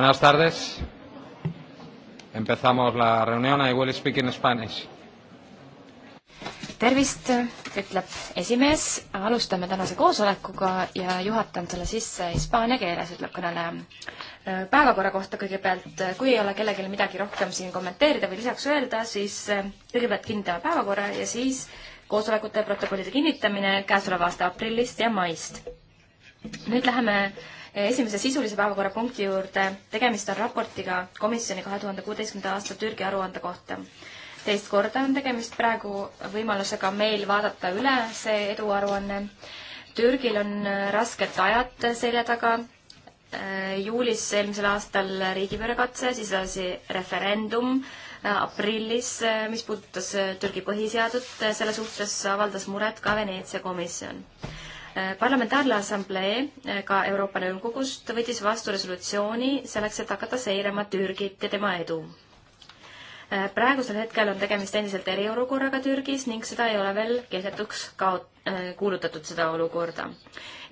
Buenas tardes. Empezamos la reunión. I will speak in Spanish. tervist, ütleb esimees. alustame tänase koosolekuga ja juhatan selle sisse hispaania keeles, ütleb kõneleja. Äh, päevakorra kohta kõigepealt, äh, kui ei ole kellelgi midagi rohkem siin kommenteerida või lisaks öelda, siis äh, kõigepealt kinnitame päevakorra ja siis koosolekute protokollide kinnitamine käesoleva aasta aprillist ja maist. nüüd läheme äh, Eh, esimese sisulise päevakorrapunkti juurde. tegemist on raportiga komisjoni kahe tuhande kuueteistkümnenda aasta Türgi aruande kohta. teist korda on tegemist praegu võimalusega meil vaadata üle see eduaruanne. Türgil on eh, rasked ajad selja taga. Eh, juulis eelmisel aastal riigipöörekatse, siis edasi referendum aprillis, mis puudutas Türgi põhiseadust, selle suhtes avaldas muret ka Veneetsia komisjon parlamentaarne assamblee eh, ka Euroopa Nõukogust võttis vastu resolutsiooni selleks, et hakata seirama Türgit ja tema edu. Eh, praegusel hetkel on tegemist endiselt eriolukorraga Türgis ning seda ei ole veel kehtetuks kaot-, eh, kuulutatud, seda olukorda.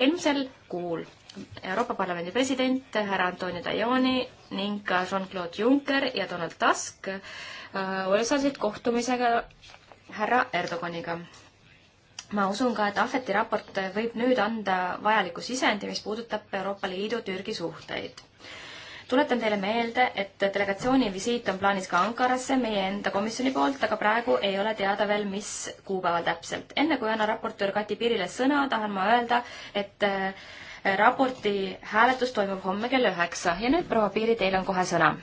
eelmisel kuul Euroopa Parlamendi president härra Antonio Tajani ning ka Jean-Claude Juncker ja Donald Tusk osalesid kohtumisega härra Erdoganiga ma usun ka, et Ahveti raport võib nüüd anda vajaliku sisendi, mis puudutab Euroopa Liidu-Türgi suhteid. tuletan teile meelde, et delegatsiooni visiit on plaanis ka Ankarasse meie enda komisjoni poolt, aga praegu ei ole teada veel, mis kuupäeval täpselt. enne kui annan raportöör Kati Piirile sõna, tahan ma öelda, et äh, raporti hääletus toimub homme kell üheksa ja nüüd proua Piiri, teil on kohe sõna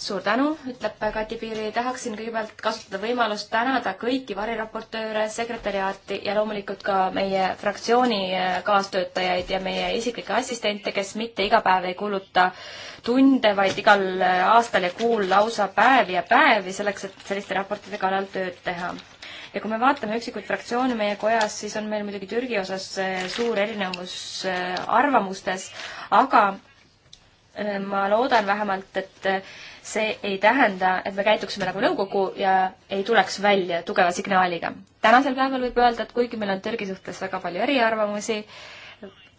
suur tänu, ütleb Kati Piiri. tahaksin kõigepealt kasutada võimalust tänada kõiki variraportööre, sekretäriaati ja loomulikult ka meie fraktsiooni eh, kaastöötajaid ja meie isiklikke assistente, kes mitte iga päev ei kuluta tunde, vaid igal eh, aastal ja kuul lausa päevi ja päevi selleks, et selliste raportite kallal tööd teha ja kui me vaatame üksikuid fraktsioone meie kojas, siis on meil muidugi Türgi osas eh, suur erinevus arvamustes, aga ma loodan vähemalt, et see ei tähenda, et me käituksime nagu nõukogu ja ei tuleks välja tugeva signaaliga. tänasel päeval võib öelda, et kuigi meil on Türgi suhtes väga palju eriarvamusi,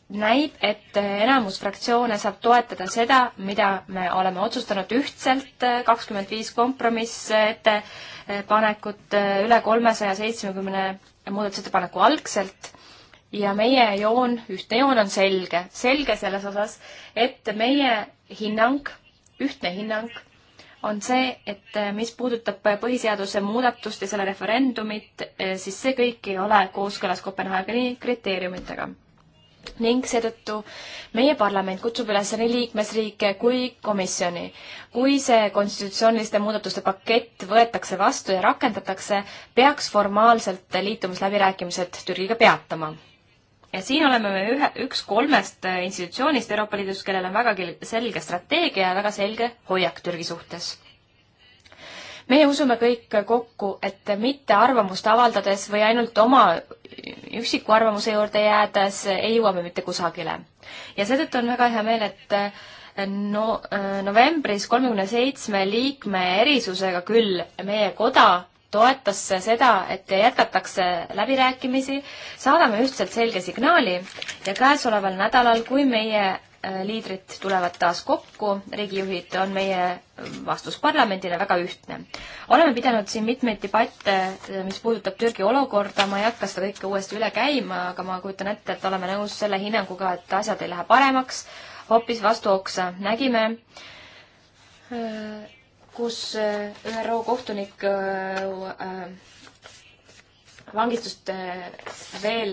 näib, et enamus fraktsioone saab toetada seda, mida me oleme otsustanud ühtselt, kakskümmend viis kompromissettepanekut üle kolmesaja seitsmekümne muudatusettepaneku algselt ja meie joon, ühtne joon on selge, selge selles osas, et meie hinnang, ühtne hinnang on see, et eh, mis puudutab põhiseaduse muudatust ja selle referendumit, eh, siis see kõik ei ole kooskõlas Kopenhaageni kriteeriumitega. ning seetõttu meie parlament kutsub üles nii liikmesriike kui komisjoni. kui see konstitutsiooniliste muudatuste pakett võetakse vastu ja rakendatakse, peaks formaalselt liitumisläbirääkimised Türgiga peatama ja siin oleme me ühe, üks kolmest äh, institutsioonist Euroopa Liidus, kellel on vägagi selge strateegia ja väga selge hoiak Türgi suhtes. meie usume kõik kokku, et mitte arvamust avaldades või ainult oma üksiku arvamuse juurde jäädes ei jõua me mitte kusagile. ja seetõttu on väga hea meel, et äh, no äh, novembris kolmekümne seitsme liikme erisusega küll meie koda toetas seda, et jätkatakse läbirääkimisi, saadame ühtselt selge signaali ja käesoleval nädalal, kui meie äh, liidrid tulevad taas kokku, riigijuhid, on meie äh, vastus parlamendile väga ühtne. oleme pidanud siin mitmeid debatte, äh, mis puudutab Türgi olukorda, ma ei hakka seda kõike uuesti üle käima, aga ma kujutan ette, et oleme nõus selle hinnanguga, et asjad ei lähe paremaks, hoopis vastu oksa. nägime äh, kus eh, ÜRO kohtunik eh, eh, vangistust veel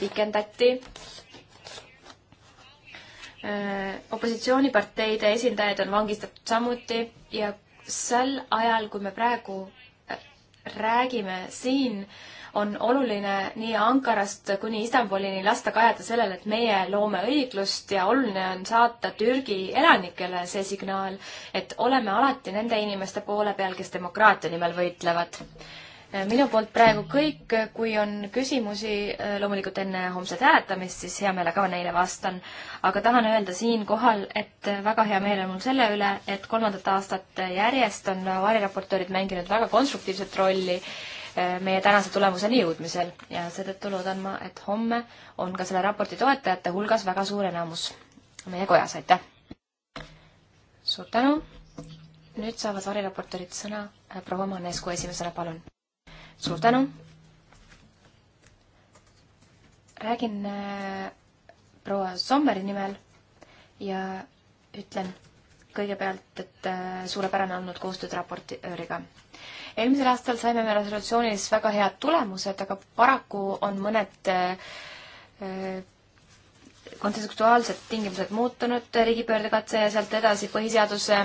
pikendati. opositsiooniparteide esindajaid on vangistatud samuti ja sel ajal, kui me praegu räägime siin, on oluline nii Ankarast kuni Istanbulini lasta kajada sellele, et meie loome õiglust ja oluline on saata Türgi elanikele see signaal, et oleme alati nende inimeste poole peal, kes demokraatia nimel võitlevad. minu poolt praegu kõik, kui on küsimusi äh, loomulikult enne homset hääletamist, siis hea meelega neile vastan. aga tahan öelda siinkohal, et väga hea meel on mul selle üle, et kolmandat aastat järjest on variraportöörid mänginud väga konstruktiivset rolli Äh, meie tänase tulemuseni jõudmisel ja seetõttu loodan ma, et homme on ka selle raporti toetajate hulgas väga suur enamus meie kojas, aitäh! suur tänu! nüüd saavad variraportorid sõna äh, proua Mannesku esimesena, palun! suur tänu! räägin äh, proua Sommeri nimel ja ütlen kõigepealt, et suurepärane olnud koostööd raportööriga eelmisel aastal saime me resolutsioonis väga head tulemused, aga paraku on mõned äh, kontseptuaalsed tingimused muutunud, riigipöördekatse ja sealt edasi põhiseaduse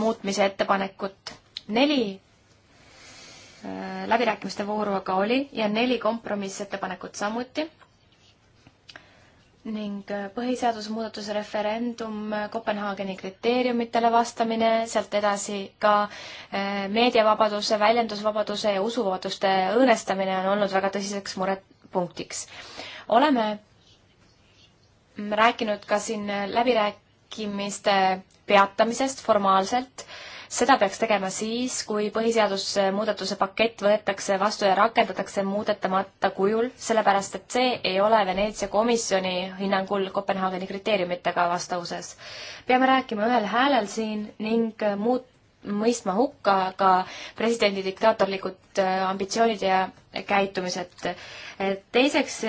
muutmise ettepanekut. neli äh, läbirääkimiste vooru aga oli ja neli kompromissettepanekut samuti ning põhiseaduse muudatuse referendum, Kopenhaageni kriteeriumitele vastamine, sealt edasi ka eh, meediavabaduse, väljendusvabaduse ja usuvabaduste õõnestamine on olnud väga tõsiseks murepunktiks. oleme mm, rääkinud ka siin läbirääkimiste peatamisest formaalselt äh, seda peaks tegema siis, kui põhiseaduse muudatuse pakett võetakse vastu ja rakendatakse muudetamata kujul, sellepärast et see ei ole Veneetsia komisjoni hinnangul Kopenhaageni kriteeriumitega vastavuses. peame rääkima ühel häälel siin ning muut-, mõistma hukka ka presidendi diktaatorlikud äh, ambitsioonid ja käitumised. teiseks,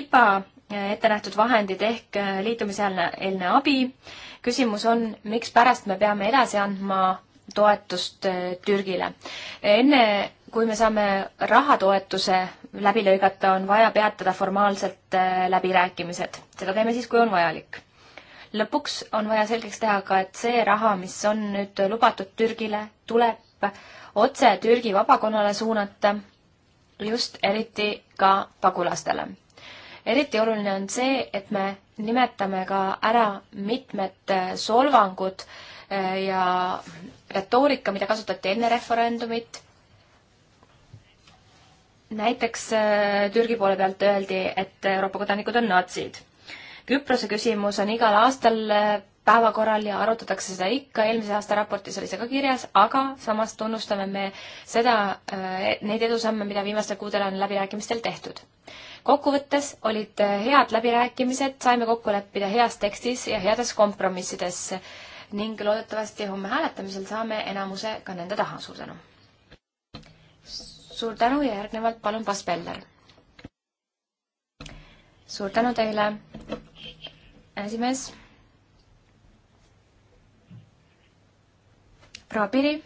IPA äh, ette nähtud vahendid ehk äh, liitumiseelne abi. küsimus on, mikspärast me peame edasi andma toetust eh, Türgile. enne kui me saame rahatoetuse läbi lõigata, on vaja peatada formaalselt eh, läbirääkimised. seda teeme siis, kui on vajalik. lõpuks on vaja selgeks teha ka, et see raha, mis on nüüd lubatud Türgile, tuleb otse Türgi vabakonnale suunata, just eriti ka pagulastele. eriti oluline on see, et me nimetame ka ära mitmed eh, solvangud ja retoorika, mida kasutati enne referendumit. näiteks äh, Türgi poole pealt öeldi, et Euroopa kodanikud on natsid. Küprose küsimus on igal aastal äh, päevakorral ja arutatakse seda ikka, eelmise aasta raportis oli see ka kirjas, aga samas tunnustame me seda, äh, neid edusamme, mida viimastel kuudel on läbirääkimistel tehtud. kokkuvõttes olid head läbirääkimised, saime kokku leppida heas tekstis ja heades kompromissides ning loodetavasti homme hääletamisel saame enamuse ka nende taha, suur tänu! suur tänu ja järgnevalt palun Bas Peller. suur tänu teile, esimees. proua Piri,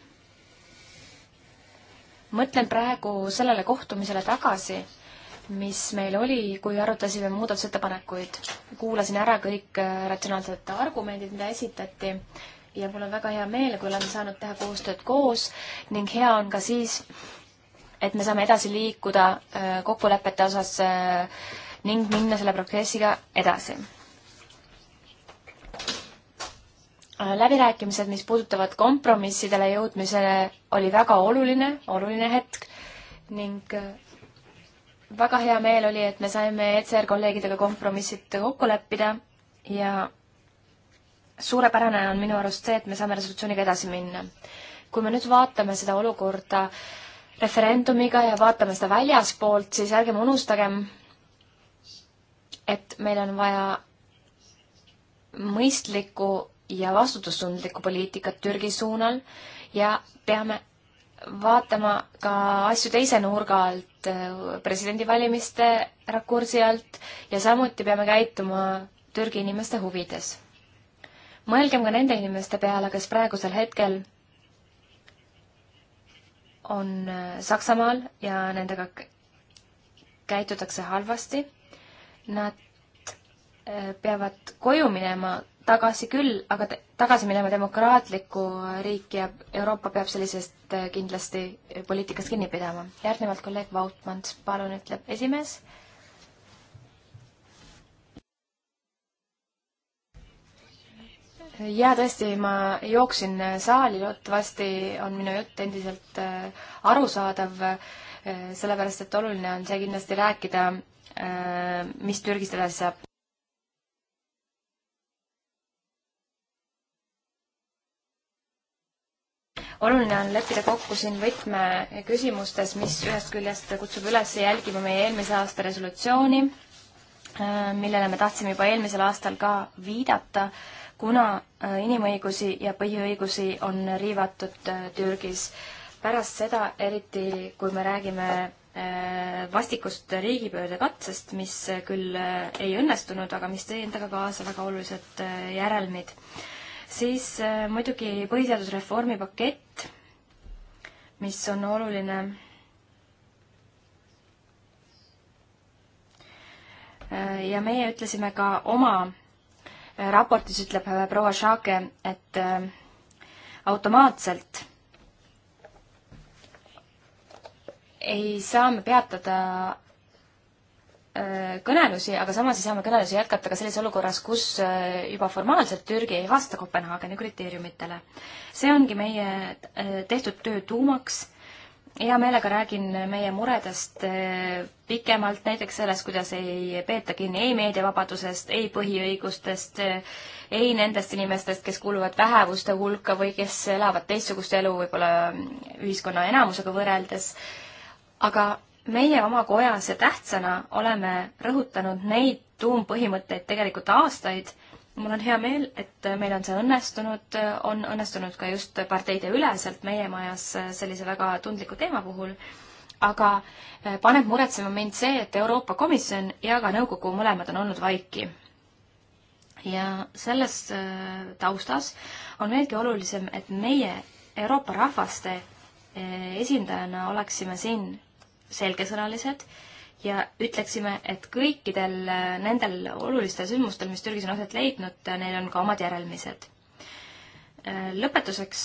mõtlen praegu sellele kohtumisele tagasi mis meil oli, kui arutasime muudatusettepanekuid. kuulasin ära kõik äh, ratsionaalsed argumendid, mida esitati ja mul on väga hea meel, kui oleme saanud teha koostööd koos ning hea on ka siis, et me saame edasi liikuda äh, kokkulepete osas äh, ning minna selle progressiga edasi läbirääkimised, mis puudutavad kompromissidele jõudmisele, oli väga oluline, oluline hetk ning väga hea meel oli, et me saime ECR kolleegidega kompromissid kokku leppida ja suurepärane on minu arust see, et me saame resolutsiooniga edasi minna. kui me nüüd vaatame seda olukorda referendumiga ja vaatame seda väljaspoolt, siis ärgem unustagem, et meil on vaja mõistlikku ja vastutustundlikku poliitikat Türgi suunal ja peame vaatama ka asju teise nurga alt, presidendivalimiste rakursi alt ja samuti peame käituma Türgi inimeste huvides. mõelgem ka nende inimeste peale, kes praegusel hetkel on äh, Saksamaal ja nendega käitutakse halvasti. Nad äh, peavad koju minema tagasi küll, aga tagasi minema demokraatlikku riiki ja Euroopa peab sellisest äh, kindlasti äh, poliitikast kinni pidama. järgnevalt kolleeg Vautmans, palun, ütleb esimees. jaa, tõesti, ma jooksin äh, saali, loodetavasti on minu jutt endiselt arusaadav, sellepärast et oluline on see kindlasti rääkida, mis Türgist edasi saab oluline on leppida kokku siin võtmeküsimustes, mis ühest küljest kutsub üles jälgima meie eelmise aasta resolutsiooni, äh, millele me tahtsime juba eelmisel aastal ka viidata, kuna äh, inimõigusi ja põhiõigusi on riivatud äh, Türgis. pärast seda, eriti kui me räägime vastikust riigipöördekatsest, mis küll ei õnnestunud, aga mis tõi endaga kaasa väga olulised järelmid siis äh, muidugi põhiseadusreformi pakett, mis on oluline äh, ja meie ütlesime ka oma äh, raportis, ütleb proua Šake, et automaatselt ei saa me peatada Äh, kõnelusi, aga samas ei saa me kõnelusi jätkata ka selles olukorras, kus äh, juba formaalselt Türgi ei vasta Kopenhaageni kriteeriumitele. see ongi meie äh, tehtud töö tuumaks. hea meelega räägin meie muredest pikemalt, näiteks sellest, kuidas ei peeta kinni ei meediavabadusest, ei põhiõigustest, ei nendest inimestest, kes kuuluvad vähevuste hulka või kes elavad teistsugust elu võib-olla mm, ühiskonna enamusega võrreldes. aga meie oma kojas ja tähtsana oleme rõhutanud neid tuumpõhimõtteid tegelikult aastaid. mul on hea meel, et meil on see õnnestunud, on õnnestunud ka just parteideüleselt meie majas sellise väga tundliku teema puhul. aga eh, paneb muretsema mind see, et Euroopa Komisjon ja ka nõukogu mõlemad on olnud vaiki ja selles eh, taustas on veelgi olulisem, et meie Euroopa rahvaste eh, esindajana oleksime siin selgesõnalised ja ütleksime, et kõikidel äh, nendel olulistel sündmustel, mis Türgis on aset leidnud, äh, neil on ka omad järelmised. Äh, lõpetuseks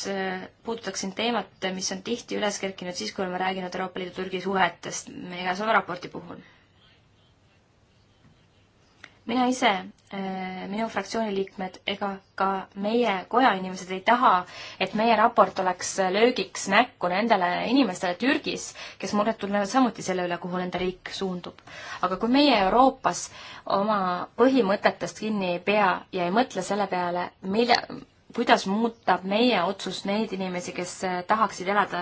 puudutaksin teemat, mis on tihti üles kerkinud siis, kui oleme rääkinud Euroopa Liidu-Türgi suhetest meie käesoleva raporti puhul mina ise, äh, minu fraktsiooni liikmed ega ka meie koja inimesed ei taha, et meie raport oleks löögiks näkku nendele inimestele Türgis, kes muret tunnevad samuti selle üle, kuhu nende riik suundub. aga kui meie Euroopas oma põhimõtetest kinni ei pea ja ei mõtle selle peale, mille, kuidas muutab meie otsus neid inimesi, kes äh, tahaksid elada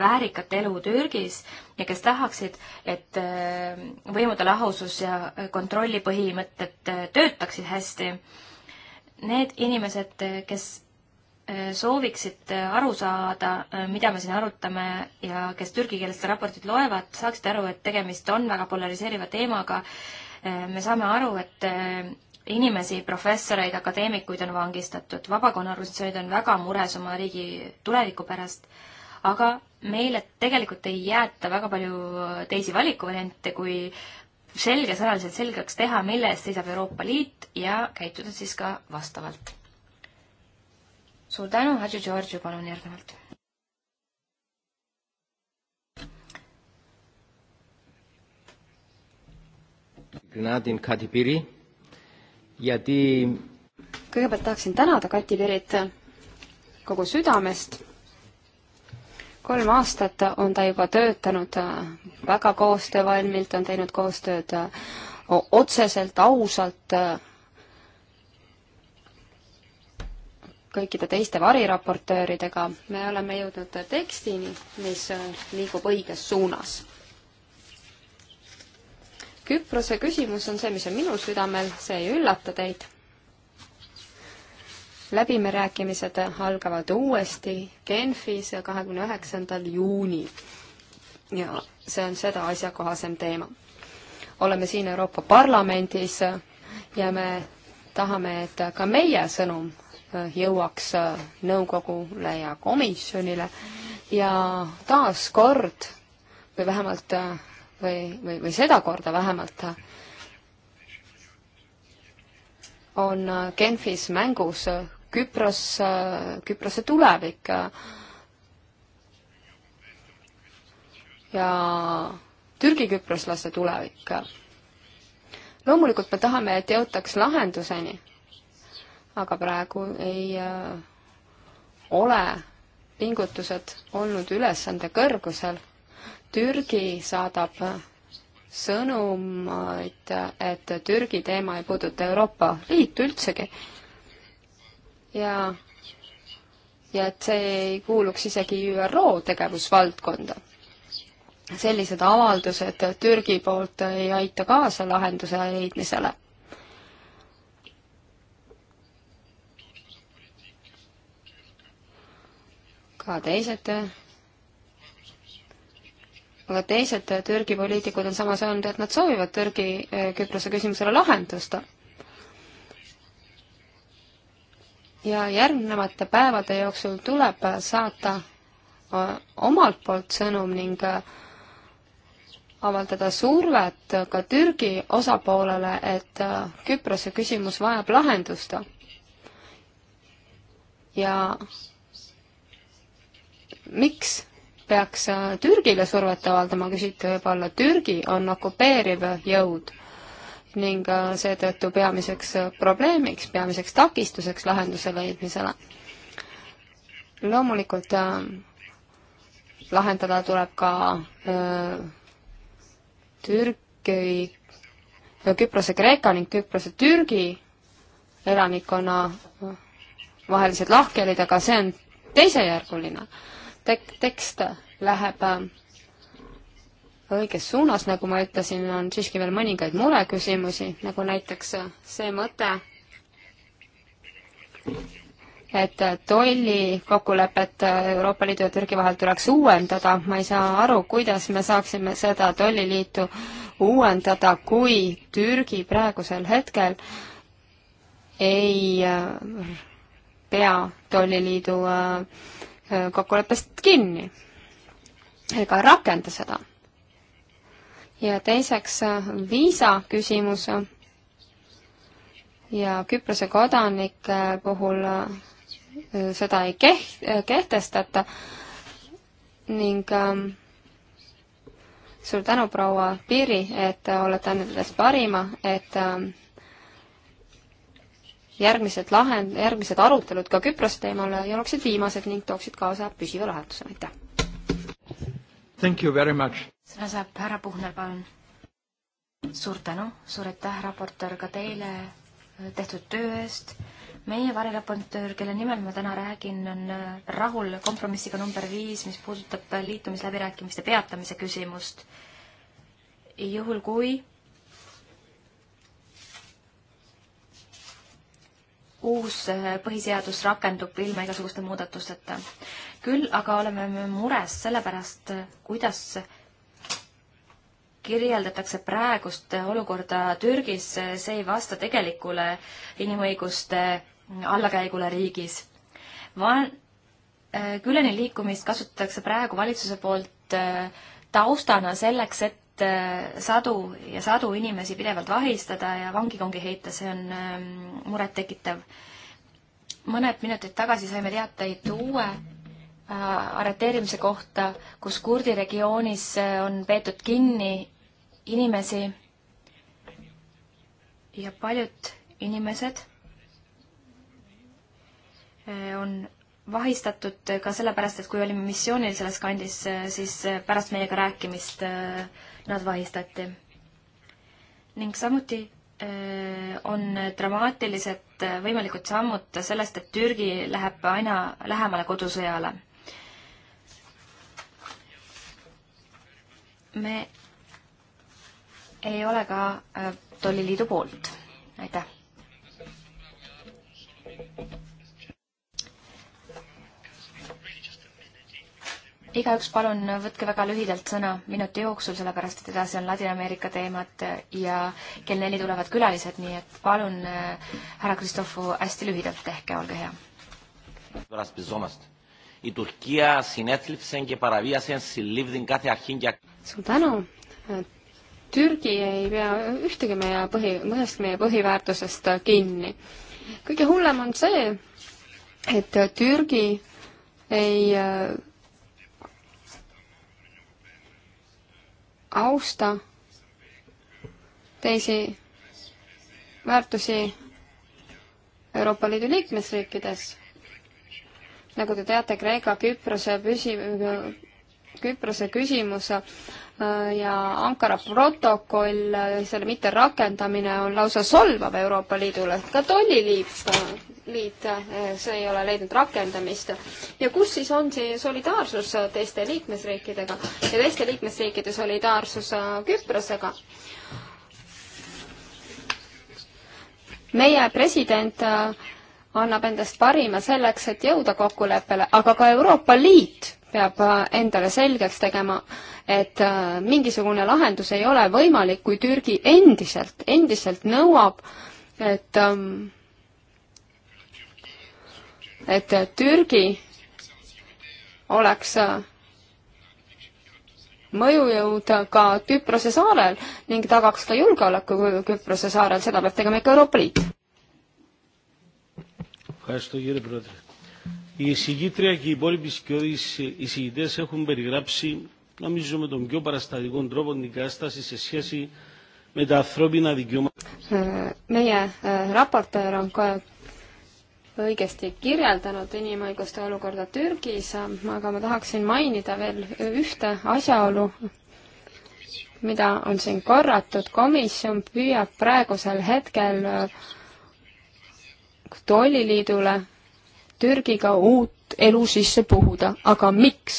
väärikat elu Türgis ja kes tahaksid, et äh, võimude lahusus ja äh, kontrolli põhimõtted töötaksid hästi. Need inimesed, kes sooviksid aru saada, mida me siin arutame ja kes türgi keeles seda raportit loevad, saaksid aru, et tegemist on väga polariseeriva teemaga. me saame aru, et inimesi, professoreid, akadeemikuid on vangistatud, vabakonnaorganisatsioonid on väga mures oma riigi tuleviku pärast, aga meile tegelikult ei jäeta väga palju teisi valikuvariante, kui selgesõnaliselt selgeks teha, mille eest seisab Euroopa Liit ja käituda siis ka vastavalt. suur tänu, Hadži Georgiu, palun järgnevalt. Grenadin Kadibiri γιατί... kõigepealt tahaksin tänada Kati Pirit kogu südamest. kolm aastat on ta juba töötanud äh, väga koostöövalmilt, on teinud koostööd äh, otseselt, ausalt äh, kõikide teiste variraportööridega. me oleme jõudnud tekstini, mis liigub õiges suunas Küprose küsimus on see, mis on minu südamel, see ei üllata teid. läbirääkimised algavad uuesti Genfis kahekümne üheksandal juunil. ja see on seda asjakohasem teema. oleme siin Euroopa Parlamendis ja me tahame, et ka meie sõnum jõuaks nõukogule ja komisjonile ja taaskord või vähemalt või, või, või seda korda vähemalt, on Genfis mängus Küpros, Küprose tulevik. ja Türgi-küproslaste tulevik. loomulikult me tahame, et jõutaks lahenduseni, aga praegu ei äh, ole pingutused olnud ülesande kõrgusel Türgi saadab sõnumeid, et Türgi teema ei puuduta Euroopa Liitu üldsegi. ja, ja et see ei kuuluks isegi ÜRO tegevusvaldkonda. sellised avaldused Türgi poolt ei aita kaasa lahenduse leidmisele. ka teised aga teised äh, Türgi poliitikud on samas öelnud, et nad soovivad Türgi äh, Küprose küsimusele lahendust. ja järgnevate päevade jooksul tuleb äh, saata omalt poolt sõnum ning avaldada survet ka Türgi osapoolele, et Küprose küsimus vajab lahendust. ja miks peaks äh, Türgile survet avaldama, küsiti võib-olla, Türgi on okupeeriv jõud ning äh, seetõttu peamiseks äh, probleemiks, peamiseks takistuseks lahenduse leidmisele. loomulikult lahendada tuleb ka Türgi, Küprose Kreeka ning Küprose Türgi elanikkonna vahelised lahkhelid, aga see on teisejärguline tek-, tekst läheb äh, õiges suunas, nagu ma ütlesin, on siiski veel mõningaid mureküsimusi, nagu näiteks äh, see mõte, et tollikokkulepet äh, Euroopa Liidu ja Türgi vahel tuleks uuendada, ma ei saa aru, kuidas me saaksime seda tolliliitu uuendada, kui Türgi praegusel hetkel ei pea tolliliidu äh, kokkuleppest kinni ega rakenda seda. ja teiseks viisa küsimus ja Küprose kodanike puhul äh, seda ei keht-, äh, kehtestata ning ähm, suur tänu, proua Piiri, et olete andnud endast parima, et ähm, järgmised lahend, järgmised arutelud ka Küprose teemal ja oleksid viimased ning tooksid kaasa püsiva lahenduse, aitäh! Thank you very much! sõna saab härra Puhner, palun. suur tänu, suur aitäh, raportöör, ka teile äh, tehtud töö eest. meie variraportöör, kelle nimel ma täna räägin, on äh, rahul kompromissiga number viis, mis puudutab äh, liitumisläbirääkimiste peatamise küsimust. juhul, kui uus eh, põhiseadus rakendub ilma igasuguste muudatusteta. küll aga oleme me mures selle pärast, kuidas kirjeldatakse praegust olukorda Türgis, see ei vasta tegelikule inimõiguste allakäigule riigis. Va-, Güleni eh, liikumist kasutatakse praegu valitsuse poolt eh, taustana selleks, et et äh, sadu ja sadu inimesi pidevalt vahistada ja vangikongi heita, see on ähm, murettekitav. mõned minutid tagasi saime teateid uue äh, arreteerimise kohta, kus kurdi regioonis äh, on peetud kinni inimesi ja paljud inimesed on vahistatud ka sellepärast, et kui olime missioonil selles kandis, siis pärast meiega rääkimist nad vahistati. ning samuti äh, on dramaatilised äh, võimalikud sammud sellest, et Türgi läheb aina lähemale kodusõjale. me ei ole ka äh, tolliliidu poolt. aitäh! igaüks palun võtke väga lühidalt sõna minuti jooksul, sellepärast et edasi on Ladina-Ameerika teemad ja kell neli tulevad külalised, nii et palun, äh, härra Kristofu, hästi lühidalt tehke, olge hea. suur tänu. Äh, Türgi ei pea ühtegi meie põhi, mõnest meie põhiväärtusest äh, kinni. kõige hullem on see, et Türgi ei austa teisi väärtusi Euroopa Liidu liikmesriikides. nagu te teate, Kreeka, Küprose püsi-, Küprose küsimus äh, ja Ankara protokoll, äh, selle mitterakendamine on lausa solvav Euroopa Liidule, ka tolliliit, äh, liit, see ei ole leidnud rakendamist. ja kus siis on see solidaarsus teiste liikmesriikidega ja teiste liikmesriikide solidaarsus Küprosega? meie president annab endast parima selleks, et jõuda kokkuleppele, aga ka Euroopa Liit peab äh, endale selgeks tegema, et äh, mingisugune lahendus ei ole võimalik, kui Türgi endiselt, endiselt nõuab, et ähm, et Türgi oleks äh, mõjujõud ka Küprose saarel ning tagaks ka julgeoleku Küprose saarel, seda peab tegema ikka Euroopa Liit. Η εισηγήτρια και οι υπόλοιποι σκιώδεις εισηγητές έχουν περιγράψει, νομίζω με τον πιο παραστατικό τρόπο, την κατάσταση σε σχέση με τα ανθρώπινα δικαιώματα. Meie raportöör on ka õigesti kirjeldanud inimõiguste olukorda Türgis, aga ma tahaksin mainida veel ühte asjaolu, mida on siin korratud. komisjon püüab praegusel hetkel tolliliidule Türgiga uut elu sisse puhuda, aga miks?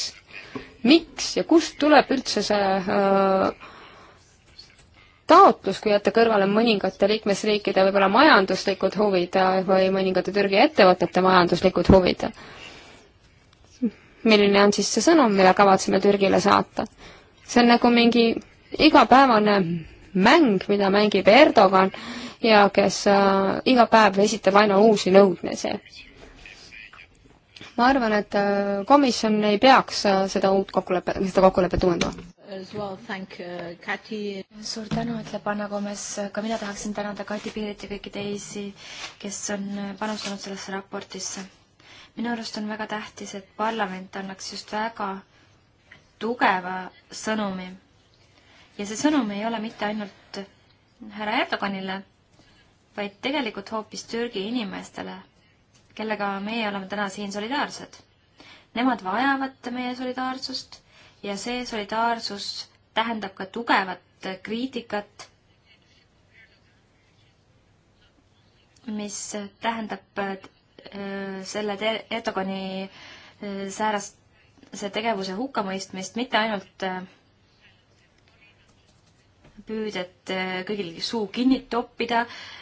miks ja kust tuleb üldse see öö, äh, taotlus, kui jätta kõrvale mõningate liikmesriikide võib-olla majanduslikud huvid äh, või mõningate Türgi ettevõtete majanduslikud huvid? milline on siis see sõnum, mille kavatseme Türgile saata? see on nagu mingi igapäevane mäng, mida mängib Erdogan ja kes äh, iga päev esitab aina uusi nõudmisi ma arvan, et äh, komisjon ei peaks äh, seda uut kokkulepet, seda kokkulepet uuendama. Well, thank, uh, suur tänu, ütleb Anna Komes, ka mina tahaksin tänada Kati Piret ja kõiki teisi, kes on äh, panustanud sellesse raportisse. minu arust on väga tähtis, et parlament annaks just väga tugeva sõnumi. ja see sõnum ei ole mitte ainult härra Erdoganile, vaid tegelikult hoopis Türgi inimestele kellega meie oleme täna siin solidaarsed. Nemad vajavad meie solidaarsust ja see solidaarsus tähendab ka tugevat kriitikat, mis tähendab äh, selle Ertogani äh, säärast, see tegevuse hukkamõistmist mitte ainult äh, püüded äh, kõigil suu kinni toppida,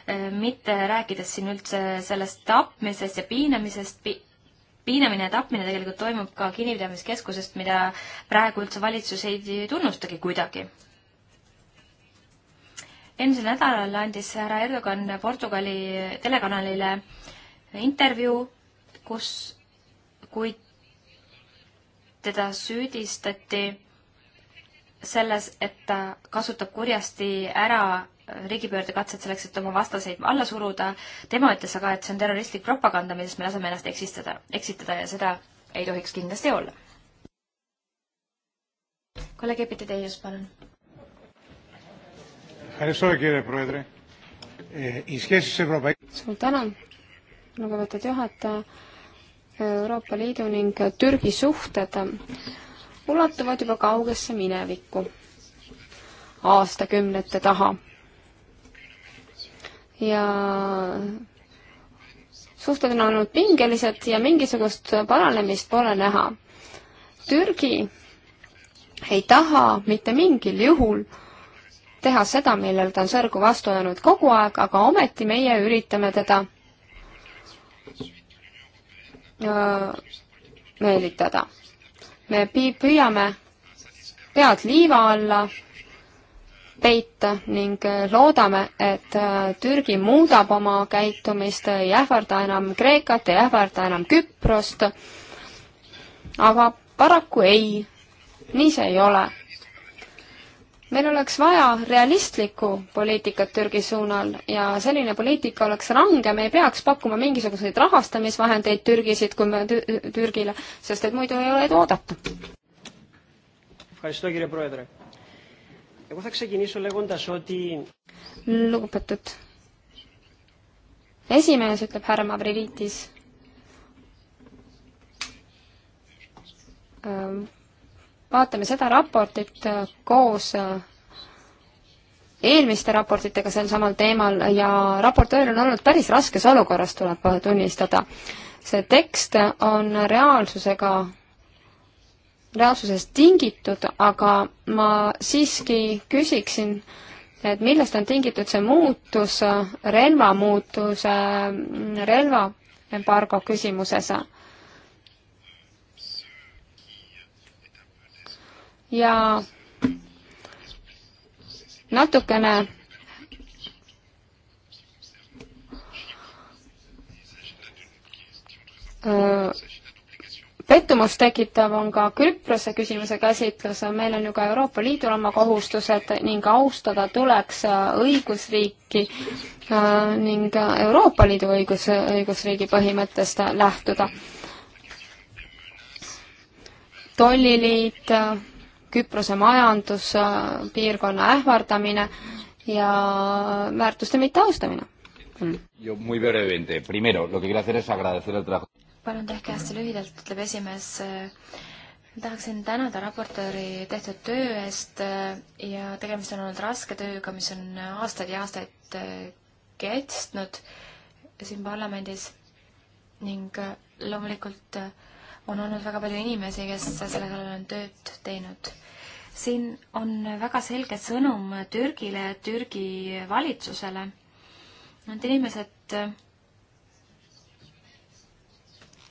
äh, mitte rääkides siin üldse sellest tapmisest ja piinamisest. piinamine ja tapmine tegelikult toimub ka kinnipidamiskeskusest, mida praegu üldse valitsus ei tunnustagi kuidagi. eelmisel nädalal andis härra Erdogan Portugali telekanalile intervjuu, kus, kuid teda süüdistati selles, et ta kasutab kurjasti ära riigipöördekatset selleks, et oma vastaseid alla suruda. tema ütles aga, et see on terroristlik propaganda, millest me laseme ennast eksistada, eksitada ja seda ei tohiks kindlasti olla. kolleeg Epiti Teius, palun. Eh, suur tänu, lugupeetud juhataja. Euroopa Liidu ning Türgi suhted ulatuvad juba kaugesse minevikku, aastakümnete taha. ja suhted on olnud pingelised ja mingisugust paranemist pole näha. Türgi ei taha mitte mingil juhul teha seda, millel ta on sõrgu vastu ajanud kogu aeg, aga ometi meie üritame teda äh, meelitada me püüame pead liiva alla peita ning äh, loodame, et äh, Türgi muudab oma käitumist, ei ähvarda enam Kreekat, ei ähvarda enam Küprost, aga paraku ei, nii see ei ole meil oleks vaja realistlikku poliitikat Türgi suunal ja selline poliitika oleks range, me ei peaks pakkuma mingisuguseid rahastamisvahendeid Türgisid, kui me Türgile, sest et muidu ei ole edu oodata. lugupeetud esimees, ütleb härra Mavriditis ähm vaatame seda raportit äh, koos äh, eelmiste raportitega sel samal teemal ja raportöör on olnud päris raskes olukorras, tuleb tunnistada. see tekst on reaalsusega, reaalsusest tingitud, aga ma siiski küsiksin, et millest on tingitud see muutus relvamuutuse, äh, relvaembargo küsimuses ja natukene pettumust tekitav on ka Küprose küsimuse käsitlus, meil on ju ka Euroopa Liidul oma kohustused ning austada tuleks õigusriiki ning Euroopa Liidu õigus, õigusriigi põhimõttest lähtuda. tolliliit Küprose majanduspiirkonna ähvardamine ja väärtuste mitteaustamine mm.. palun tehke hästi lühidalt, ütleb esimees. tahaksin tänada raportööri tehtud töö eest ja tegemist on olnud raske tööga, mis on aastaid ja aastaid kestnud siin parlamendis ning loomulikult on olnud väga palju inimesi, kes selle kallal on tööd teinud siin on väga selge sõnum Türgile ja Türgi valitsusele. Need inimesed äh,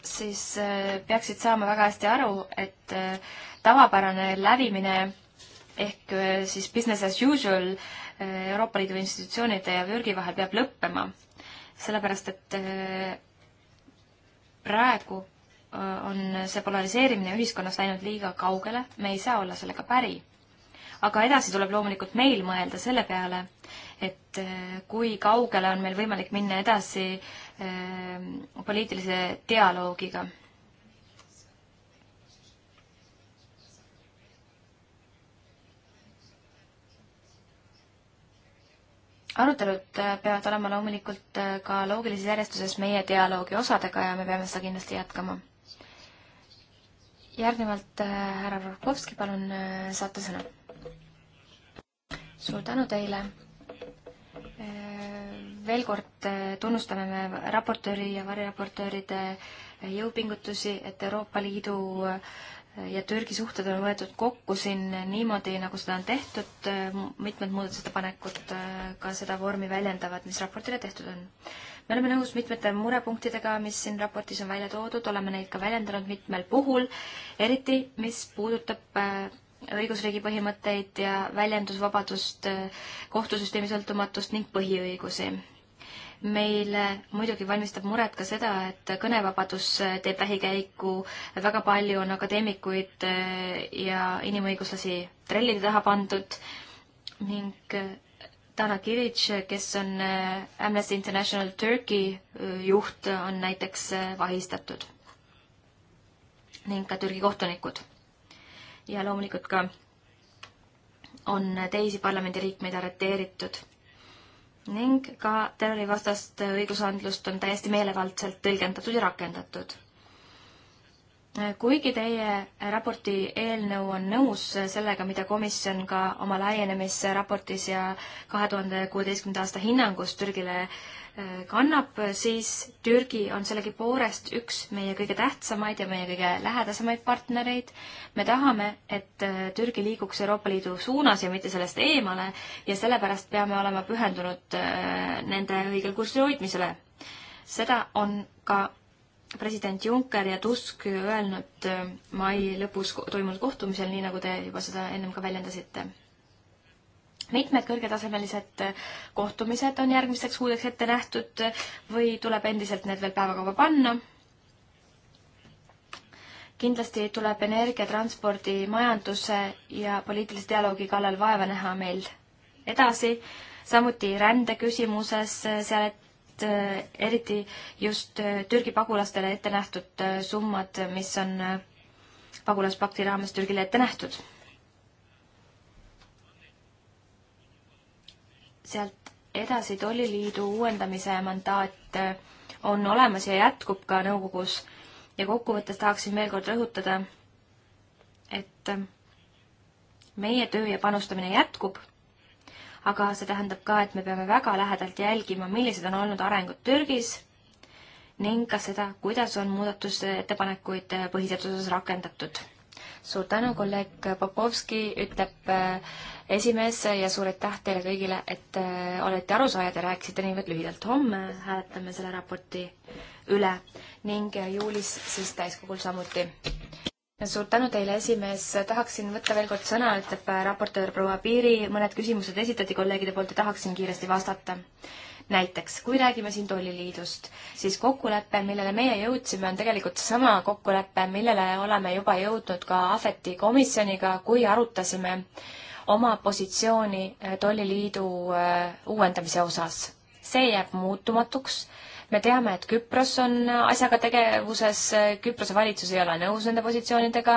siis äh, peaksid saama väga hästi aru, et äh, tavapärane lävimine ehk siis business as usual Euroopa Liidu institutsioonide ja Türgi vahel peab lõppema. sellepärast, et praegu Äh, on see polariseerimine ühiskonnas läinud liiga kaugele, me ei saa olla sellega päri. aga edasi tuleb loomulikult meil mõelda selle peale, et äh, kui kaugele on meil võimalik minna edasi äh, poliitilise dialoogiga. arutelud peavad olema loomulikult ka loogilises järjestuses meie dialoogi osadega ja me peame seda kindlasti jätkama järgnevalt äh, härra Rokovski, palun äh, saate sõna. suur tänu teile. Äh, veel kord tunnustame me raportööri ja variraportööride jõupingutusi, et Euroopa Liidu ja Türgi suhted on võetud kokku siin niimoodi, nagu seda on tehtud, mitmed muudatusettepanekud äh, ka seda vormi väljendavad, mis raportile tehtud on. me oleme nõus mitmete murepunktidega, mis siin raportis on välja toodud, oleme neid ka väljendanud mitmel puhul, eriti mis puudutab äh, õigusriigi põhimõtteid ja väljendusvabadust, äh, kohtusüsteemi sõltumatust ning põhiõigusi meile muidugi valmistab muret ka seda, et kõnevabadus teeb vähikäiku, väga palju on akadeemikuid äh, ja inimõiguslasi trellide taha pandud ning Dana äh, Kirich, kes on äh, Amnesty International Turkey juht, on näiteks vahistatud. ning ka Türgi kohtunikud. ja loomulikult ka on teisi parlamendiliikmeid arreteeritud ning ka terrorivastast õigusandlust on täiesti meelevaldselt tõlgendatud ja rakendatud kuigi teie raporti eelnõu on nõus sellega, mida komisjon ka oma laienemisraportis ja kahe tuhande kuueteistkümnenda aasta hinnangus Türgile äh, kannab, siis Türgi on sellegipoolest üks meie kõige tähtsamaid ja meie kõige lähedasemaid partnereid. me tahame, et äh, Türgi liiguks Euroopa Liidu suunas ja mitte sellest eemale ja sellepärast peame olema pühendunud äh, nende õigel kursil hoidmisele. seda on ka president Juncker ja Tusk öelnud äh, mai lõpus toimunud kohtumisel, nii nagu te juba seda ennem ka väljendasite. mitmed kõrgetasemelised äh, kohtumised on järgmisteks kuudeks ette nähtud äh, või tuleb endiselt need veel päevakava panna? kindlasti tuleb energia, transpordi, majanduse ja poliitilise dialoogi kallal vaeva näha meil edasi samuti rändeküsimuses, seal Äh, eriti just äh, Türgi pagulastele ette nähtud äh, summad, mis on pagulaspakti raames Türgile ette nähtud. sealt edasi tolliliidu uuendamise mandaat on olemas ja jätkub ka nõukogus ja kokkuvõttes tahaksin veel kord rõhutada, et meie töö ja panustamine jätkub aga see tähendab ka, et me peame väga lähedalt jälgima, millised on olnud arengud Türgis ning ka seda, kuidas on muudatusettepanekuid põhiseaduses rakendatud. suur tänu, kolleeg Popovski, ütleb äh, esimees ja suur aitäh teile kõigile, et äh, olete arusaajad ja rääkisite niivõrd lühidalt. homme hääletame selle raporti üle ning äh, juulis siis täiskogul samuti suur tänu teile, esimees, tahaksin võtta veel kord sõna, ütleb raportöör proua Piiri, mõned küsimused esitati kolleegide poolt ja tahaksin kiiresti vastata. näiteks, kui räägime siin tolliliidust, siis kokkulepe, millele meie jõudsime, on tegelikult seesama kokkulepe, millele oleme juba jõudnud ka Ahveti komisjoniga, kui arutasime oma positsiooni tolliliidu äh, uuendamise osas. see jääb muutumatuks me teame, et Küpros on asjaga tegevuses, Küprose valitsus ei ole nõus nende positsioonidega,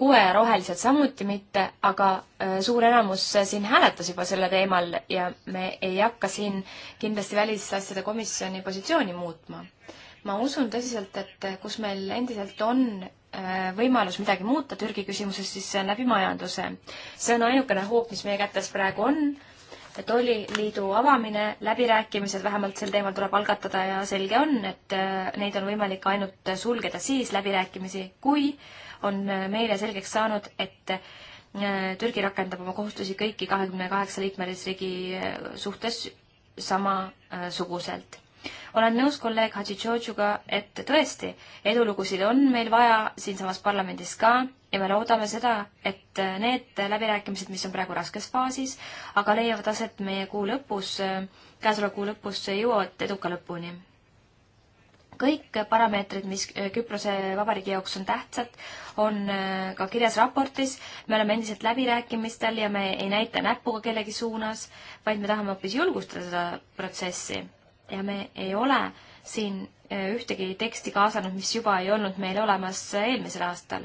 kuue ja rohelised samuti mitte, aga äh, suur enamus siin hääletas juba selle teemal ja me ei hakka siin kindlasti välisasjade komisjoni positsiooni muutma. ma usun tõsiselt, et kus meil endiselt on äh, võimalus midagi muuta Türgi küsimuses, siis see on läbi majanduse. see on ainukene hoop, mis meie kätes praegu on tolliliidu avamine, läbirääkimised vähemalt sel teemal tuleb algatada ja selge on, et äh, neid on võimalik ainult sulgeda siis läbirääkimisi, kui on äh, meile selgeks saanud, et äh, Türgi rakendab oma kohustusi kõiki kahekümne kaheksa liikmelisriigi suhtes samasuguselt olen nõus kolleeg Hadžitšotšuga, et tõesti, edulugusid on meil vaja siinsamas parlamendis ka ja me loodame seda, et need läbirääkimised, mis on praegu raskes faasis, aga leiavad aset meie kuu lõpus, käesoleva kuu lõpus, jõuavad eduka lõpuni. kõik parameetrid, mis Küprose Vabariigi jaoks on tähtsad, on äh, ka kirjas raportis. me oleme endiselt läbirääkimistel ja me ei näita näpuga kellegi suunas, vaid me tahame hoopis julgustada seda protsessi ja me ei ole siin äh, ühtegi teksti kaasanud, mis juba ei olnud meil olemas äh, eelmisel aastal.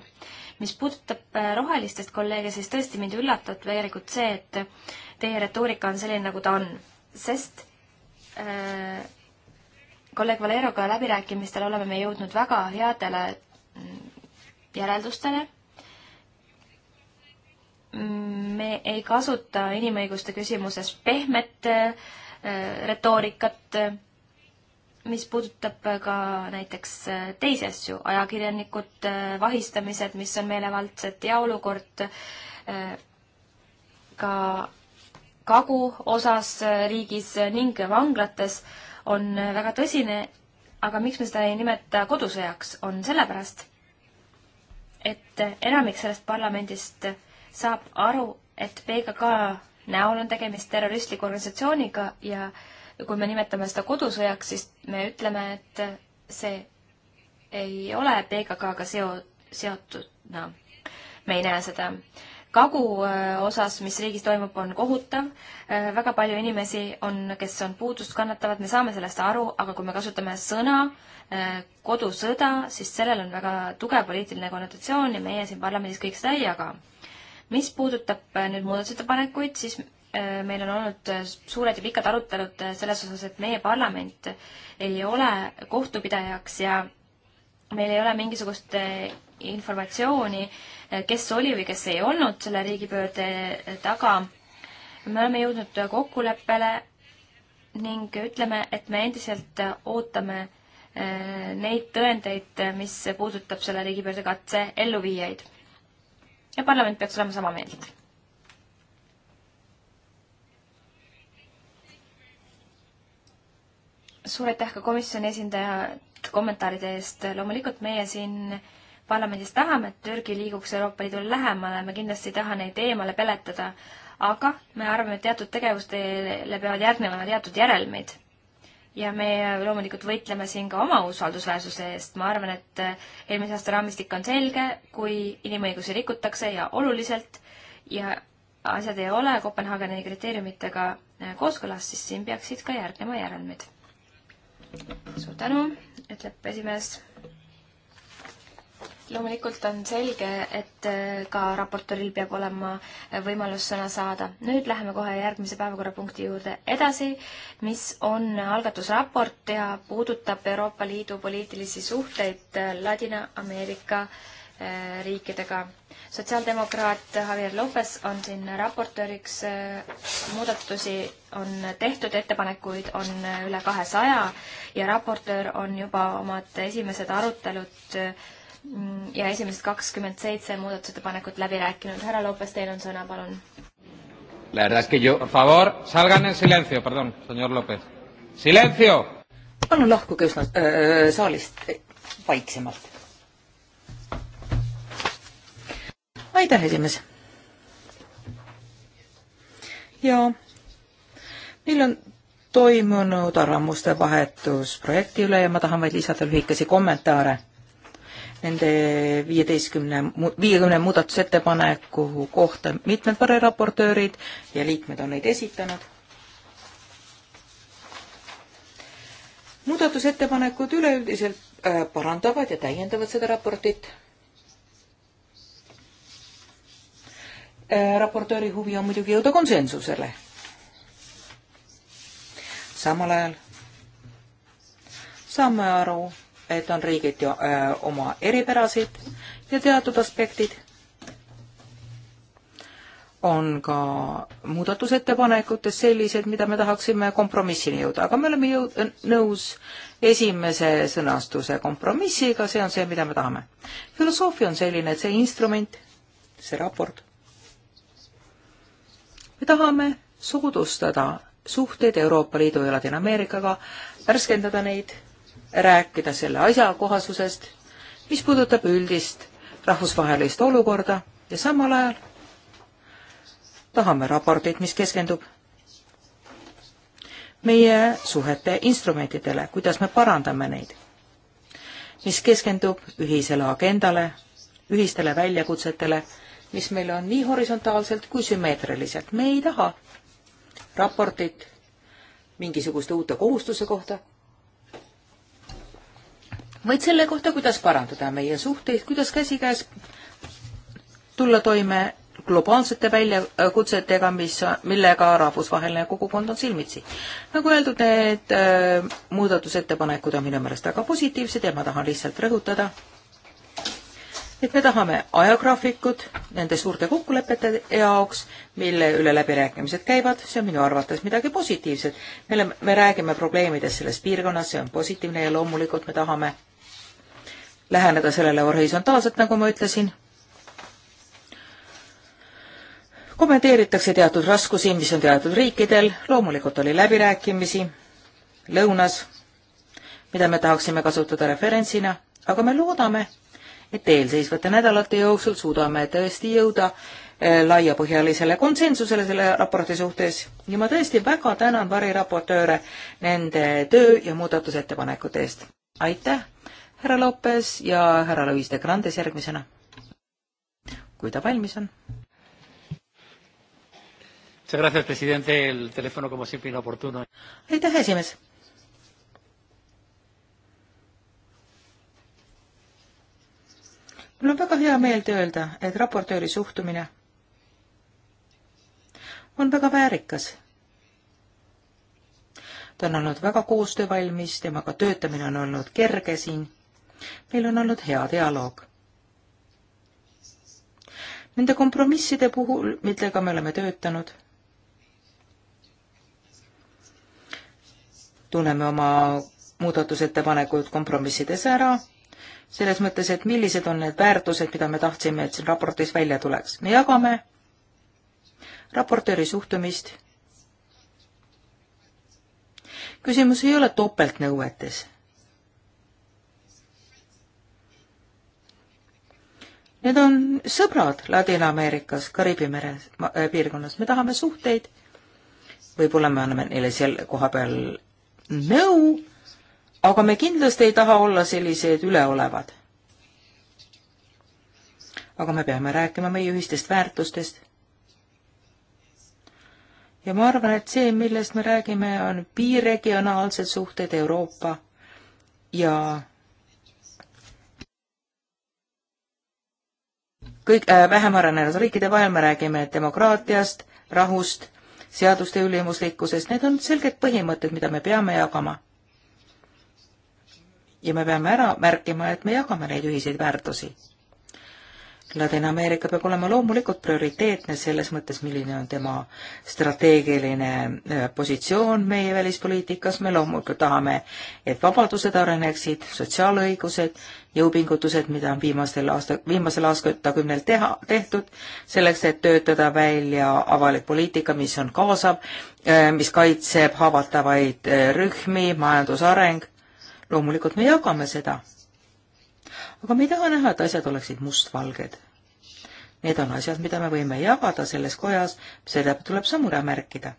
mis puudutab äh, rohelistest kolleege, siis tõesti mind üllatab tegelikult see, et teie retoorika on selline, nagu ta on, sest äh, kolleeg Valeroga läbirääkimistel oleme me jõudnud väga headele mm, järeldustele. Mm, me ei kasuta inimõiguste küsimuses pehmet äh, Äh, retoorikat, äh, mis puudutab ka näiteks äh, teisi asju, ajakirjanikud, vahistamised, mis on meelevaldsed ja olukord ka kagu osas riigis ning vanglates on väga tõsine, aga miks me seda ei nimeta kodusõjaks, on sellepärast, et enamik sellest parlamendist saab aru, et PKK näol on tegemist terroristliku organisatsiooniga ja kui me nimetame seda kodusõjaks, siis me ütleme, et see ei ole PKK-ga seo-, seotuna no,. me ei näe seda. kagu äh, osas, mis riigis toimub, on kohutav. Äh, väga palju inimesi on, kes on puudust kannatavad, me saame sellest aru, aga kui me kasutame sõna äh, kodusõda, siis sellel on väga tugev poliitiline konnotatsioon ja meie siin parlamendis kõik seda ei jaga mis puudutab äh, nüüd muudatusettepanekuid, siis äh, meil on olnud äh, suured ja pikad arutelud selles osas, et meie parlament ei ole kohtupidajaks ja meil ei ole mingisugust informatsiooni, kes oli või kes ei olnud selle riigipöörde taga. me oleme jõudnud kokkuleppele ning ütleme, et me endiselt ootame neid tõendeid, mis puudutab selle riigipöörde katse elluviijaid ja parlament peaks olema sama meelt. suur aitäh ka komisjoni esindaja kommentaaride eest, loomulikult meie siin parlamendis tahame, et Türgi liiguks Euroopa Liidule lähemale, me kindlasti ei taha neid eemale peletada, aga me arvame, et teatud tegevustele peavad järgnema teatud järelmeid ja me loomulikult võitleme siin ka oma usaldusväärsuse eest. ma arvan, et eh, eelmise aasta raamistik on selge, kui inimõigusi rikutakse ja oluliselt ja asjad ei ole Kopenhaageni kriteeriumitega eh, kooskõlas, siis siin peaksid ka järgnema järelmid. suur tänu, ütleb esimees loomulikult on selge, et äh, ka raportoril peab olema äh, võimalus sõna saada. nüüd läheme kohe järgmise päevakorrapunkti juurde edasi, mis on algatusraport ja puudutab Euroopa Liidu poliitilisi suhteid äh, Ladina-Ameerika riikidega. sotsiaaldemokraat Javier Lopez on siin raportööriks, muudatusi on tehtud, ettepanekuid on üle kahesaja ja raportöör on juba omad esimesed arutelud Mm, ja esimesed kakskümmend seitse muudatusettepanekut läbi rääkinud. härra Lopes, teil on sõna, palun. La verdad es que yo, por favor, salgan en silencio, perdón, señor López. Silencio! palun lahkuge üsna äh, saalist vaiksemalt. aitäh, esimees. ja meil on toimunud arvamuste vahetus projekti üle ja ma tahan vaid lisada lühikesi kommentaare nende viieteistkümne, viiekümne muudatusettepaneku kohta mitmed vareraportöörid ja liikmed on neid esitanud. muudatusettepanekud üleüldiselt äh, parandavad ja täiendavad seda raportit. Äh, raportööri huvi on muidugi jõuda konsensusele. samal ajal saame aru, et on riigiti oma eripärasid ja teatud aspektid on ka muudatusettepanekutes sellised, mida me tahaksime kompromissini jõuda, aga me oleme jõud-, nõus esimese sõnastuse kompromissiga, see on see, mida me tahame. filosoofia on selline, et see instrument, see raport, me tahame soodustada suhteid Euroopa Liidu ja Ladina-Ameerikaga, värskendada neid rääkida selle asjakohasusest, mis puudutab üldist rahvusvahelist olukorda ja samal ajal tahame raportit, mis keskendub meie suhete instrumentidele, kuidas me parandame neid, mis keskendub ühisele agendale, ühistele väljakutsetele, mis meil on nii horisontaalselt kui sümmeetriliselt. me ei taha raportit mingisuguste uute kohustuse kohta, vaid selle kohta, kuidas parandada meie suhteid, kuidas käsikäes tulla toime globaalsete väljakutsetega, mis, millega rahvusvaheline kogukond on silmitsi. nagu öeldud, need äh, muudatusettepanekud on minu meelest väga positiivsed ja ma tahan lihtsalt rõhutada, et me tahame ajagraafikut nende suurte kokkulepete jaoks, mille üle läbirääkimised käivad, see on minu arvates midagi positiivset. me oleme, me räägime probleemidest selles piirkonnas, see on positiivne ja loomulikult me tahame läheneda sellele horisontaalselt, nagu ma ütlesin. kommenteeritakse teatud raskusi, mis on teatud riikidel, loomulikult oli läbirääkimisi lõunas, mida me tahaksime kasutada referentsina, aga me loodame, et eelseisvate nädalate jooksul suudame tõesti jõuda eh, laiapõhjalisele konsensusele selle raporti suhtes ja ma tõesti väga tänan variraportööre nende töö ja muudatusettepanekute eest. aitäh, härra Lopes ja härra Luis de Grandes järgmisena, kui ta valmis on. aitäh, esimees. mul on väga hea meel öelda, et raportööri suhtumine on väga väärikas. ta on olnud väga koostöövalmis, temaga töötamine on olnud kerge siin meil on olnud hea dialoog. Nende kompromisside puhul, millega me oleme töötanud, tunneme oma muudatusettepanekud kompromissides ära, selles mõttes, et millised on need väärtused, mida me tahtsime, et siin raportis välja tuleks. me jagame raportööri suhtumist. küsimus ei ole topeltnõuetes Need on sõbrad Ladina-Ameerikas, Kariibi mere eh, piirkonnas, me tahame suhteid. võib-olla me anname neile seal koha peal nõu, aga me kindlasti ei taha olla sellised üleolevad. aga me peame rääkima meie ühistest väärtustest. ja ma arvan, et see, millest me räägime, on biiregionaalsed suhted Euroopa ja kõik äh, vähem arenenud riikide vahel, me räägime demokraatiast, rahust, seaduste ülimuslikkusest, need on selged põhimõtted, mida me peame jagama. ja me peame ära märkima, et me jagame neid ühiseid väärtusi Ladina-Ameerika peab olema loomulikult prioriteetne selles mõttes, milline on tema strateegiline äh, positsioon meie välispoliitikas, me loomulikult tahame, et vabadused areneksid, sotsiaalõigused, jõupingutused, mida on viimastel aasta, viimasel aastakümnel teha, tehtud, selleks, et töötada välja avalik poliitika, mis on kaasav, äh, mis kaitseb haavatavaid äh, rühmi, majandusareng, loomulikult me jagame seda aga me ei taha näha, et asjad oleksid mustvalged. Need on asjad, mida me võime jagada selles kojas, seda tuleb samuti märkida.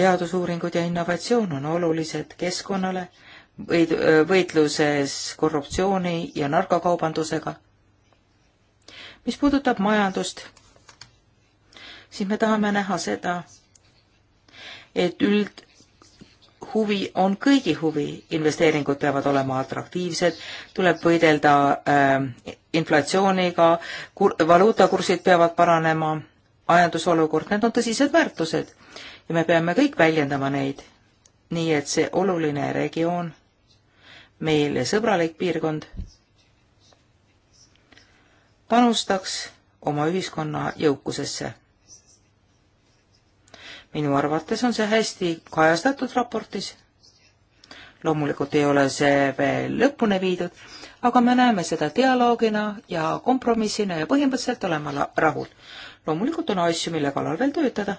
teadusuuringud ja innovatsioon on olulised keskkonnale, võid-, võitluses korruptsiooni ja narkokaubandusega. mis puudutab majandust, siis me tahame näha seda, et üld, huvi on kõigi huvi, investeeringud peavad olema atraktiivsed, tuleb võidelda äh, inflatsiooniga, valuutakursid peavad paranema, majandusolukord, need on tõsised väärtused ja me peame kõik väljendama neid, nii et see oluline regioon, meile sõbralik piirkond, panustaks oma ühiskonna jõukusesse minu arvates on see hästi kajastatud raportis. loomulikult ei ole see veel lõpuni viidud, aga me näeme seda dialoogina ja kompromissina ja põhimõtteliselt oleme rahul. loomulikult on asju, mille kallal veel töötada.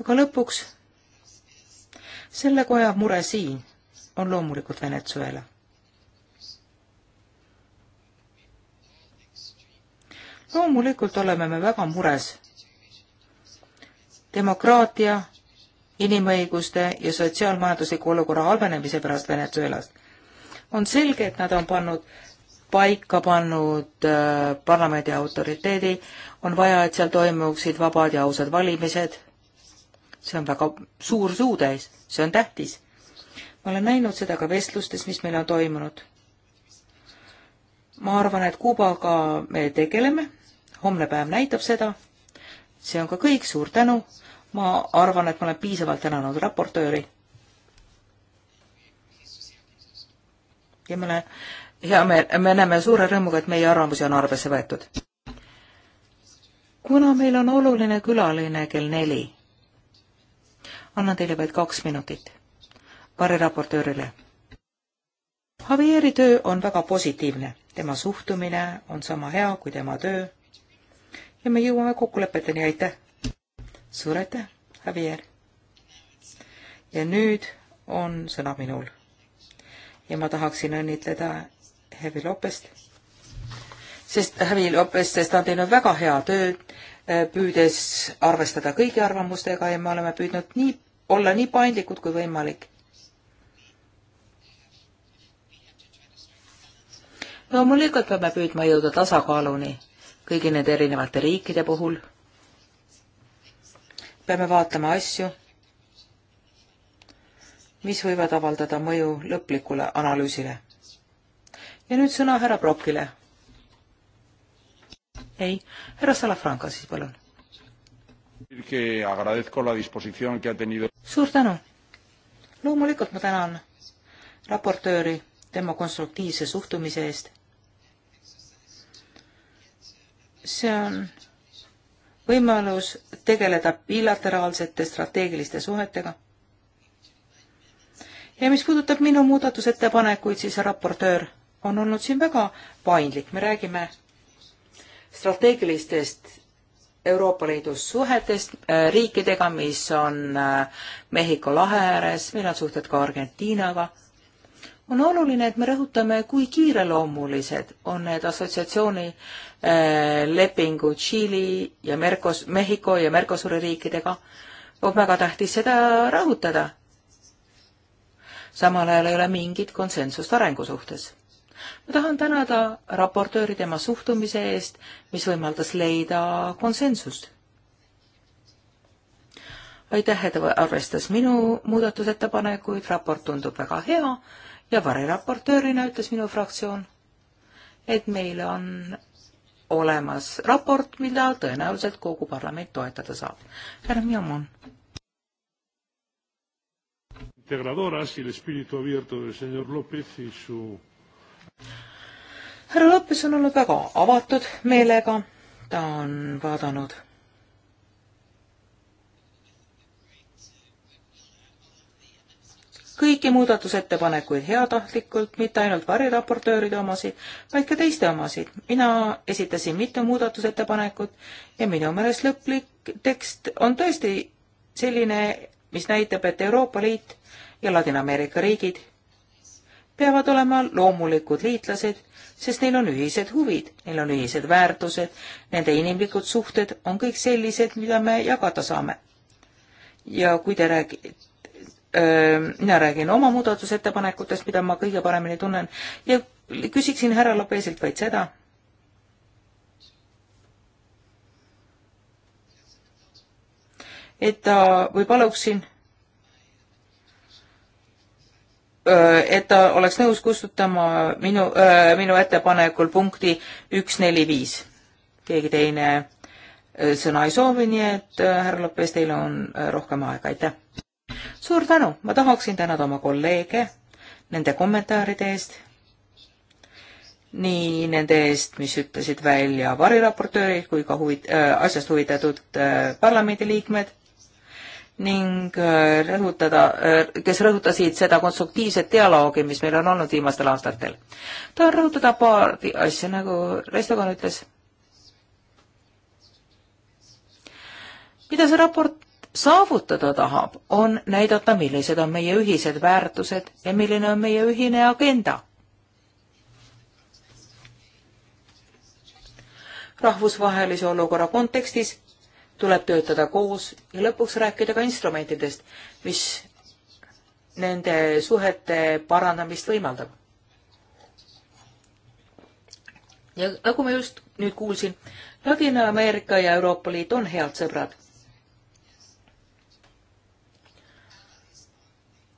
aga lõpuks, selle koja mure siin on loomulikult Venezuela. loomulikult oleme me väga mures demokraatia, inimõiguste ja sotsiaalmajandusliku olukorra halvenemise pärast Venezuelast. on selge, et nad on pannud paika pannud äh, parlamendi autoriteedi, on vaja, et seal toimuksid vabad ja ausad valimised. see on väga suur suutäis, see on tähtis. ma olen näinud seda ka vestlustes, mis meil on toimunud. ma arvan, et Kuubaga me tegeleme, homne päev näitab seda. see on ka kõik, suur tänu ma arvan, et ma olen piisavalt tänanud raportööri. ja me oleme, hea meel, me näeme suure rõõmuga, et meie arvamusi on arvesse võetud. kuna meil on oluline külaline kell neli, annan teile vaid kaks minutit variraportöörile. Javieri töö on väga positiivne, tema suhtumine on sama hea kui tema töö ja me jõuame kokkulepeteni, aitäh! suur aitäh, Javier! ja nüüd on sõna minul. ja ma tahaksin õnnitleda Hevi Lopest, sest Hevi Lopes, sest ta on teinud väga hea töö, eh, püüdes arvestada kõigi arvamustega ja me oleme püüdnud nii, olla nii paindlikud kui võimalik. loomulikult peame püüdma jõuda tasakaaluni kõigi nende erinevate riikide puhul peame vaatama asju, mis võivad avaldada mõju lõplikule analüüsile. ja nüüd sõna härra Brokile. ei, härra Salafranca siis palun. suur tänu. loomulikult ma tänan raportööri tema konstruktiivse suhtumise eest. see on võimalus tegeleda bilateraalsete strateegiliste suhetega. ja mis puudutab minu muudatusettepanekuid, siis raportöör on olnud siin väga paindlik, me räägime strateegilistest Euroopa Liidu suhetest äh, riikidega, mis on äh, Mehhiko lahe ääres, meil on suhted ka Argentiinaga on oluline, et me rõhutame, kui kiireloomulised on need assotsiatsiooni äh, lepingud Tšiili ja Mercos, Mehhiko ja Mercosuri riikidega. on väga tähtis seda rõhutada. samal ajal ei ole mingit konsensust arengu suhtes. ma tahan tänada raportööri tema suhtumise eest, mis võimaldas leida konsensust. aitäh, et arvestas minu muudatusettepanekuid, raport tundub väga hea ja variraportöörina ütles minu fraktsioon, et meil on olemas raport, mida tõenäoliselt kogu parlament toetada saab. härra Miamon. härra Lopes on olnud väga avatud meelega, ta on vaadanud kõiki muudatusettepanekuid heatahtlikult, mitte ainult variraportööride omasid, vaid ka teiste omasid. mina esitasin mitu muudatusettepanekut ja minu meelest lõplik tekst on tõesti selline, mis näitab, et Euroopa Liit ja Ladina-Ameerika riigid peavad olema loomulikud liitlased, sest neil on ühised huvid, neil on ühised väärtused, nende inimlikud suhted on kõik sellised, mida me jagada saame. ja kui te räägite mina räägin oma muudatusettepanekutest, mida ma kõige paremini tunnen ja küsiksin härra Lopeesilt vaid seda, et ta või paluksin, et ta oleks nõus kustutama minu, minu ettepanekul punkti üks, neli, viis. keegi teine sõna ei soovi, nii et härra Lopes, teil on rohkem aega, aitäh suur tänu, ma tahaksin tänada oma kolleege nende kommentaaride eest, nii nende eest, mis ütlesid välja variraportöörid kui ka huvi- äh,, asjast huvitatud äh, parlamendiliikmed ning äh, rõhutada äh,, kes rõhutasid seda konstruktiivset dialoogi, mis meil on olnud viimastel aastatel. tahan rõhutada paari asja, nagu Restogan ütles. mida see raport saavutada tahab, on näidata, millised on meie ühised väärtused ja milline on meie ühine agenda. rahvusvahelise olukorra kontekstis tuleb töötada koos ja lõpuks rääkida ka instrumentidest, mis nende suhete parandamist võimaldab. ja nagu ma just nüüd kuulsin, Ladina-Ameerika ja Euroopa Liit on head sõbrad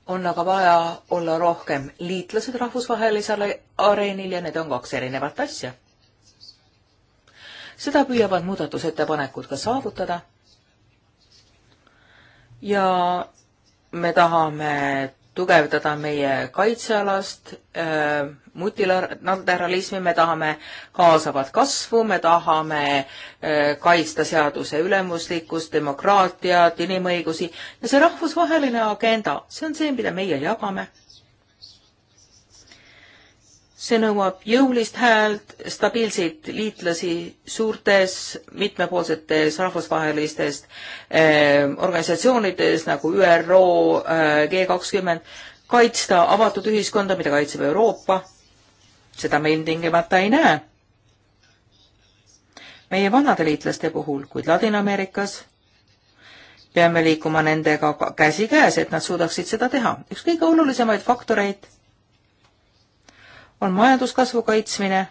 on aga vaja olla rohkem liitlased rahvusvahelisel areenil ja need on kaks erinevat asja. seda püüavad muudatusettepanekud ka saavutada. ja me tahame tugevdada meie kaitsealast äh, multilateralismi, me tahame kaasavat kasvu, me tahame äh, kaitsta seaduse ülemuslikkust, demokraatiat, inimõigusi ja see rahvusvaheline agenda, see on see, mida meie jagame see nõuab jõulist häält, stabiilseid liitlasi suurtes mitmepoolsetes rahvusvahelistes eh, organisatsioonides nagu ÜRO eh,, G20, kaitsta avatud ühiskonda, mida kaitseb Euroopa. seda me ilmtingimata ei näe. meie vanade liitlaste puhul, kuid Ladina-Ameerikas peame liikuma nendega käsikäes, et nad suudaksid seda teha. üks kõige olulisemaid faktoreid on majanduskasvu kaitsmine,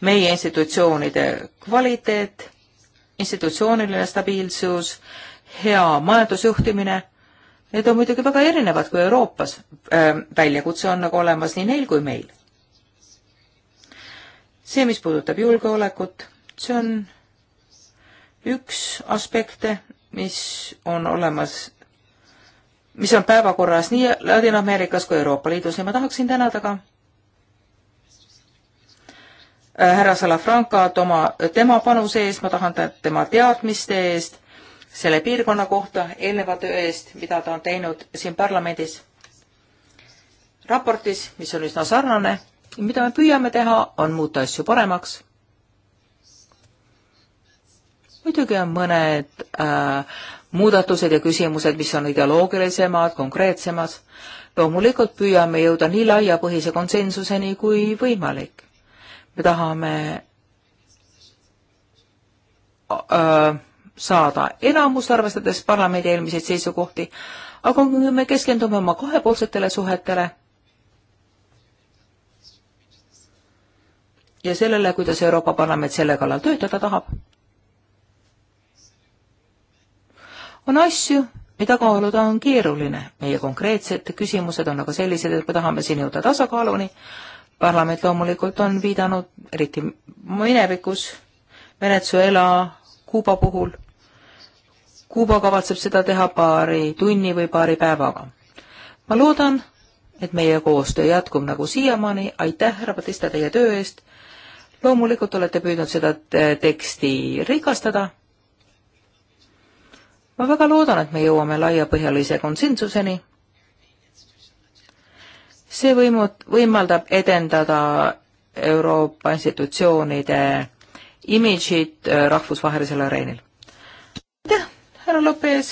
meie institutsioonide kvaliteet, institutsiooniline stabiilsus, hea majandusjuhtimine, need on muidugi väga erinevad kui Euroopas. Äh, väljakutse on nagu olemas nii neil kui meil. see, mis puudutab julgeolekut, see on üks aspekte, mis on olemas mis on päevakorras nii Ladina-Ameerikas kui Euroopa Liidus ja ma tahaksin tänada ka äh, härra Salafrancat oma, tema panuse eest, ma tahan tänada tema teadmiste eest, selle piirkonna kohta, eelneva töö eest, mida ta on teinud siin parlamendis, raportis, mis on üsna sarnane, mida me püüame teha, on muuta asju paremaks muidugi on mõned äh, muudatused ja küsimused, mis on ideoloogilisemad, konkreetsemad. loomulikult püüame jõuda nii laiapõhise konsensuseni kui võimalik. me tahame öö, saada enamus, arvestades parlamendi eelmiseid seisukohti, aga kui me keskendume oma kahepoolsetele suhetele ja sellele, kuidas Euroopa Parlament selle kallal töötada tahab on asju, mida kaaluda on keeruline. meie konkreetsed küsimused on aga sellised, et me tahame siin jõuda tasakaaluni. parlament loomulikult on viidanud, eriti minevikus, Venezuela, Kuuba puhul. Kuuba kavatseb seda teha paari tunni või paari päevaga. ma loodan, et meie koostöö jätkub nagu siiamaani. aitäh, härra Batista, teie töö eest. loomulikult olete püüdnud seda teksti rikastada ma väga loodan, et me jõuame laiapõhjalise konsensuseni. see võimud, võimaldab edendada Euroopa institutsioonide imidžit äh, rahvusvahelisel areenil. aitäh, härra Lopes!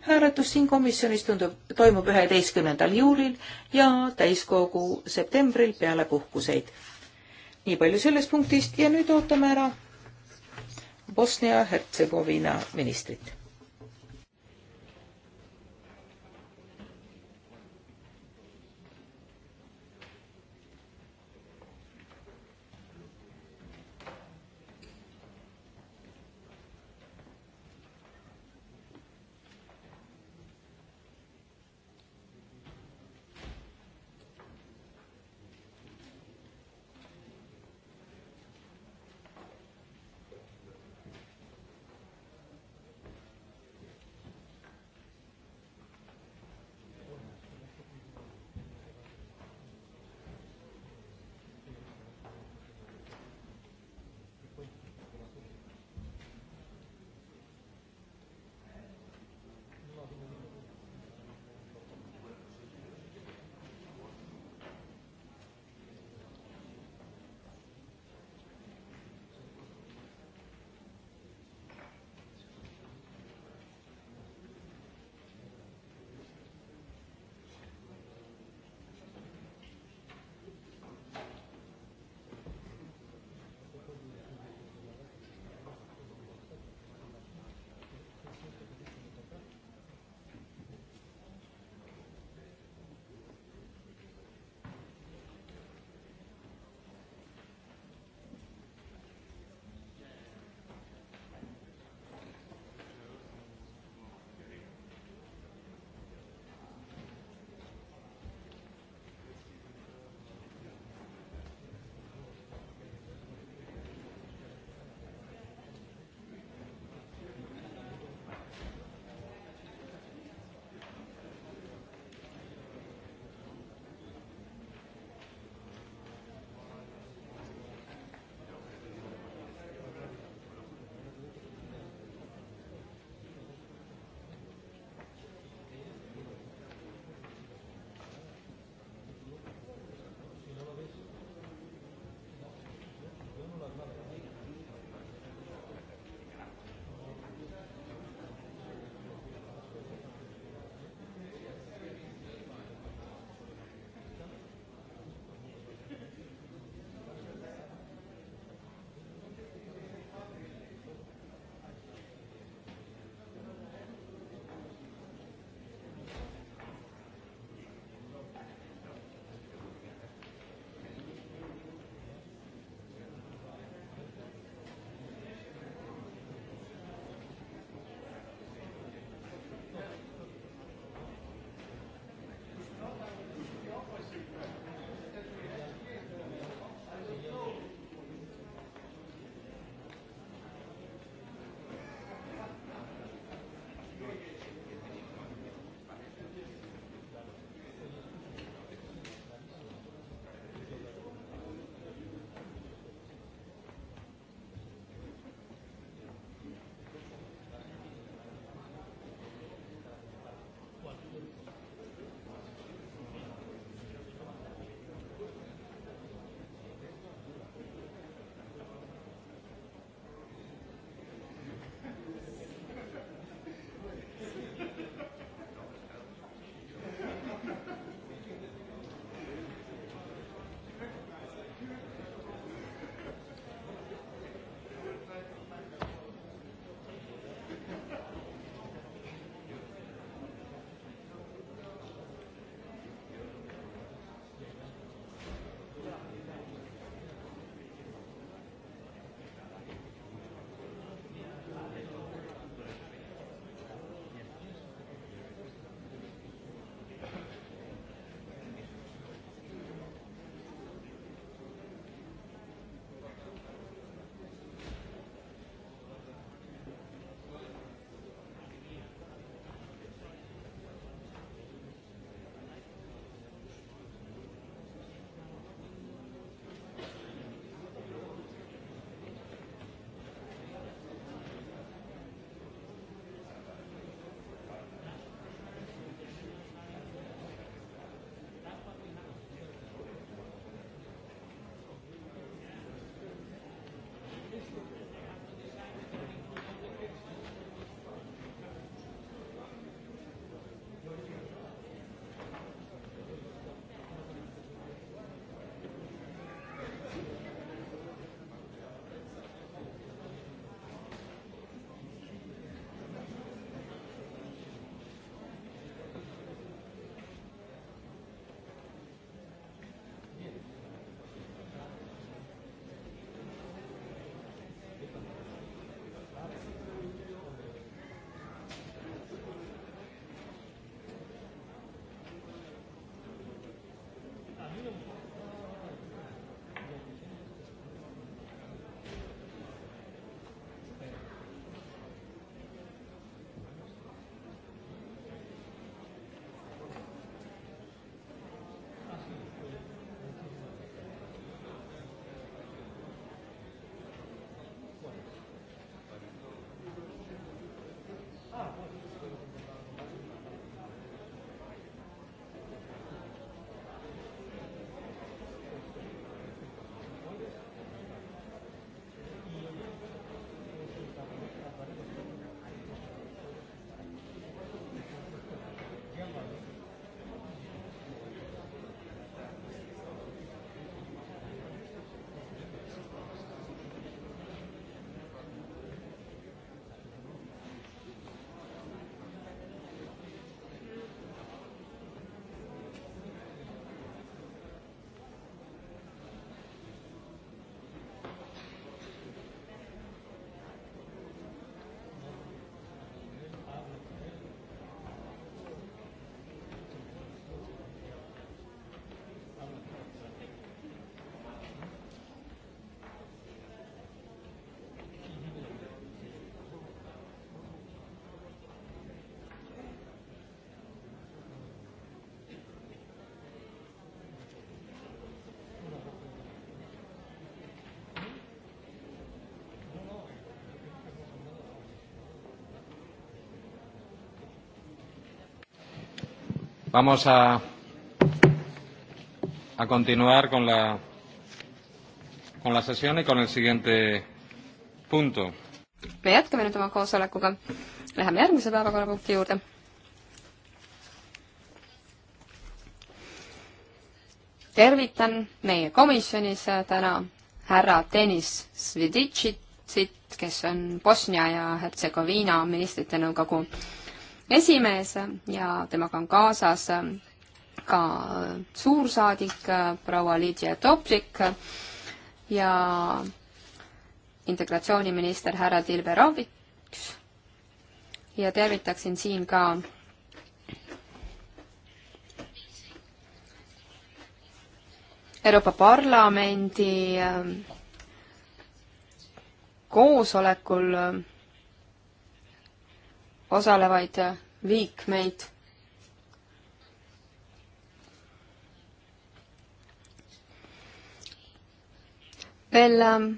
hääletus siin komisjonis tundub, toimub üheteistkümnendal juulil ja täiskogu septembril peale puhkuseid. nii palju sellest punktist ja nüüd ootame ära Bosnia-Hertsegoviina ministrit Vamos a, a continuar con la, con la sesión y con el siguiente punto. me jätkame nüüd oma koosolekuga. Läheme järgmise päevakorrapunkti juurde. tervitan meie komisjonis täna härra Deniss Sviditšit, kes on Bosnia ja Hertsegoviina ministrite nõukogu esimees ja temaga on kaasas ka suursaadik proua Lidia Topšik ja integratsiooniminister härra Tilberoviks ja tervitaksin siin ka Euroopa Parlamendi koosolekul osalevaid liikmeid. veel ähm,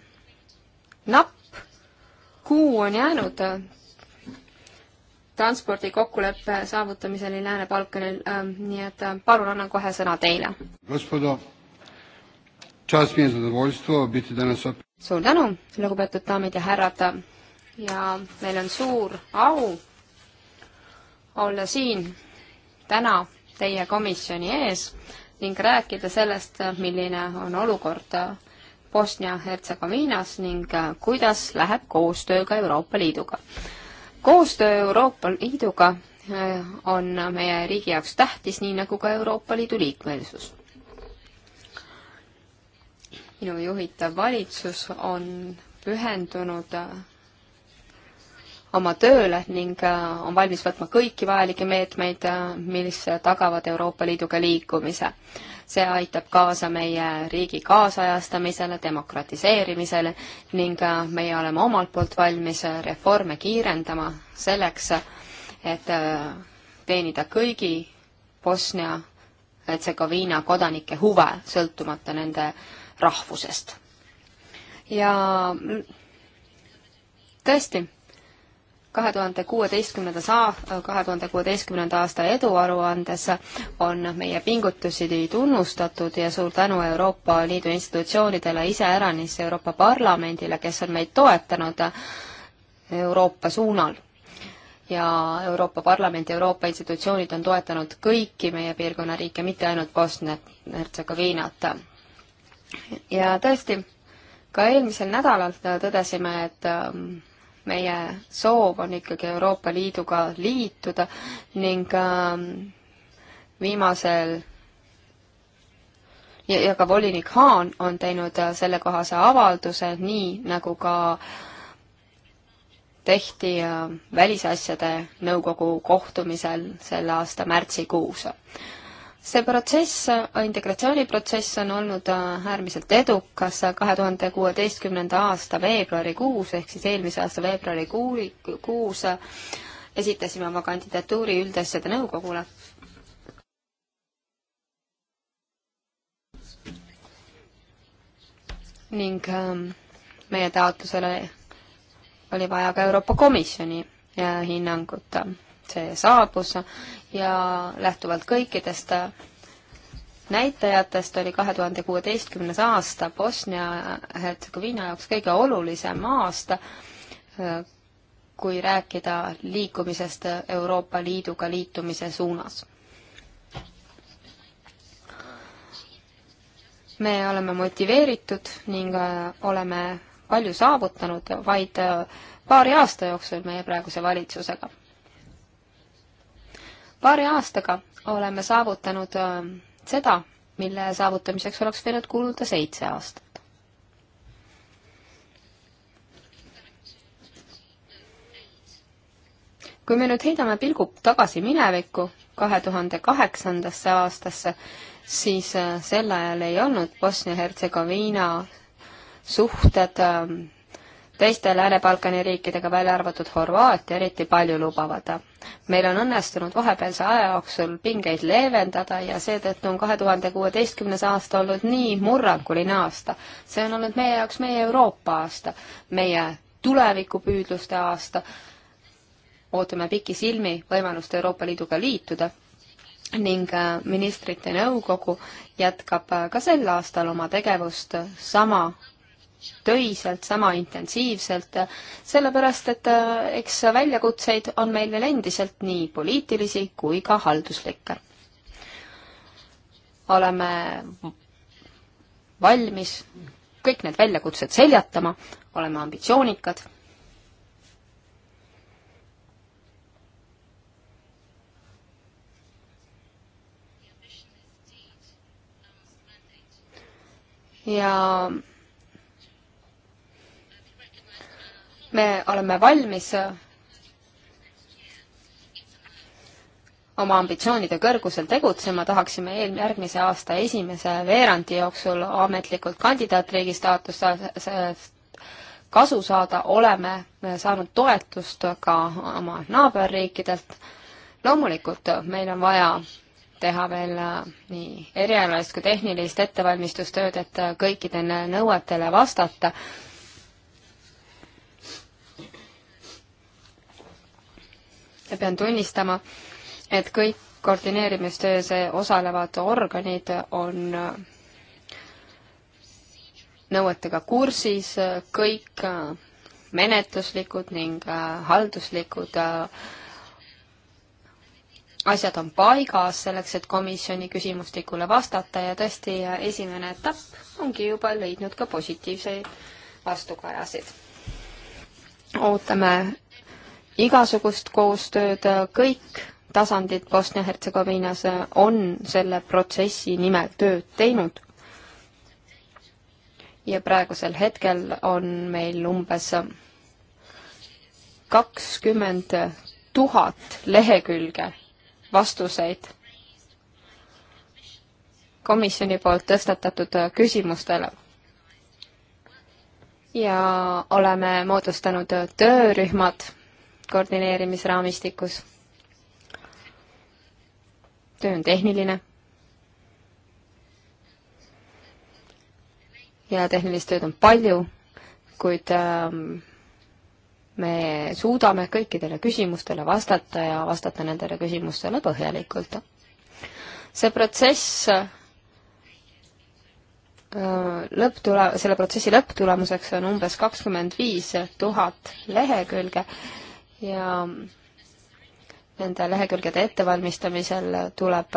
napp kuu on jäänud äh, transpordi kokkuleppe saavutamiseni Lääne-Balkanil, ähm, nii et äh, palun annan kohe sõna teile. suur tänu, lugupeetud daamid ja härrad ja meil on suur au olla siin täna teie komisjoni ees ning rääkida sellest, milline on olukord Bosnia-Hertsegoviinas ning kuidas läheb koostööga Euroopa Liiduga. koostöö Euroopa Liiduga eh, on meie riigi jaoks tähtis, nii nagu ka Euroopa Liidu liikmelisus. minu juhitav valitsus on pühendunud oma tööle ning äh, on valmis võtma kõiki vajalikke meetmeid, äh, mis tagavad Euroopa Liiduga liikumise. see aitab kaasa meie riigi kaasajastamisele, demokratiseerimisele ning äh, meie oleme omalt poolt valmis reforme kiirendama selleks, et teenida kõigi Bosnia Hertsegoviina kodanike huve, sõltumata nende rahvusest. ja tõesti kahe tuhande kuueteistkümnendas a-, kahe tuhande kuueteistkümnenda aasta eduaruandes on meie pingutusi tunnustatud ja suur tänu Euroopa Liidu institutsioonidele, iseäranis Euroopa Parlamendile, kes on meid toetanud Euroopa suunal ja Euroopa Parlament ja Euroopa institutsioonid on toetanud kõiki meie piirkonna riike, mitte ainult Bosnia-Hertsegoviinat. ja tõesti, ka eelmisel nädalal tõdesime, et ähm, meie soov on ikkagi Euroopa Liiduga liituda ning ähm, viimasel ja, ja ka volinik Haan on teinud äh, sellekohase avalduse, nii nagu ka tehti äh, Välisasjade Nõukogu kohtumisel selle aasta märtsikuus see protsess, integratsiooniprotsess on olnud äh, äärmiselt edukas, kahe tuhande kuueteistkümnenda aasta veebruarikuus, ehk siis eelmise aasta veebruarikuus esitasime oma kandidatuuri üldasjade nõukogule. ning ähm, meie taotlusele oli vaja ka Euroopa Komisjoni äh, hinnangut see saabus ja lähtuvalt kõikidest näitajatest oli kahe tuhande kuueteistkümnes aasta Bosnia-Hertsegoviina jaoks kõige olulisem aasta, kui rääkida liikumisest Euroopa Liiduga liitumise suunas. me oleme motiveeritud ning oleme palju saavutanud vaid paari aasta jooksul meie praeguse valitsusega paari aastaga oleme saavutanud ähm, seda, mille saavutamiseks oleks võinud kuluda seitse aastat. kui me nüüd heidame pilgu tagasi minevikku, kahe tuhande kaheksandasse aastasse, siis äh, sel ajal ei olnud Bosnia-Hertsegoviina suhted ähm, teiste Lääne-Balkani riikidega, välja arvatud Horvaatia, eriti palju lubavad. meil on õnnestunud vahepealse aja jooksul pingeid leevendada ja seetõttu on kahe tuhande kuueteistkümnes aasta olnud nii murranguline aasta. see on olnud meie jaoks meie Euroopa aasta, meie tulevikupüüdluste aasta, ootame pikisilmi võimalust Euroopa Liiduga liituda ning äh, ministrite nõukogu jätkab äh, ka sel aastal oma tegevust sama töiselt, sama intensiivselt, sellepärast et äh, eks väljakutseid on meil veel endiselt nii poliitilisi kui ka halduslikke. oleme valmis kõik need väljakutsed seljatama, oleme ambitsioonikad ja me oleme valmis äh, oma ambitsioonide kõrgusel tegutsema, tahaksime eel-, järgmise aasta esimese veerandi jooksul ametlikult kandidaatriigi staatust kasu saada, oleme äh, saanud toetust ka oma naaberriikidelt. loomulikult äh, meil on vaja teha veel nii erialalist kui tehnilist ettevalmistustööd, et kõikidele nõuetele vastata ja pean tunnistama, et kõik koordineerimistöös osalevad organid on äh, nõuetega kursis, kõik äh, menetluslikud ning äh, halduslikud asjad on paigas selleks, et komisjoni küsimustikule vastata ja tõesti esimene etapp ongi juba leidnud ka positiivseid vastukajasid. ootame igasugust koostööd, kõik tasandid Bosnia-Hertsegoviinas on selle protsessi nimel tööd teinud. ja praegusel hetkel on meil umbes kakskümmend tuhat lehekülge vastuseid komisjoni poolt tõstatatud küsimustele. ja oleme moodustanud töörühmad koordineerimisraamistikus. töö on tehniline. ja tehnilist tööd on palju, kuid ähm, me suudame kõikidele küsimustele vastata ja vastata nendele küsimustele põhjalikult. see protsess äh, lõpptule-, selle protsessi lõpptulemuseks on umbes kakskümmend viis tuhat lehekülge ja nende lehekülgede ettevalmistamisel tuleb,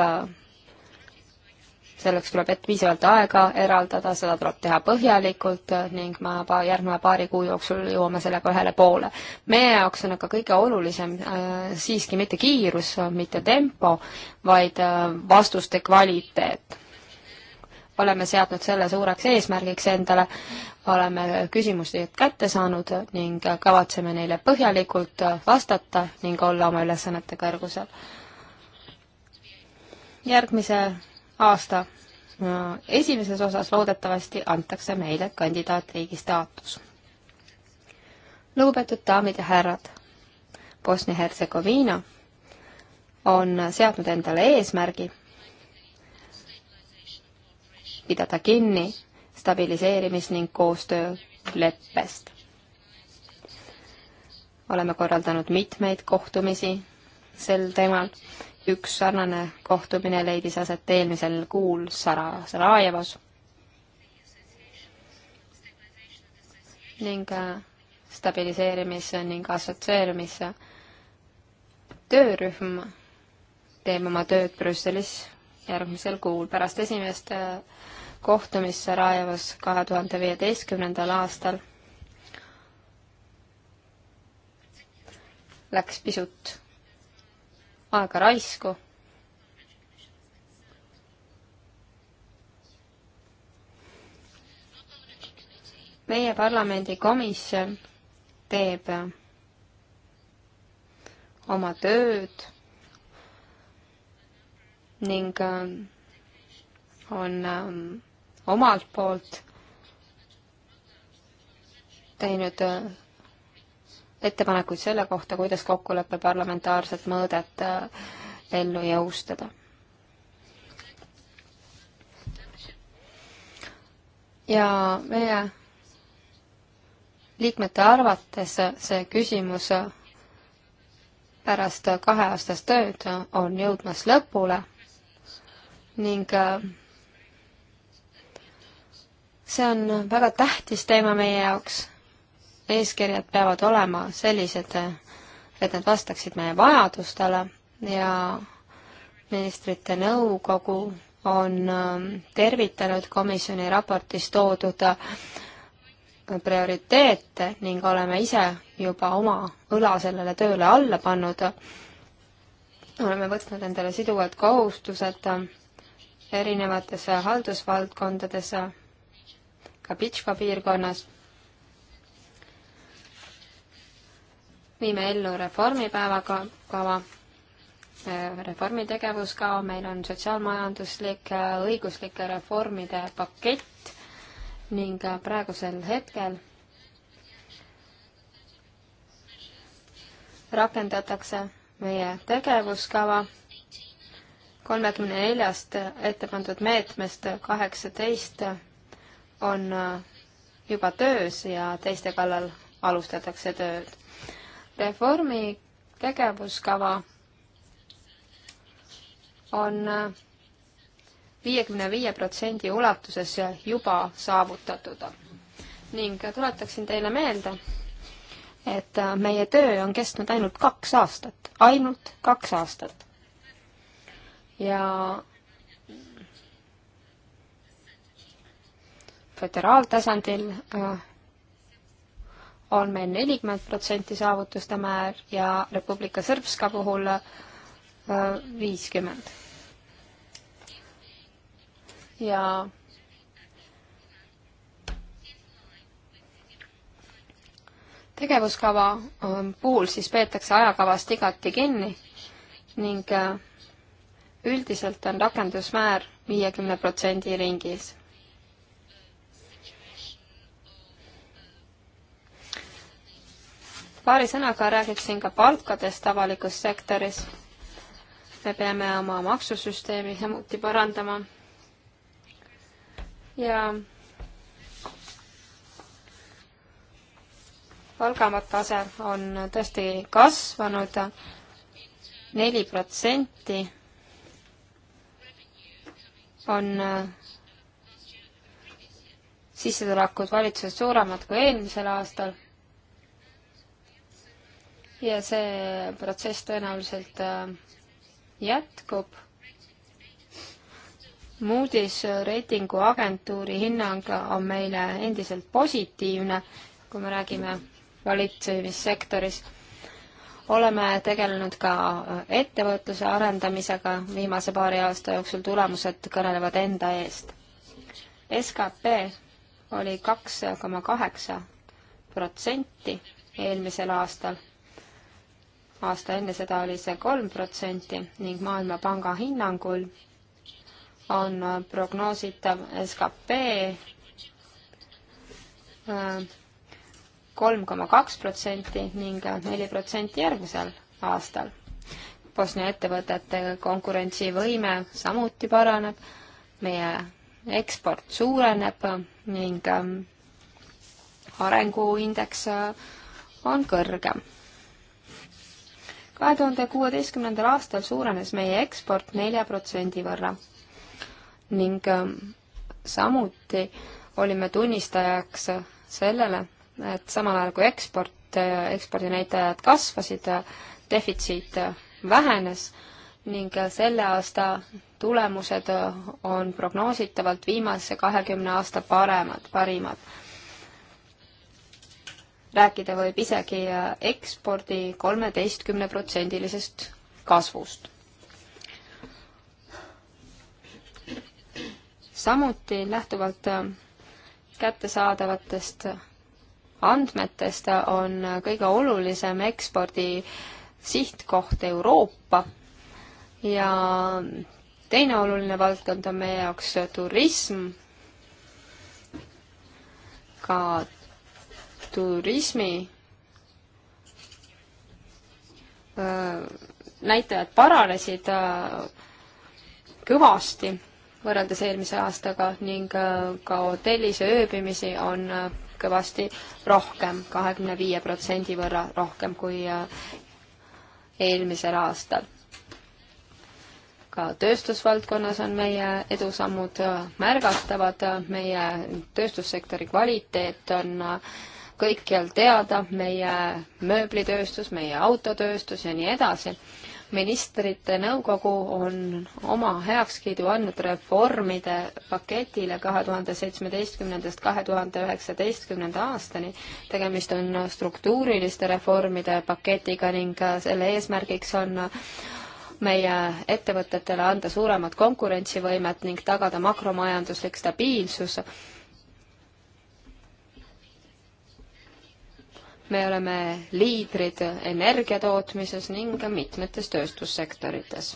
selleks tuleb et piisavalt aega eraldada, seda tuleb teha põhjalikult ning ma pa-, järgneva paari kuu jooksul jõuame sellega ühele poole. meie jaoks on aga kõige olulisem äh, siiski mitte kiirus, mitte tempo, vaid äh, vastuste kvaliteet oleme seadnud selle suureks eesmärgiks endale, oleme küsimusi kätte saanud ning kavatseme neile põhjalikult vastata ning olla oma ülesannete kõrgusel. järgmise aasta esimeses osas loodetavasti antakse meile kandidaatriigi staatus. lugupeetud daamid ja härrad, Bosnia-Hertsegoviina on seadnud endale eesmärgi pidada kinni stabiliseerimis- ning koostööleppest. oleme korraldanud mitmeid kohtumisi sel teemal. üks sarnane kohtumine leidis aset eelmisel kuul Sara-, Sarajevas. ning äh, stabiliseerimis- ning assotsieerimis- töörühm teeb oma tööd Brüsselis järgmisel kuul pärast esimest äh, kohtumist Sarajevas kahe tuhande viieteistkümnendal aastal läks pisut aega raisku. meie parlamendi komisjon teeb oma tööd ning on ähm, omalt poolt teinud äh, ettepanekuid selle kohta, kuidas kokkuleppe parlamentaarset mõõdet äh, ellu jõustada. ja meie liikmete arvates see küsimus pärast kaheaastast tööd on jõudmas lõpule ning äh, see on väga tähtis teema meie jaoks. eeskirjad peavad olema sellised, et nad vastaksid meie vajadustele ja ministrite nõukogu on ähm, tervitanud komisjoni raportis toodud äh, prioriteete ning oleme ise juba oma õla sellele tööle alla pannud. oleme võtnud endale siduvad kohustused äh, erinevates äh, haldusvaldkondades ka Pitška piirkonnas. viime ellu reformipäevakava, äh, reformi tegevuskava, meil on sotsiaalmajanduslik äh, õiguslike reformide pakett ning äh, praegusel hetkel rakendatakse meie tegevuskava kolmekümne neljast ette pandud meetmest kaheksateist on äh, juba töös ja teiste kallal alustatakse tööd. reformi tegevuskava on äh, viiekümne viie protsendi ulatuses juba saavutatud ning tuletaksin teile meelde, et äh, meie töö on kestnud ainult kaks aastat, ainult kaks aastat. ja föderaaltasandil äh, on meil nelikümmend protsenti saavutuste määr ja Republika Srpska puhul äh, viiskümmend. ja tegevuskava ähm, puhul siis peetakse ajakavast igati kinni ning äh, üldiselt on rakendusmäär viiekümne protsendi ringis paari sõnaga räägiksin ka palkadest avalikus sektoris. me peame oma maksusüsteemi samuti parandama. ja palgamatase on tõesti kasvanud neli protsenti on sissetulekud valitsuses suuremad kui eelmisel aastal ja see protsess tõenäoliselt äh, jätkub. Moody's reitinguagentuuri hinnang on meile endiselt positiivne, kui me räägime valitsemissektoris. oleme tegelenud ka äh, ettevõtluse arendamisega viimase paari aasta jooksul, tulemused kõnelevad enda eest. skp oli kaks koma kaheksa protsenti eelmisel aastal aasta enne seda oli see kolm protsenti ning Maailmapanga hinnangul on äh, prognoositav skp äh, kolm koma kaks protsenti ning äh, neli protsenti järgmisel aastal. Bosnia ettevõtete konkurentsivõime samuti paraneb, meie eksport suureneb ning ähm, arenguindeks on kõrgem kahe tuhande kuueteistkümnendal aastal suurenes meie eksport nelja protsendi võrra ning ähm, samuti olime tunnistajaks sellele, et samal ajal kui eksport, ekspordinäitajad kasvasid, defitsiit vähenes ning selle aasta tulemused on prognoositavalt viimase kahekümne aasta paremad, parimad rääkida võib isegi äh, ekspordi kolmeteistkümne protsendilisest kasvust. samuti lähtuvalt äh, kättesaadavatest andmetest äh, on kõige olulisem ekspordi sihtkoht Euroopa ja teine oluline valdkond on meie jaoks turism, ka turismi näitajad paranesid kõvasti võrreldes eelmise aastaga ning ka hotellis ööbimisi on kõvasti rohkem, kahekümne viie protsendi võrra rohkem kui eelmisel aastal. ka tööstusvaldkonnas on meie edusammud märgatavad, meie tööstussektori kvaliteet on kõikjal teada, meie mööblitööstus, meie autotööstus ja nii edasi. ministrite nõukogu on oma heakskiidu andnud reformide paketile kahe tuhande seitsmeteistkümnendast kahe tuhande üheksateistkümnenda aastani. tegemist on struktuuriliste reformide paketiga ning selle eesmärgiks on meie ettevõtetele anda suuremat konkurentsivõimet ning tagada makromajanduslik stabiilsus me oleme liidrid energiatootmises ning mitmetes tööstussektorites.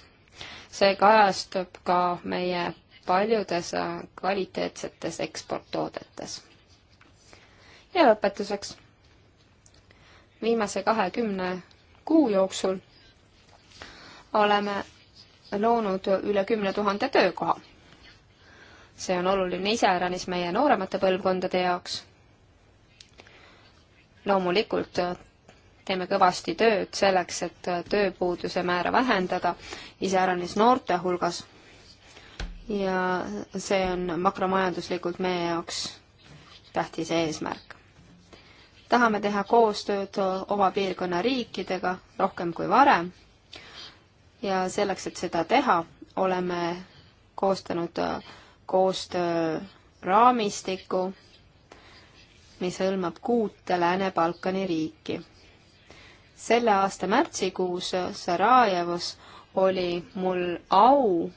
see kajastub ka meie paljudes kvaliteetsetes eksporttoodetes. ja lõpetuseks. viimase kahekümne kuu jooksul oleme loonud üle kümne tuhande töökoha. see on oluline iseäranis meie nooremate põlvkondade jaoks loomulikult äh, teeme kõvasti tööd selleks, et äh, tööpuuduse määra vähendada, iseäranis noorte hulgas. ja see on makromajanduslikult meie jaoks tähtis eesmärk. tahame teha koostööd äh, oma piirkonna riikidega rohkem kui varem ja selleks, et seda teha, oleme koostanud koostööraamistiku mis hõlmab kuute Lääne-Balkani riiki. selle aasta märtsikuus Sarajevos oli mul au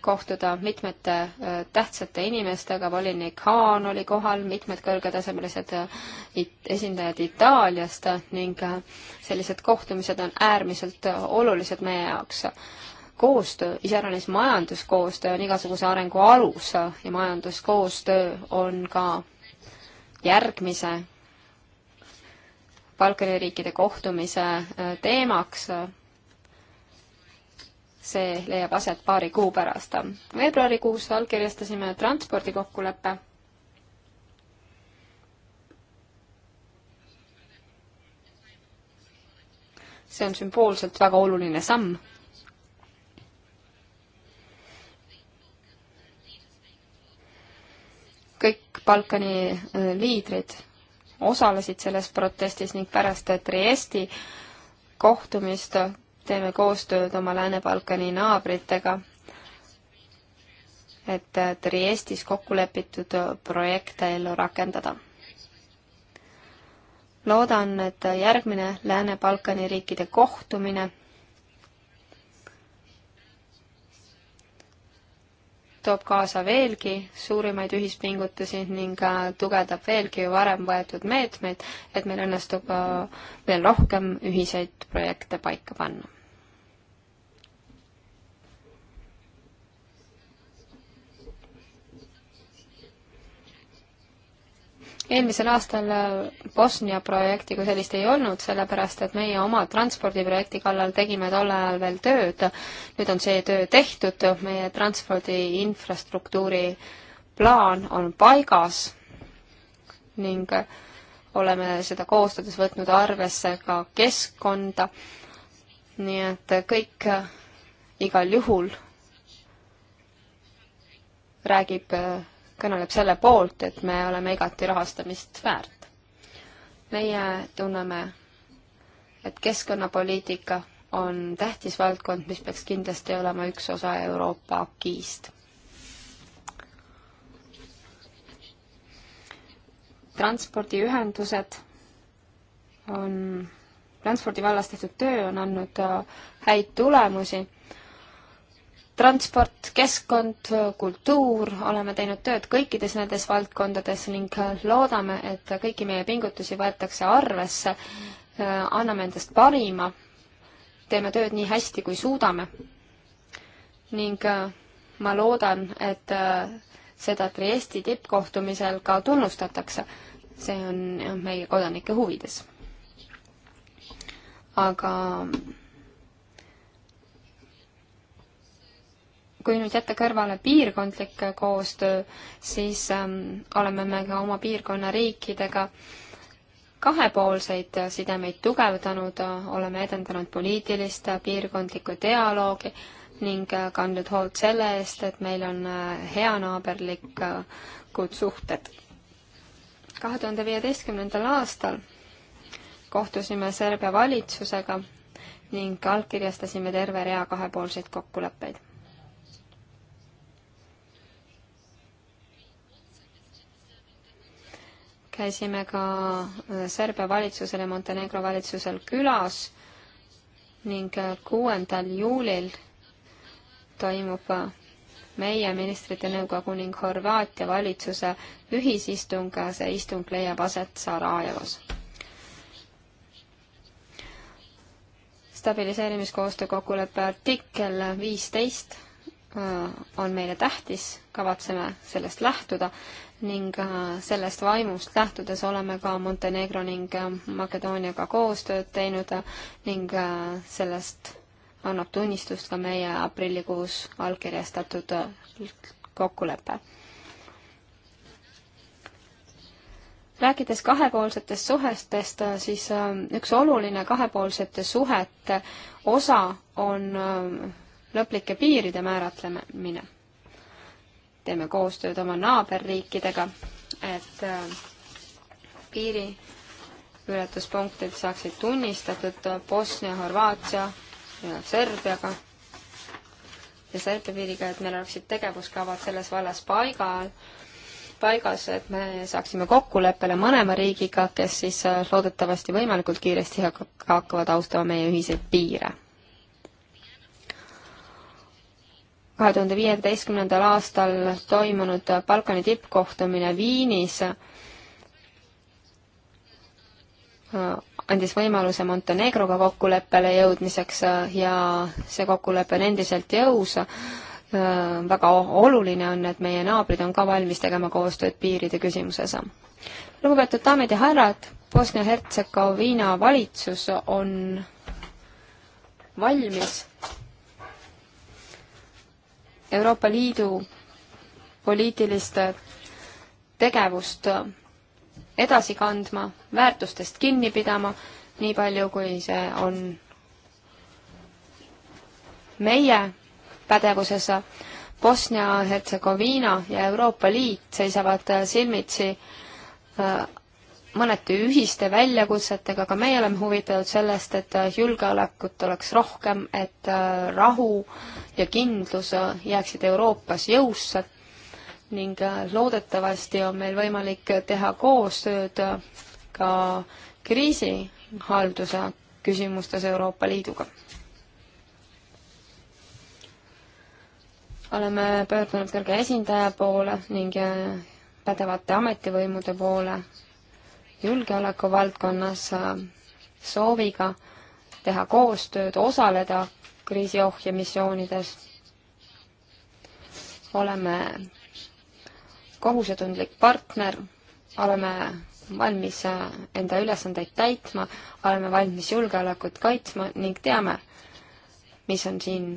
kohtuda mitmete äh, tähtsate inimestega, volinik Haan oli kohal, mitmed kõrgetasemelised äh, it esindajad Itaaliast ning äh, sellised kohtumised on äärmiselt olulised meie jaoks koostöö, iseäranis majanduskoostöö on igasuguse arengu alus ja majanduskoostöö on ka järgmise Balkani riikide kohtumise äh, teemaks. see leiab aset paari kuu pärast. veebruarikuus allkirjastasime transpordikokkuleppe. see on sümboolselt väga oluline samm kõik Balkani äh, liidrid osalesid selles protestis ning pärast Triesti kohtumist teeme koostööd oma Lääne-Balkani naabritega, et äh, Triestis kokku lepitud äh, projekte ellu rakendada. loodan, et järgmine Lääne-Balkani riikide kohtumine toob kaasa veelgi suurimaid ühispingutusi ning äh, tugevdab veelgi varem võetud meetmeid, et meil õnnestub äh, veel rohkem ühiseid projekte paika panna eelmisel aastal äh, Bosnia projekti kui sellist ei olnud, sellepärast et meie oma transpordiprojekti kallal tegime tol ajal veel tööd. nüüd on see töö tehtud, meie transpordi infrastruktuuri plaan on paigas ning äh, oleme seda koostades võtnud arvesse ka keskkonda. nii et äh, kõik igal juhul räägib kõneleb selle poolt, et me oleme igati rahastamist väärt. meie tunneme, et keskkonnapoliitika on tähtis valdkond, mis peaks kindlasti olema üks osa Euroopa akiist. transpordiühendused on, transpordi vallas tehtud töö on andnud äh, häid tulemusi transport, keskkond, kultuur, oleme teinud tööd kõikides nendes valdkondades ning loodame, et kõiki meie pingutusi võetakse arvesse, anname endast parima, teeme tööd nii hästi, kui suudame. ning äh, ma loodan, et äh, seda Triesti tippkohtumisel ka tunnustatakse. see on meie kodanike huvides. aga kui nüüd jätta kõrvale piirkondlik koostöö, siis ähm, oleme me ka oma piirkonna riikidega kahepoolseid sidemeid tugevdanud, oleme edendanud poliitilist piirkondlikku dialoogi ning äh, kandnud hoolt selle eest, et meil on äh, heanaaberlikud suhted. kahe tuhande viieteistkümnendal aastal kohtusime Serbia valitsusega ning allkirjastasime terve rea kahepoolseid kokkuleppeid käisime ka äh, Serbia valitsusel ja Montenegro valitsusel külas ning äh, kuuendal juulil toimub äh, meie ministrite nõukogu ning Horvaatia valitsuse ühisistung, see istung leiab aset Sarajevos. stabiliseerimiskoostöö kokkuleppe artikkel viisteist on meile tähtis, kavatseme sellest lähtuda ning äh, sellest vaimust lähtudes oleme ka Montenegro ning äh, Makedooniaga koostööd teinud äh, ning sellest annab tunnistust ka meie aprillikuus allkirjastatud kokkulepe. rääkides kahepoolsetest suhetest, siis üks oluline kahepoolsete suhete osa on lõplike piiride määratlemine teeme koostööd oma naaberriikidega, et äh, piiriületuspunktid saaksid tunnistatud Bosnia, Horvaatia ja Serbiaga ja Serbia piiriga, et meil oleksid tegevuskavad selles vallas paigal, paigas, et me saaksime kokkuleppele mõlema riigiga, kes siis äh, loodetavasti võimalikult kiiresti hakkavad austama meie ühiseid piire kahe tuhande viieteistkümnendal aastal toimunud Balkani tippkohtumine Viinis äh, andis võimaluse Montenegroga kokkuleppele jõudmiseks äh, ja see kokkulepe on endiselt jõus. Äh, väga oluline on, et meie naabrid on ka valmis tegema koostööd piiride küsimuses. lugupeetud daamid ja härrad, Bosnia-Hertsegoviina valitsus on valmis Euroopa Liidu poliitilist tegevust edasi kandma, väärtustest kinni pidama, nii palju, kui see on meie pädevuses. Bosnia-Hertsegoviina ja Euroopa Liit seisavad silmitsi äh, mõneti ühiste väljakutsetega, aga meie oleme huvitatud sellest, et äh, julgeolekut oleks rohkem, et äh, rahu ja kindlus äh, jääksid Euroopas jõusse ning loodetavasti on meil võimalik teha koostööd ka kriisihalduse küsimustes Euroopa Liiduga. oleme pöördunud kõrge esindaja poole ning pädevate ametivõimude poole julgeoleku valdkonnas äh, sooviga teha koostööd, osaleda kriisiohjemissioonides. oleme kohusetundlik partner, oleme valmis äh, enda ülesandeid täitma, oleme valmis julgeolekut kaitsma ning teame, mis on siin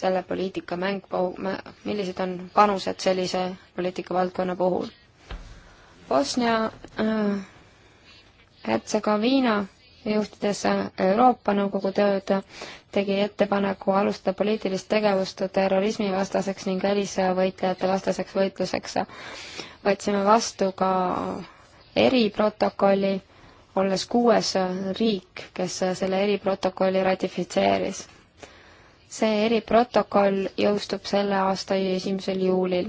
selle poliitika mäng, millised on panused sellise poliitikavaldkonna puhul. Bosnia äh, Hertsegoviina juhtides Euroopa Nõukogu tööd, tegi ettepaneku alustada poliitilist tegevust terrorismivastaseks ning välisvõitlejate vastaseks võitluseks. võtsime vastu ka eriprotokolli, olles kuues riik, kes selle eriprotokolli ratifitseeris. see eriprotokoll jõustub selle aasta esimesel juulil.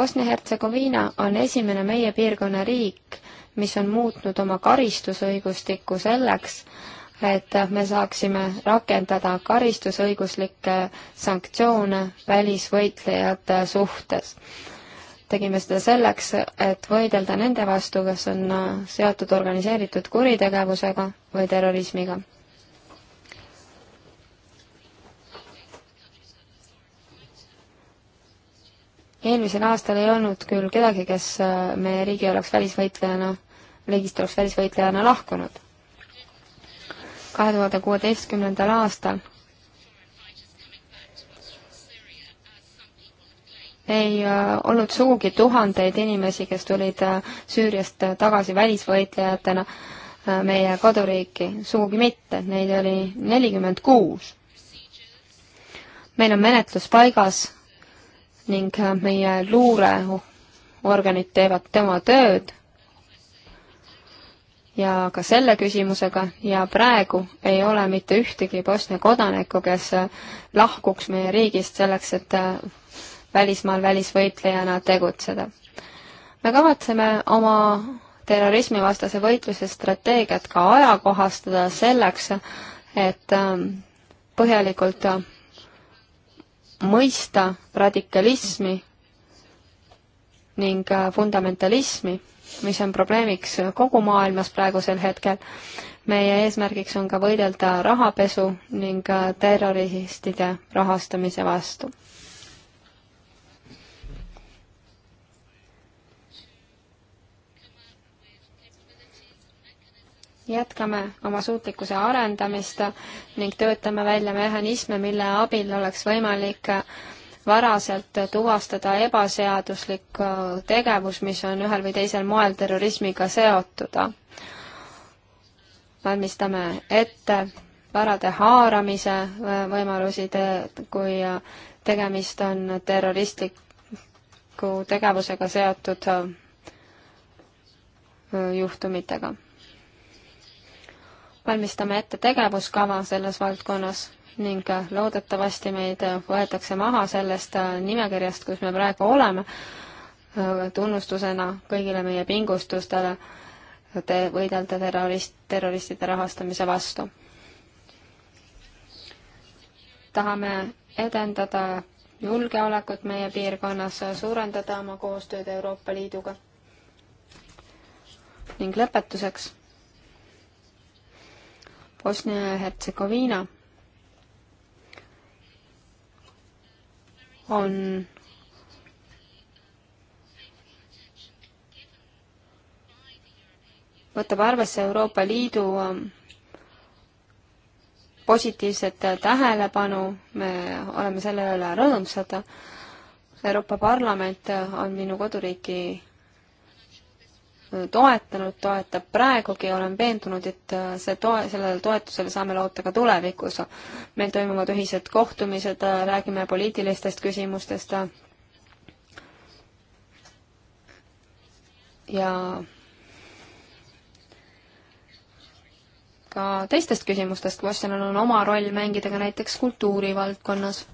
Bosnia-Hertsegoviina on esimene meie piirkonna riik, mis on muutnud oma karistusõigustikku selleks, et me saaksime rakendada karistusõiguslikke sanktsioone välisvõitlejate suhtes. tegime seda selleks, et võidelda nende vastu, kes on seotud organiseeritud kuritegevusega või terrorismiga. eelmisel aastal ei olnud küll kedagi, kes meie riigi oleks välisvõitlejana riigist oleks välisvõitlejana lahkunud. kahe tuhande kuueteistkümnendal aastal ei äh, olnud sugugi tuhandeid inimesi, kes tulid äh, Süüriast tagasi välisvõitlejatena äh, meie koduriiki, sugugi mitte, neid oli nelikümmend kuus. meil on menetlus paigas ning meie luureorganid teevad tema tööd ja ka selle küsimusega ja praegu ei ole mitte ühtegi Bosnia kodanikku, kes äh, lahkuks meie riigist selleks, et äh, välismaal välisvõitlejana tegutseda. me kavatseme oma terrorismivastase võitluse strateegiat ka ajakohastada selleks, et ähm, põhjalikult äh, mõista radikalismi ning fundamentalismi mis on probleemiks kogu maailmas praegusel hetkel. meie eesmärgiks on ka võidelda rahapesu ning terroristide rahastamise vastu. jätkame oma suutlikkuse arendamist ning töötame välja mehhanisme, mille abil oleks võimalik varaselt tuvastada ebaseaduslik äh, tegevus, mis on ühel või teisel moel terrorismiga seotud. valmistame ette varade haaramise äh, võimalusi, kui äh, tegemist on terroristliku tegevusega seotud juhtumitega. valmistame ette tegevuskava selles valdkonnas ning äh, loodetavasti meid äh, võetakse maha sellest äh, nimekirjast, kus me praegu oleme, tunnustusena kõigile meie pingustustele te võidelda terrorist, terroristide rahastamise vastu. tahame edendada julgeolekut meie piirkonnas, suurendada oma koostööd Euroopa Liiduga. ning lõpetuseks Bosnia ja Hertsegoviina on võtab arvesse Euroopa Liidu ähm, positiivset tähelepanu, me oleme selle üle rõõmsad. Euroopa Parlament on minu koduriiki toetanud, toetab praegugi, olen veendunud, et äh, see toe, sellele toetusele saame loota ka tulevikus. meil toimuvad ühised kohtumised, äh, räägime poliitilistest küsimustest ja ka teistest küsimustest, Washington on oma roll mängida ka näiteks kultuurivaldkonnas.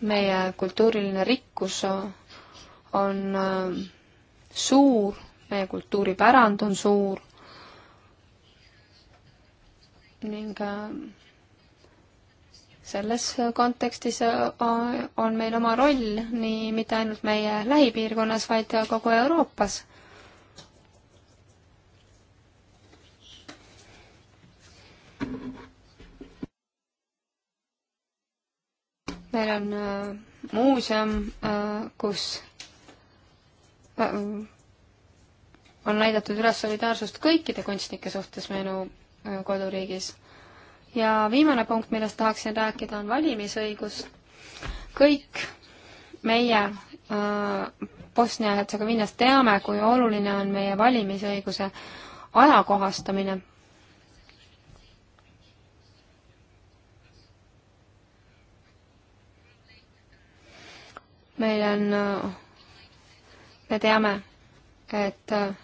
meie kultuuriline rikkus on äh, suur, meie kultuuripärand on suur ning äh, selles kontekstis äh, on meil oma roll nii mitte ainult meie lähipiirkonnas, vaid kogu Euroopas. meil on äh, muuseum, kus Äh, äh, on näidatud üles solidaarsust kõikide kunstnike suhtes minu äh, koduriigis. ja viimane punkt, millest tahaksin rääkida, on valimisõigus. kõik meie Bosnia-Hertsegoviinas teame, kui oluline on meie valimisõiguse ajakohastamine meil on me teame, et äh,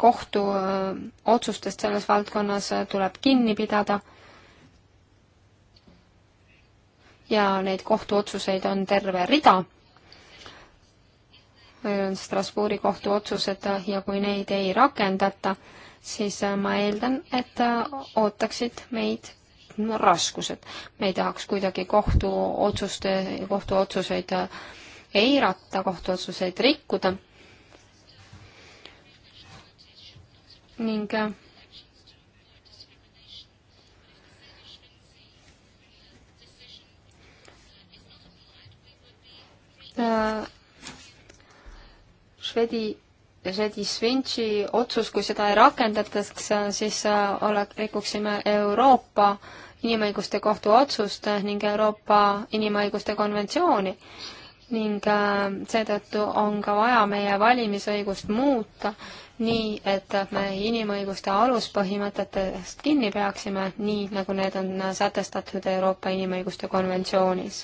kohtuotsustest äh, selles valdkonnas äh, tuleb kinni pidada ja neid kohtuotsuseid on terve rida. meil on Strasbourgi kohtuotsused ja kui neid ei rakendata, siis ma eeldan, et ootaksid meid raskused. me ei tahaks kuidagi kohtuotsuste, kohtuotsuseid eirata, kohtuotsuseid rikkuda. ning äh, Švedi, Švedi Svintši otsus, kui seda ei rakendataks, siis äh, ole, rikuksime Euroopa Inimõiguste Kohtu otsust ning Euroopa Inimõiguste Konventsiooni ning äh, seetõttu on ka vaja meie valimisõigust muuta nii, et me inimõiguste aluspõhimõtetest kinni peaksime, nii nagu need on sätestatud Euroopa Inimõiguste konventsioonis.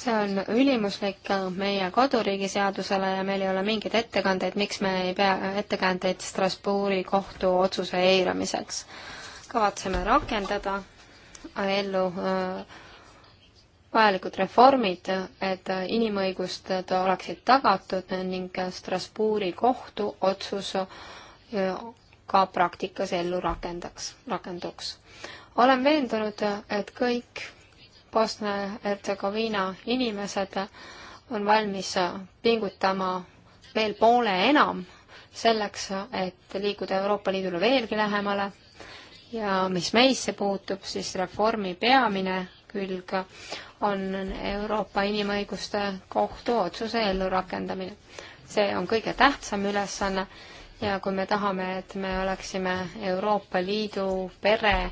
see on ülimuslik meie koduriigi seadusele ja meil ei ole mingeid ettekandeid, miks me ei pea ettekäändeid Strasbourgi kohtu otsuse eiramiseks. kavatseme rakendada ellu äh, vajalikud reformid, et inimõigused oleksid tagatud ning Strasbourgi kohtu otsus äh, ka praktikas ellu rakendaks, rakenduks. olen veendunud, et kõik Bosnia-Hertsegoviina inimesed on valmis pingutama veel poole enam selleks, et liikuda Euroopa Liidule veelgi lähemale ja mis meisse puutub, siis reformi peamine külg on Euroopa Inimõiguste Kohtu otsuse ellurakendamine. see on kõige tähtsam ülesanne ja kui me tahame, et me oleksime Euroopa Liidu pere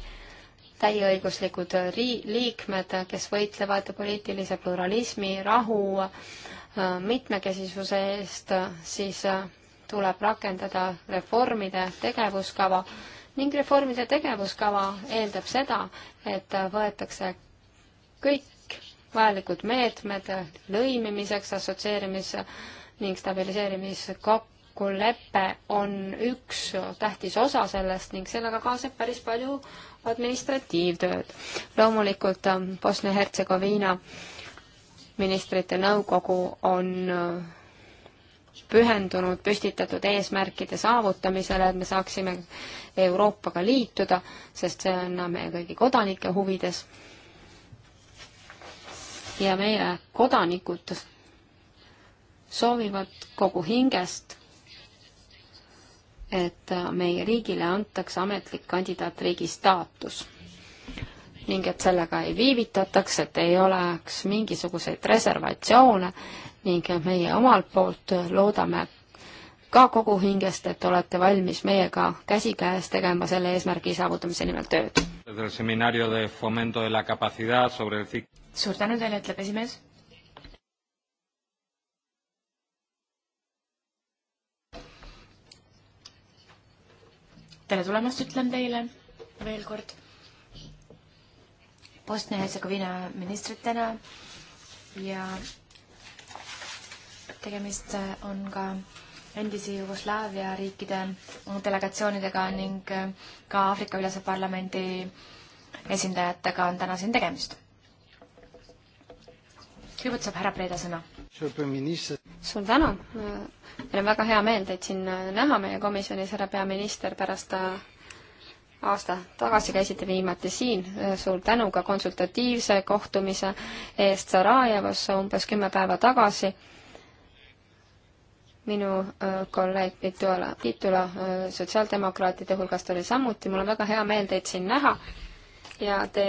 täieõiguslikud ri-, liikmed, kes võitlevad poliitilise pluralismi, rahu, mitmekesisuse eest, siis tuleb rakendada reformide tegevuskava ning reformide tegevuskava eeldab seda, et võetakse kõik vajalikud meetmed lõimimiseks, assotsieerimis- ning stabiliseerimiskokkulepe on üks tähtis osa sellest ning sellega kaasneb päris palju administratiivtööd. loomulikult Bosnia-Hertsegoviina ministrite nõukogu on pühendunud püstitatud eesmärkide saavutamisele, et me saaksime Euroopaga liituda, sest see on meie kõigi kodanike huvides. ja meie kodanikud soovivad kogu hingest, et meie riigile antakse ametlik kandidaatriigi staatus ning et sellega ei viivitataks, et ei oleks mingisuguseid reservatsioone ning meie omalt poolt loodame ka kogu hingest, et olete valmis meiega käsikäes tegema selle eesmärgi saavutamise nimel tööd. suur tänu teile, ütleb esimees. tere tulemast, ütlen teile veel kord. Bosnia-Hertsegoviina ministritena ja tegemist on ka endise Jugoslaavia riikide delegatsioonidega ning ka Aafrika Ülese Parlamendi esindajatega on täna siin tegemist. kõigepealt saab härra Preeda sõna. suur tänu, meil on väga hea meel teid siin näha meie komisjonis, härra peaminister, pärast aasta tagasi käisite viimati siin, suur tänu ka konsultatiivse kohtumise eest Sarajevas umbes kümme päeva tagasi minu äh, kolleeg Pitula, Pitula äh, sotsiaaldemokraatide hulgast oli samuti, mul on väga hea meel teid siin näha ja te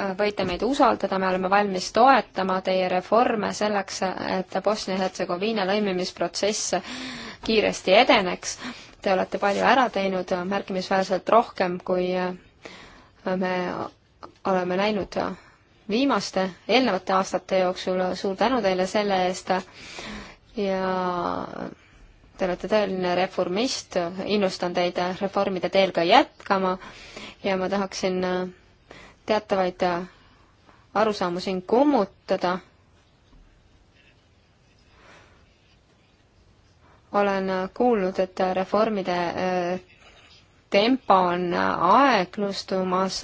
äh, võite meid usaldada, me oleme valmis toetama teie reforme selleks, et Bosnia-Hertsegoviina lõimimisprotsess kiiresti edeneks. Te olete palju ära teinud, märkimisväärselt rohkem, kui me oleme näinud viimaste, eelnevate aastate jooksul. suur tänu teile selle eest ja te olete tõeline reformist, innustan teid reformide teel ka jätkama ja ma tahaksin teatavaid arusaamu siin kummutada. olen kuulnud, et reformide äh, tempo on aeglustumas,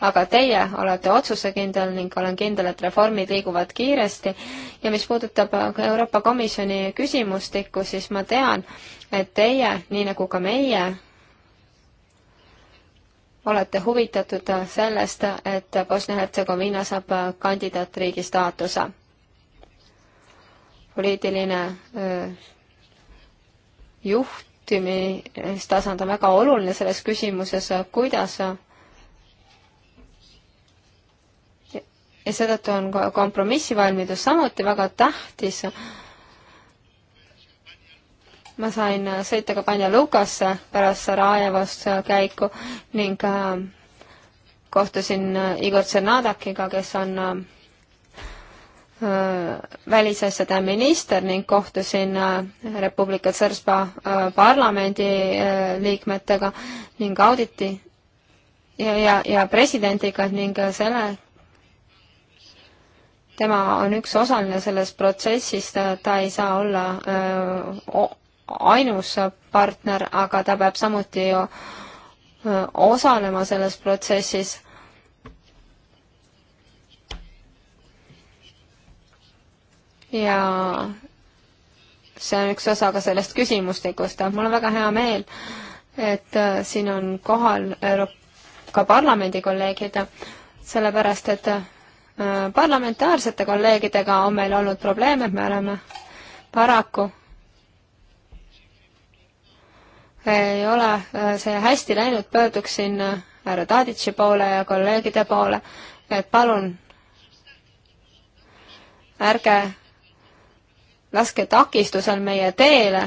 aga teie olete otsusekindel ning olen kindel, et reformid liiguvad kiiresti. ja mis puudutab Euroopa Komisjoni küsimustikku, siis ma tean, et teie, nii nagu ka meie, olete huvitatud sellest, et Bosnia-Hertsegoviina saab kandidaatriigi staatuse. poliitiline juht juhtimistasand on väga oluline selles küsimuses, kuidas ja seetõttu on ka kompromissivalmidus samuti väga tähtis. ma sain sõita ka Banja-Lukasse pärast Sarajevost käiku ning äh, kohtusin Igor Tšernadakiga, kes on äh, Äh, välisasjade minister ning kohtusin äh, Republika Sõrspa äh, parlamendi liikmetega ning auditi ja, ja, ja presidendiga ning selle, tema on üks osaline selles protsessis, ta ei saa olla öö, ainus partner, aga ta peab samuti ju öö, osalema selles protsessis ja see on üks osa ka sellest küsimustikust. mul on väga hea meel, et äh, siin on kohal Euro ka parlamendi kolleegid, sellepärast et äh, parlamentaarsete kolleegidega on meil olnud probleeme, me oleme paraku ei ole äh, see hästi läinud, pöörduksin härra Taditši poole ja kolleegide poole, et palun ärge laske takistusel meie teele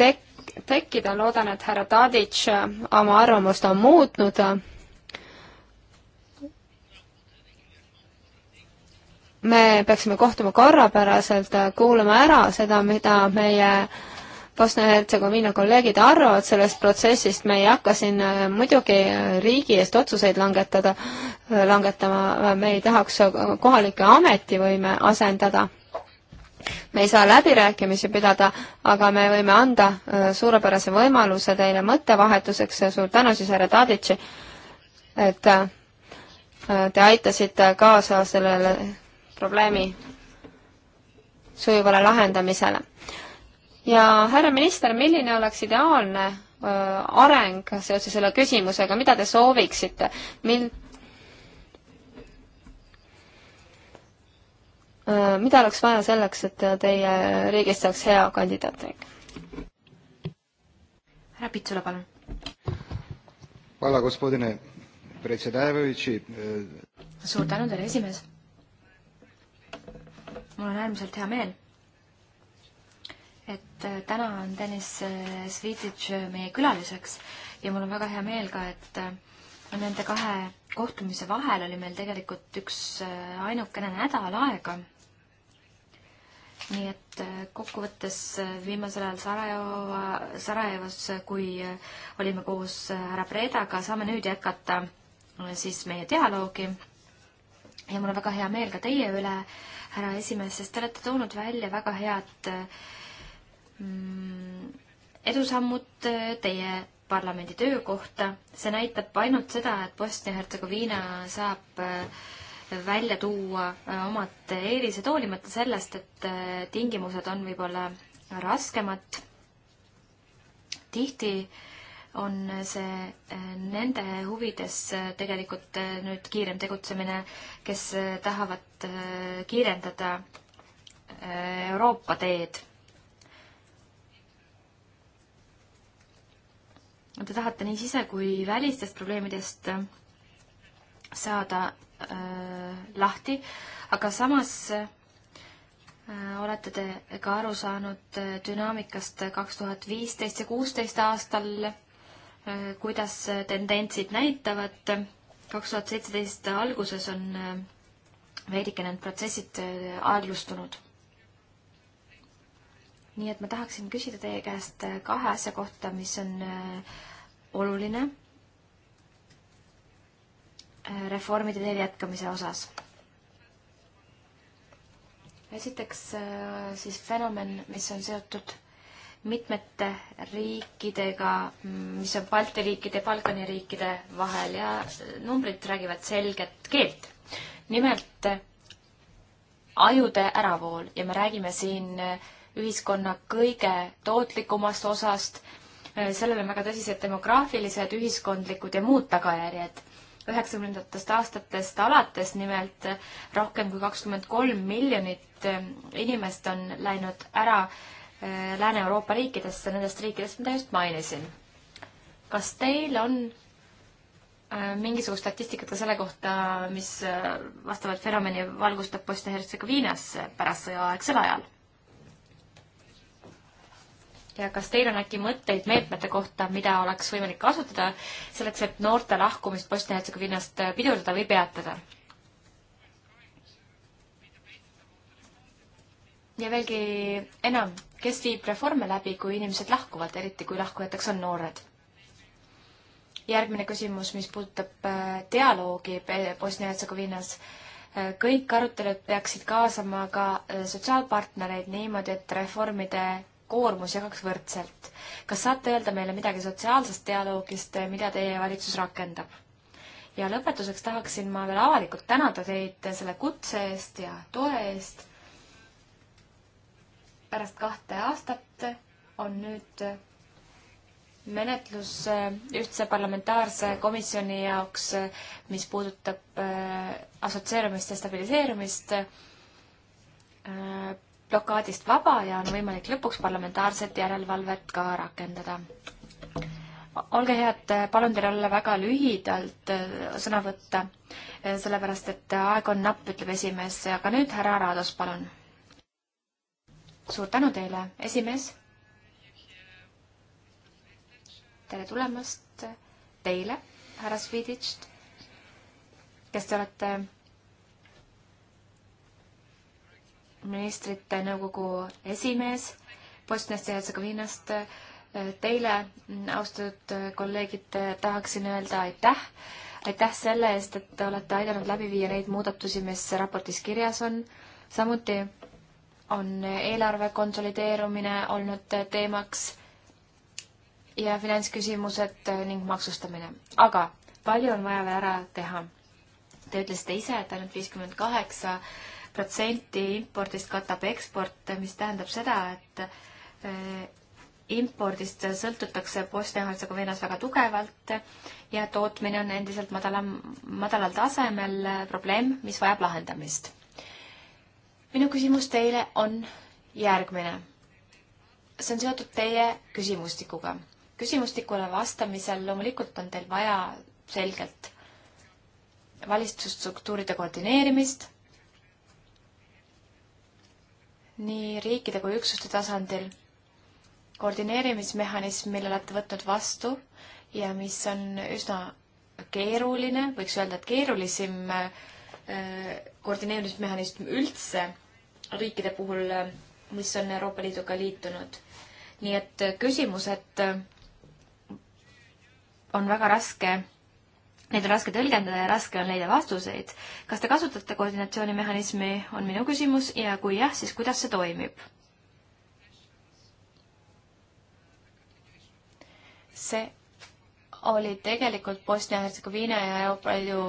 tek-, tekkida, loodan, et härra Tadic oma arvamust on muutnud. me peaksime kohtuma korrapäraselt, kuulama ära seda, mida meie äh, Bosnia-Hertsegoviina kolleegid arvavad sellest protsessist, me ei hakka siin äh, muidugi äh, riigi eest otsuseid langetada, äh, langetama, me ei tahaks kohalikke ametivõime asendada. me ei saa läbirääkimisi pidada, aga me võime anda suurepärase võimaluse teile mõttevahetuseks ja suur tänu siis, härra Taditši, et te aitasite kaasa sellele probleemi sujuvale lahendamisele ja härra minister, milline oleks ideaalne äh, areng seoses selle küsimusega, mida te sooviksite, mil-, äh, mida oleks vaja selleks, et teie riigist saaks hea kandidaatriik? härra Pitsula, palun. Hvala, gospodine predsedajevõitši. suur tänu teile, esimees. mul on äärmiselt hea meel et äh, täna on Tõnis äh, Svititš äh, meie külaliseks ja mul on väga hea meel ka, et nende kahe kohtumise vahel oli meil tegelikult üks ainukene nädal aega. nii et kokkuvõttes viimasel ajal Sarajeva, Sarajevas, kui olime koos härra Predaga, saame nüüd jätkata siis meie dialoogi. ja mul on väga hea meel ka teie üle, härra esimees, sest te olete toonud välja väga head äh, Mm, edusammud äh, teie parlamendi töö kohta. see näitab ainult seda, et Bosnia-Hertsegoviina saab äh, välja tuua äh, omad eelised, hoolimata sellest, et tingimused on võib-olla raskemad. tihti on see nende huvides tegelikult nüüd kiirem tegutsemine, kes tahavad kiirendada Euroopa teed Te tahate nii sise- kui välistest probleemidest äh, saada äh, lahti, aga samas äh, olete te ka aru saanud äh, dünaamikast kaks tuhat viisteist ja kuusteist aastal äh,, kuidas tendentsid näitavad. kaks tuhat seitseteist alguses on äh, veidikene need protsessid äh, aeglustunud nii et ma tahaksin küsida teie käest äh, kahe asja kohta, mis on äh, oluline äh, reformide teel jätkamise osas. esiteks äh, siis fenomen, mis on seotud mitmete riikidega, mm, mis on Balti riikide ja Balkani riikide vahel ja äh, numbrid räägivad selget keelt. nimelt ajude äravool ja me räägime siin ühiskonna kõige tootlikumast osast, Äh, sellel on väga tõsised demograafilised, ühiskondlikud ja muud tagajärjed. üheksakümnendatest aastatest alates nimelt rohkem kui kakskümmend kolm miljonit äh, inimest on läinud ära äh, Lääne-Euroopa riikidesse, nendest riikidest, mida just mainisin. kas teil on mingisugust statistikat ka selle kohta, mis vastavat fenomeni valgustab Bosnia-Hertsegoviinas pärast sõjaaegsel ajal? ja kas teil on äkki mõtteid meetmete kohta, mida oleks võimalik kasutada selleks, et noorte lahkumist Bosnia-Hertsegoviinast pidurdada või peatada? ja veelgi enam, kes viib reforme läbi, kui inimesed lahkuvad, eriti kui lahkujateks on noored? järgmine küsimus, mis puudutab äh, dialoogi Bosnia-Hertsegoviinas äh, kõik arutelud peaksid kaasama ka äh, sotsiaalpartnereid niimoodi, et reformide koormus jagaks võrdselt. kas saate öelda meile midagi sotsiaalsest dialoogist, mida teie valitsus rakendab? ja lõpetuseks tahaksin ma veel avalikult tänada teid selle kutse eest ja toe eest. pärast kahte aastat on nüüd menetlus ühtse parlamentaarse komisjoni jaoks, mis puudutab äh, assotsieerumist ja stabiliseerumist äh, blokaadist vaba ja on võimalik lõpuks parlamentaarset järelevalvet ka rakendada. olge head, palun teil olla väga lühidalt äh, sõna võtta, äh, sellepärast et äh, aeg on napp, ütleb esimees, aga nüüd härra Raados, palun. suur tänu teile, esimees. tere tulemast teile, härra Sviditš, kes te olete ministrite nõukogu esimees Bosniast ja Hertsegoviinast. Teile, austatud kolleegid, tahaksin öelda aitäh. aitäh selle eest, et te olete aidanud läbi viia neid muudatusi, mis raportis kirjas on. samuti on eelarve konsolideerumine olnud teemaks ja finantsküsimused ning maksustamine. aga palju on vaja veel ära teha? Te ütlesite ise, et ainult viiskümmend kaheksa protsenti impordist katab eksport, mis tähendab seda, et eh, impordist sõltutakse Bosnia-Hertsegoviinas väga tugevalt ja tootmine on endiselt madalam, madalal tasemel probleem, mis vajab lahendamist. minu küsimus teile on järgmine. see on seotud teie küsimustikuga. küsimustikule vastamisel loomulikult on teil vaja selgelt valitsusstruktuuride koordineerimist nii riikide kui üksuste tasandil. koordineerimismehhanism, mille olete võtnud vastu ja mis on üsna keeruline, võiks öelda, et keerulisim äh, koordineerimismehhanism üldse riikide puhul, äh, mis on Euroopa Liiduga liitunud. nii et äh, küsimused on väga raske Neid on raske tõlgendada ja raske on leida vastuseid. kas te kasutate koordinatsioonimehhanismi, on minu küsimus ja kui jah, siis kuidas see toimib? see oli tegelikult Bosnia-Hertsegoviina ja Euroopa Liidu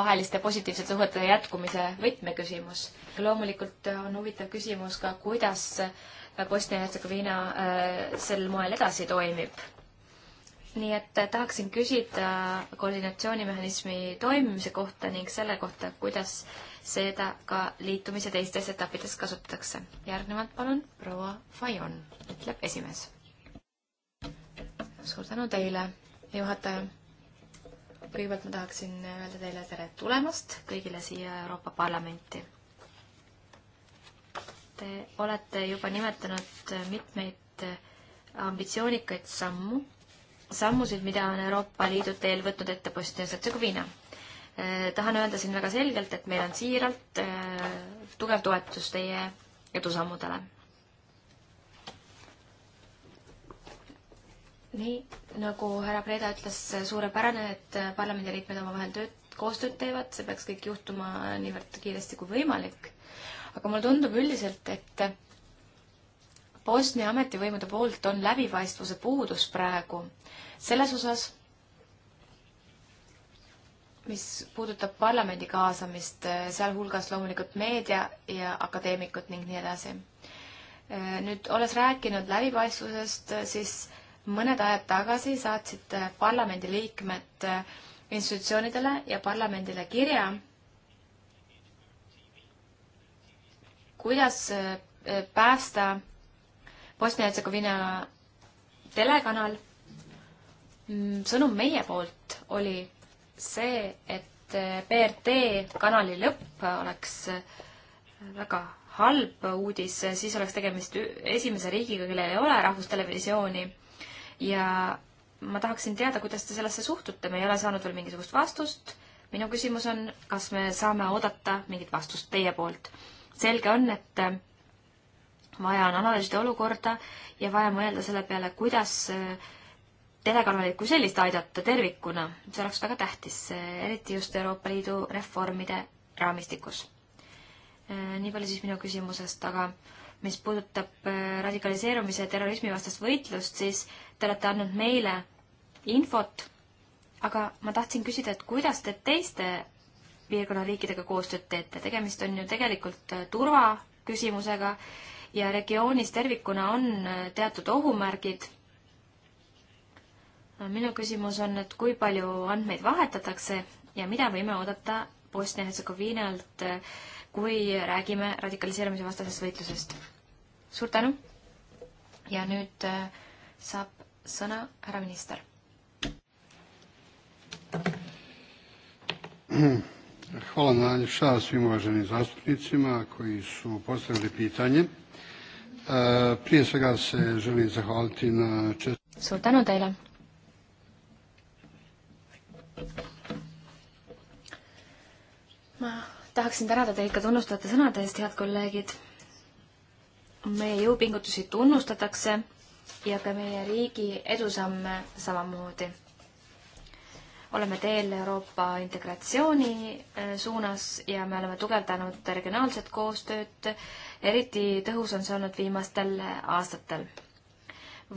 vaheliste positiivsete suhete jätkumise võtmeküsimus. loomulikult on huvitav küsimus ka, kuidas Bosnia-Hertsegoviina äh, sel moel edasi toimib nii et äh, tahaksin küsida koordinatsioonimehhanismi toimimise kohta ning selle kohta, kuidas seda ka liitumise teistes etappides kasutatakse. järgnevalt palun proua Fajon, ütleb esimees. suur tänu teile, juhataja. kõigepealt ma tahaksin öelda teile tere tulemast kõigile siia Euroopa Parlamenti. Te olete juba nimetanud mitmeid ambitsioonikaid sammu sammusid, mida on Euroopa Liidu teel võtnud ette Bosnia-Hertsegoviina. Äh, tahan öelda siin väga selgelt, et meil on siiralt äh, tugev toetus teie edusammudele. nii, nagu härra Preda ütles, suurepärane, et parlamendiliikmed omavahel tööd, koostööd teevad, see peaks kõik juhtuma niivõrd kiiresti kui võimalik. aga mulle tundub üldiselt, et Bosnia ametivõimude poolt on läbipaistvuse puudus praegu selles osas, mis puudutab parlamendi kaasamist, eh, sealhulgas loomulikult meedia ja akadeemikud ning nii edasi. Eh, nüüd olles rääkinud läbipaistvusest, eh, siis mõned ajad tagasi saatsid parlamendiliikmed institutsioonidele ja parlamendile kirja, kuidas päästa Bosnia-Hertsegoviina telekanal. Mm, sõnum meie poolt oli see, et eh, BRT kanali lõpp oleks eh, väga halb uudis, eh, siis oleks tegemist esimese riigiga, kellel ei ole rahvustelevisiooni ja ma tahaksin teada, kuidas te sellesse suhtute, me ei ole saanud veel mingisugust vastust. minu küsimus on, kas me saame oodata mingit vastust teie poolt? selge on, et vaja on analüüsida olukorda ja vaja mõelda selle peale, kuidas eh, telekanalit kui sellist aidata tervikuna. see oleks väga tähtis, eh, eriti just Euroopa Liidu reformide raamistikus. Eh, nii palju siis minu küsimusest, aga mis puudutab radikaliseerumise ja terrorismi vastast võitlust, siis te olete andnud meile infot, aga ma tahtsin küsida, et kuidas te teiste piirkonna riikidega koostööd teete, tegemist on ju tegelikult turvaküsimusega ja regioonis tervikuna on äh, teatud ohumärgid. minu küsimus on, et kui palju andmeid vahetatakse ja mida võime oodata Bosnia-Hertsegoviinalt, äh, kui räägime radikaliseerumise vastasest võitlusest? suur tänu ja nüüd äh, saab sõna härra minister. Hvala najljepša svim uvaženim zastupnicima koji su postavili pitanje. E, prije svega se želim zahvaliti na čest... suur tänu teile. ma tahaksin tänada teid ka tunnustavate sõnade eest, head kolleegid. meie jõupingutusi tunnustatakse ja ka meie riigi edusamme samamoodi oleme teel Euroopa integratsiooni äh, suunas ja me oleme tugevdanud regionaalset koostööd. eriti tõhus on see olnud viimastel äh, aastatel.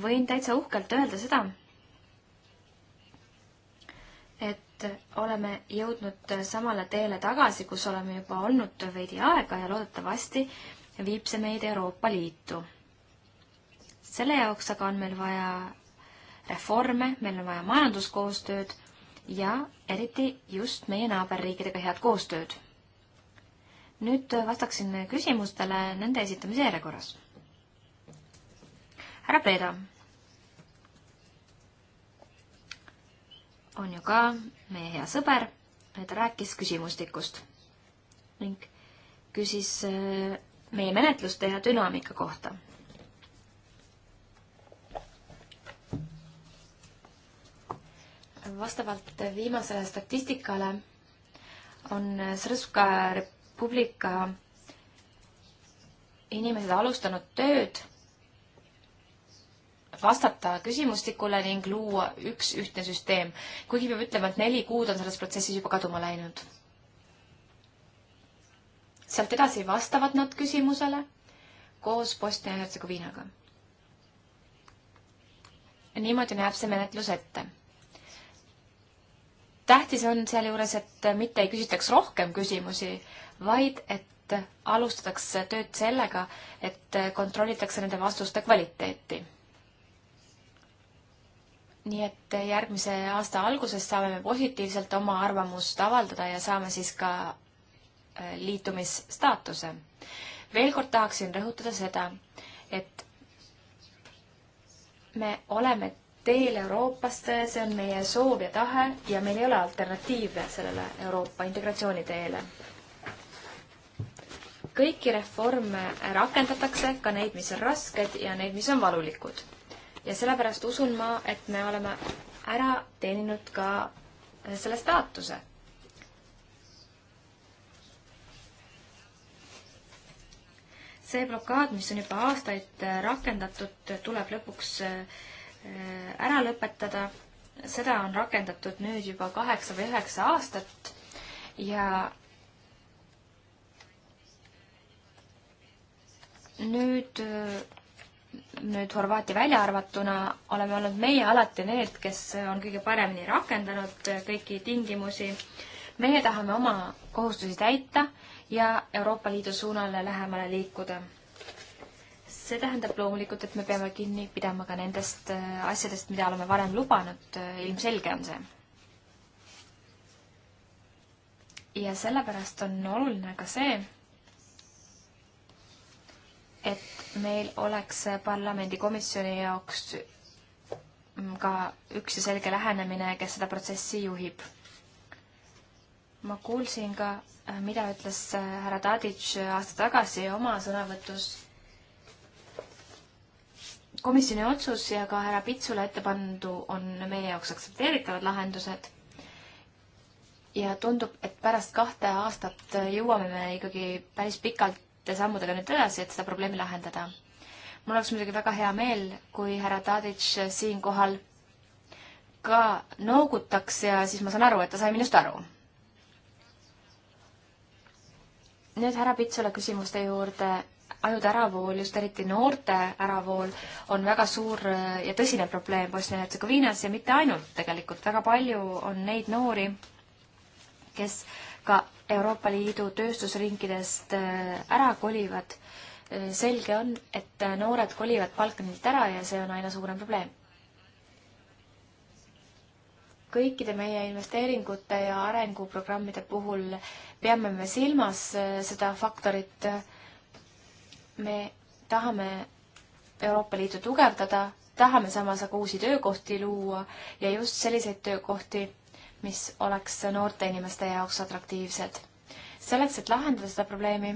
võin täitsa uhkelt öelda seda, et oleme jõudnud samale teele tagasi, kus oleme juba olnud veidi aega ja loodetavasti viib see meid Euroopa Liitu. selle jaoks aga on meil vaja reforme, meil on vaja majanduskoostööd ja eriti just meie naaberriikidega head koostööd. nüüd vastaksin küsimustele nende esitamise järjekorras. härra Preeda. on ju ka meie hea sõber, ta rääkis küsimustikust ning küsis äh, meie menetluste ja dünaamika kohta vastavalt viimasele statistikale on Srpska Republika inimesed alustanud tööd vastata küsimustikule ning luua üks ühtne süsteem. kuigi peab ütlema, et neli kuud on selles protsessis juba kaduma läinud. sealt edasi vastavad nad küsimusele koos Bosnia ja Hertsegoviinaga. niimoodi näeb see menetlus ette tähtis on sealjuures, et mitte ei küsitaks rohkem küsimusi, vaid et alustatakse tööd sellega, et kontrollitakse nende vastuste kvaliteeti. nii et järgmise aasta alguses saame me positiivselt oma arvamust avaldada ja saame siis ka äh, liitumisstaatuse. veel kord tahaksin rõhutada seda, et me oleme teel Euroopasse, see on meie soov ja tahe ja meil ei ole alternatiive sellele Euroopa integratsiooni teele. kõiki reforme rakendatakse, ka neid, mis on rasked ja neid, mis on valulikud. ja sellepärast usun ma, et me oleme ära teeninud ka äh, selle staatuse. see blokaad, mis on juba aastaid äh, rakendatud, tuleb lõpuks äh, Äh, ära lõpetada. seda on rakendatud nüüd juba kaheksa või üheksa aastat ja nüüd, äh, nüüd Horvaatia välja arvatuna oleme olnud meie alati need, kes on kõige paremini rakendanud äh, kõiki tingimusi. meie tahame oma kohustusi täita ja Euroopa Liidu suunale lähemale liikuda see tähendab loomulikult, et me peame kinni pidama ka nendest äh, asjadest, mida oleme varem lubanud, äh, ilmselge on see. ja sellepärast on oluline ka see, et meil oleks parlamendikomisjoni jaoks mm, ka üks ja selge lähenemine, kes seda protsessi juhib. ma kuulsin ka, äh, mida ütles härra Tadic aasta tagasi oma sõnavõtus komisjoni otsus ja ka härra Pitsule ette pandu on meie jaoks aktsepteeritavad lahendused. ja tundub, et pärast kahte aastat jõuame me ikkagi päris pikalt sammudega nüüd edasi, et seda probleemi lahendada. mul oleks muidugi väga hea meel, kui härra Tadic siinkohal ka noogutaks ja siis ma saan aru, et ta sai minust aru nüüd härra Pitsula küsimuste juurde ajude äravool, just eriti noorte äravool, on väga suur äh, ja tõsine probleem Bosnia-Hertsegoviinas ja mitte ainult tegelikult, väga palju on neid noori, kes ka Euroopa Liidu tööstusriikidest äh, ära kolivad. Äh, selge on, et noored kolivad Balkanilt ära ja see on aina suurem probleem. kõikide meie investeeringute ja arenguprogrammide puhul peame me silmas seda faktorit, me tahame Euroopa Liitu tugevdada, tahame samas aga uusi töökohti luua ja just selliseid töökohti, mis oleks noorte inimeste jaoks atraktiivsed. selleks, et lahendada seda probleemi,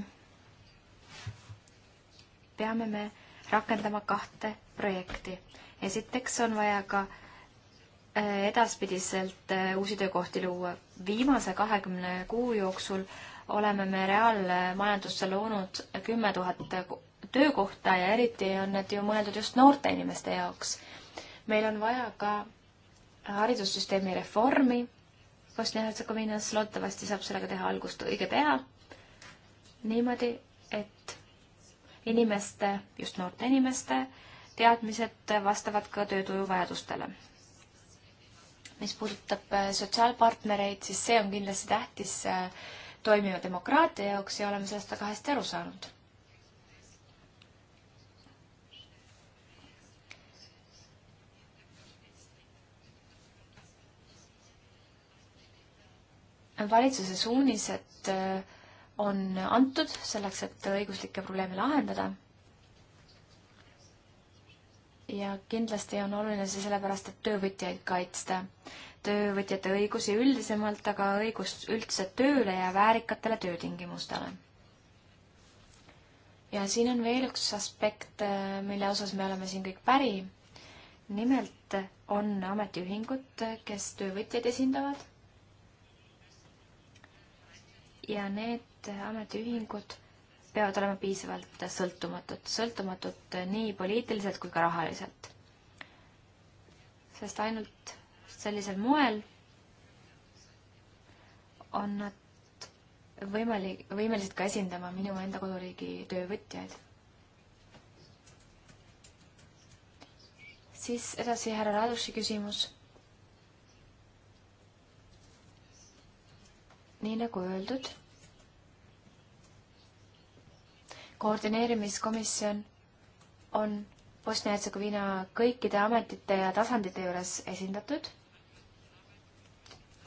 peame me rakendama kahte projekti. esiteks on vaja ka äh, edaspidiselt äh, uusi töökohti luua. viimase kahekümne kuu jooksul oleme me reaalmajandusse loonud kümme tuhat töökohta ja eriti on need ju mõeldud just noorte inimeste jaoks. meil on vaja ka haridussüsteemi reformi Bosnia-Hertsegoviinas, loodetavasti saab sellega teha algust õige pea. niimoodi, et inimeste, just noorte inimeste teadmised vastavad ka tööturu vajadustele. mis puudutab sotsiaalpartnereid, siis see on kindlasti tähtis äh, toimiva demokraatia jaoks ja oleme sellest väga hästi aru saanud. valitsuse suunised äh, on antud selleks, et õiguslikke probleeme lahendada ja kindlasti on oluline see sellepärast, et töövõtjaid kaitsta töövõtjate õigusi üldisemalt, aga õigust üldse tööle ja väärikatele töötingimustele. ja siin on veel üks aspekt, äh, mille osas me oleme siin kõik päri. nimelt on ametiühingud, äh, kes töövõtjaid esindavad. ja need ametiühingud peavad olema piisavalt sõltumatud, sõltumatud nii poliitiliselt kui ka rahaliselt. sest ainult sellisel moel on nad võimalik, võimelised ka esindama minu enda koduriigi töövõtjaid. siis edasi härra Raduši küsimus. nii nagu öeldud, koordineerimiskomisjon on Bosnia-Hertsegoviina kõikide ametite ja tasandite juures esindatud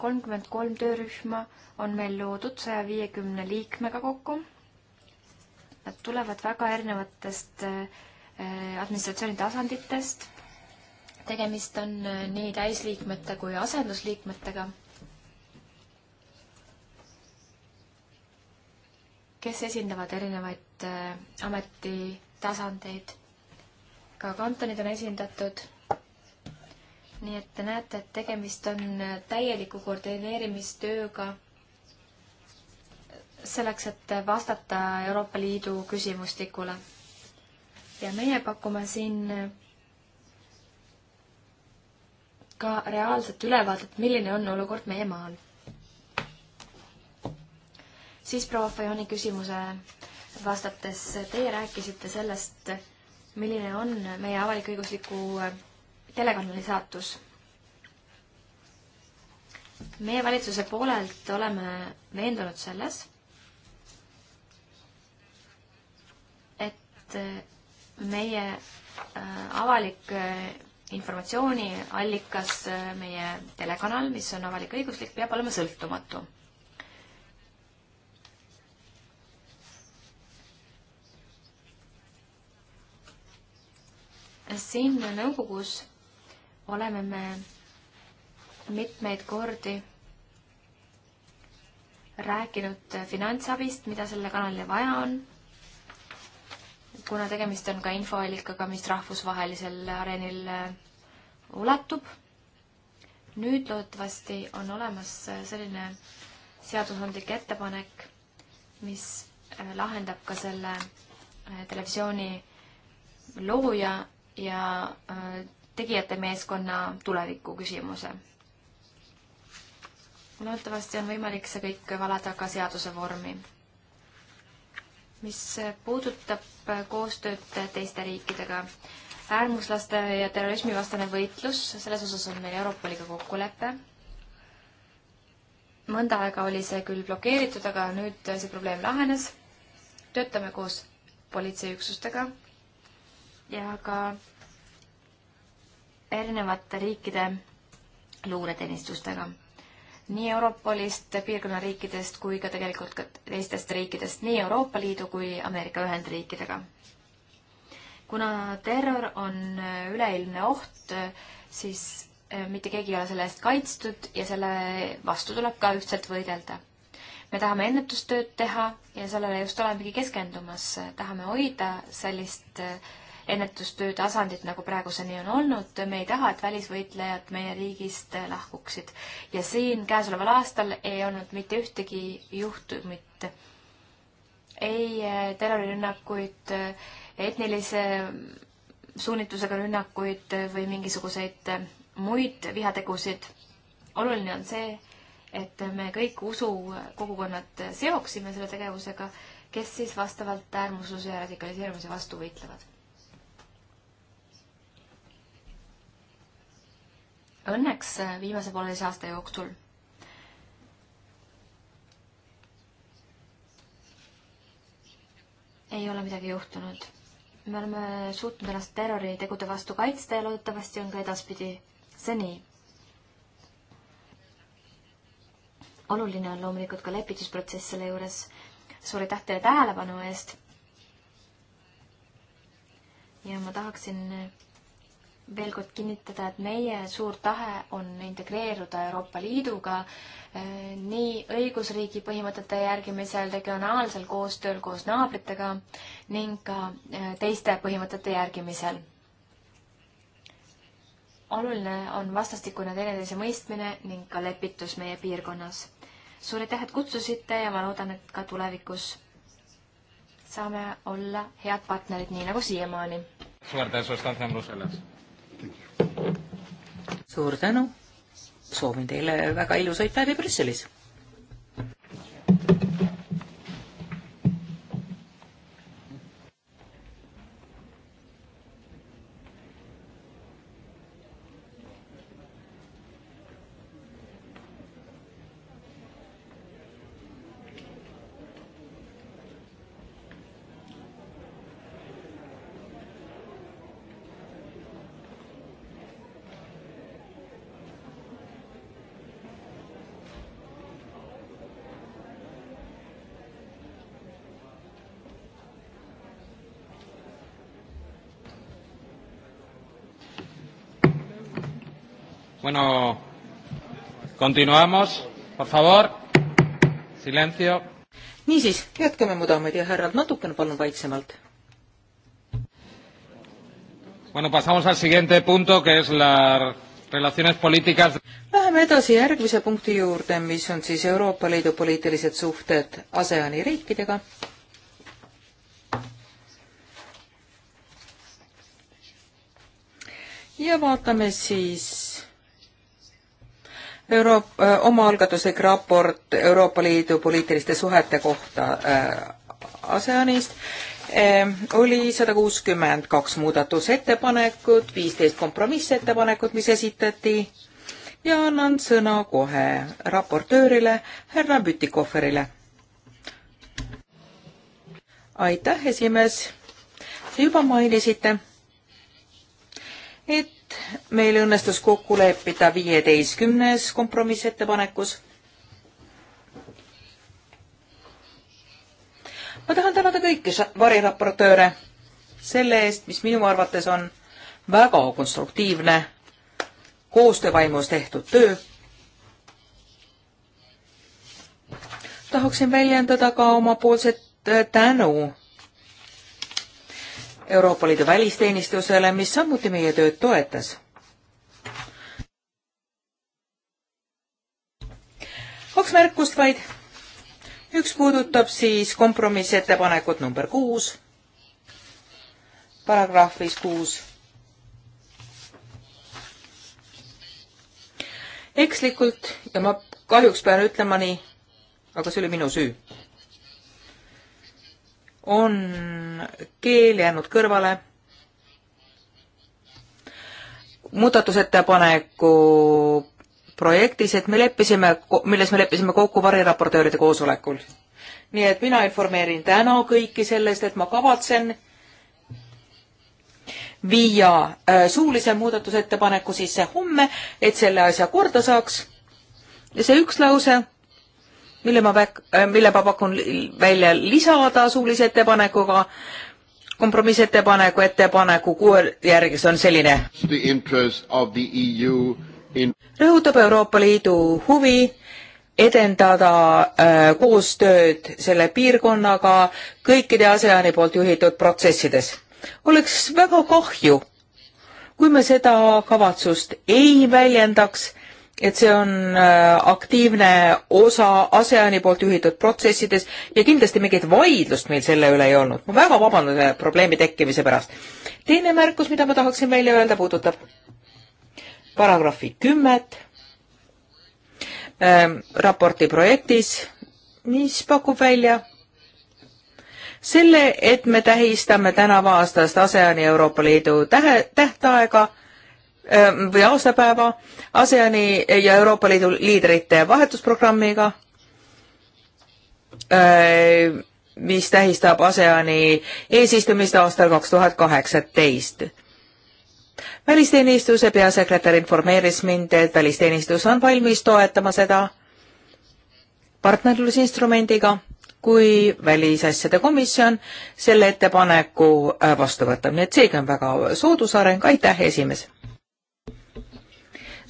kolmkümmend kolm töörühma on meil loodud saja viiekümne liikmega kokku. Nad tulevad väga erinevatest eh, administratsiooni tasanditest. tegemist on eh, nii täisliikmete kui asendusliikmetega, kes esindavad erinevaid eh, ametitasandeid. ka kantonid on esindatud nii et te näete, et tegemist on äh, täieliku koordineerimistööga selleks, et vastata Euroopa Liidu küsimustikule. ja meie pakume siin äh, ka reaalset ülevaadet, milline on olukord meie maal. siis proua Fajoni küsimuse vastates, teie rääkisite sellest, milline on meie avalik-õigusliku äh, telekanali saatus. meie valitsuse poolelt oleme veendunud selles, et äh, meie äh, avalik äh, informatsiooniallikas, meie telekanal, mis on avalik-õiguslik, peab olema sõltumatu. siin nõukogus oleme me mitmeid kordi rääkinud finantsabist, mida selle kanalile vaja on, kuna tegemist on ka infoallikaga, mis rahvusvahelisel areenil äh, ulatub. nüüd loodetavasti on olemas äh, selline seadusandlik ettepanek, mis äh, lahendab ka selle televisiooni looja ja tegijate meeskonna tuleviku küsimuse. loodetavasti on võimalik see kõik valada ka seaduse vormi. mis puudutab koostööd teiste riikidega, äärmuslaste ja terrorismivastane võitlus, selles osas on meil Euroopa Liidu kokkulepe. mõnda aega oli see küll blokeeritud, aga nüüd see probleem lahenes. töötame koos politseiüksustega ja ka erinevate riikide luureteenistustega. nii Europolist, piirkonna riikidest kui ka tegelikult ka teistest riikidest, nii Euroopa Liidu kui Ameerika Ühendriikidega. kuna terror on üleilmne oht, siis eh, mitte keegi ei ole selle eest kaitstud ja selle vastu tuleb ka ühtselt võidelda. me tahame ennetustööd teha ja sellele just olemegi keskendumas, tahame hoida sellist äh, ennetustöö tasandit, nagu praeguseni on olnud. me ei taha, et välisvõitlejad meie riigist lahkuksid. ja siin käesoleval aastal ei olnud mitte ühtegi juhtumit, ei eh, terrorirünnakuid, eh, etnilise suunitlusega rünnakuid eh, või mingisuguseid muid vihategusid. oluline on see, et me kõik usukogukonnad seoksime selle tegevusega, kes siis vastavalt äärmusluse ja radikaliseerumise vastu võitlevad. õnneks äh, viimase pooleteise aasta jooksul. ei ole midagi juhtunud. me oleme suutnud ennast terroritegude vastu kaitsta ja loodetavasti on ka edaspidi see nii. oluline on loomulikult ka lepitusprotsess selle juures. suur aitäh teile tähelepanu eest. ja ma tahaksin veel kord kinnitada, et meie suur tahe on integreeruda Euroopa Liiduga äh, nii õigusriigi põhimõtete järgimisel, regionaalsel koostööl koos naabritega ning ka äh, teiste põhimõtete järgimisel. oluline on vastastikune teineteise mõistmine ning ka lepitus meie piirkonnas. suur aitäh, et kutsusite ja ma loodan, et ka tulevikus saame olla head partnerid, nii nagu siiamaani. suur tänu, et olete siin Bruselas suur tänu, soovin teile väga ilusaid päevi Brüsselis! Bueno, continuamos, por favor. Silencio. niisiis, jätkame mu daamid ja härrad, natukene palun vaiksemalt. Bueno, pasamos al siguiente punto, que es la relaciones políticas. Läheme edasi järgmise punkti juurde, mis on siis Euroopa Liidu poliitilised suhted ASEAN-i riikidega. ja vaatame siis Euro-, äh, omaalgatuslik raport Euroopa Liidu poliitiliste suhete kohta äh, ASEANist ähm, oli sada kuuskümmend kaks muudatusettepanekut, viisteist kompromissettepanekut, mis esitati ja annan sõna kohe raportöörile, härra Bütikoferile. aitäh, esimees. Te juba mainisite, et meil õnnestus kokku leppida viieteistkümnes kompromissettepanekus. ma tahan tänada kõiki variraportööre selle eest, mis minu arvates on väga konstruktiivne koostöövaimus tehtud töö. tahaksin väljendada ka omapoolset äh, tänu Euroopa Liidu välisteenistusele, mis samuti meie tööd toetas. kaks märkust vaid. üks puudutab siis kompromissettepanekut number kuus, paragrahvis kuus. ekslikult ja ma kahjuks pean ütlema nii, aga see oli minu süü on keel jäänud kõrvale. muudatusettepaneku projektis, et me leppisime, milles me leppisime kokku variraportööride koosolekul. nii et mina informeerin täna kõiki sellest, et ma kavatsen viia äh, suulise muudatusettepaneku sisse homme, et selle asja korda saaks. ja see üks lause mille ma väk-, äh, mille ma pakun välja lisada suulise ettepanekuga, kompromissettepaneku ettepaneku kuue järgi, see on selline. E in... rõhutab Euroopa Liidu huvi edendada äh, koostööd selle piirkonnaga kõikide ASEAN-i poolt juhitud protsessides. oleks väga kahju, kui me seda kavatsust ei väljendaks et see on äh, aktiivne osa ASEAN-i poolt juhitud protsessides ja kindlasti mingit vaidlust meil selle üle ei olnud. ma väga vabandan selle probleemi tekkimise pärast. teine märkus, mida ma tahaksin välja öelda, puudutab paragrahvi kümmet ähm, raporti projektis, mis pakub välja selle, et me tähistame tänava aastast ASEAN-i Euroopa Liidu tähe, tähtaega Äh, või aastapäeva ASEAN-i ja Euroopa Liidu liidrite vahetusprogrammiga, äh, mis tähistab ASEAN-i eesistumist aastal kaks tuhat kaheksateist. välisteenistuse peasekretär informeeris mind, et välisteenistus on valmis toetama seda partnerlusinstrumendiga, kui Välisasjade Komisjon selle ettepaneku äh, vastu võtab, nii et seegi on väga soodus areng, aitäh, esimees!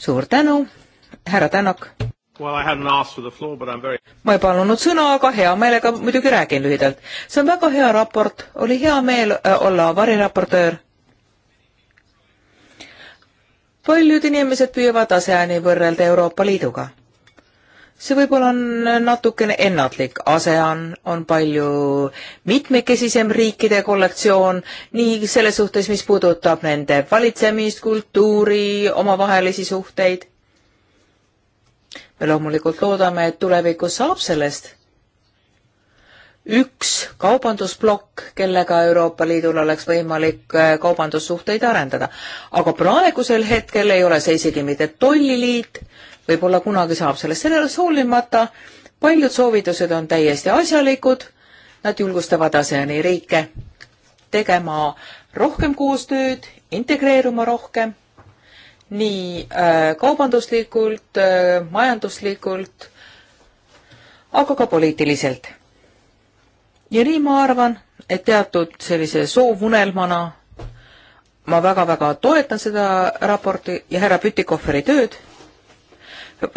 suur tänu, härra Tänak. Well, floor, very... ma ei palunud sõna, aga hea meelega muidugi räägin lühidalt. see on väga hea raport, oli hea meel äh, olla variraportöör. paljud inimesed püüavad ASEAN-i võrrelda Euroopa Liiduga see võib-olla on natukene ennatlik, ASEAN on palju mitmekesisem riikide kollektsioon nii selles suhtes, mis puudutab nende valitsemist, kultuuri, omavahelisi suhteid. me loomulikult loodame, et tulevikus saab sellest üks kaubandusplokk, kellega Euroopa Liidul oleks võimalik äh, kaubandussuhteid arendada. aga praegusel hetkel ei ole see isegi mitte tolliliit, võib-olla kunagi saab sellest, sellest hoolimata paljud soovitused on täiesti asjalikud, nad julgustavad ASEAN-i riike tegema rohkem koostööd, integreeruma rohkem, nii äh, kaubanduslikult äh,, majanduslikult, aga ka poliitiliselt. ja nii ma arvan, et teatud sellise soovunelmana ma väga-väga toetan seda raporti ja härra Pütikohveri tööd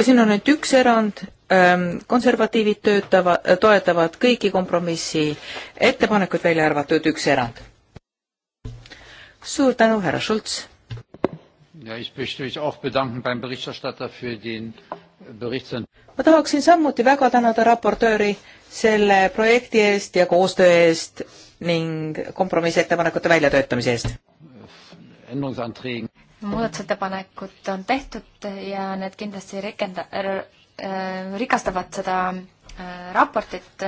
siin on nüüd üks erand, ähm, konservatiivid töötavad, äh, toetavad kõiki kompromissi ettepanekuid, välja arvatud üks erand. suur tänu, härra Schulz. Ja, ich möchte mich auch bedanken beim Berichterstatter für den äh, Berichtsent- ma tahaksin samuti väga tänada raportööri selle projekti eest ja koostöö eest ning kompromissettepanekute väljatöötamise eest. Äh, muudatusettepanekud on tehtud ja need kindlasti rikenda- äh, äh,, rikastavad seda äh, raportit.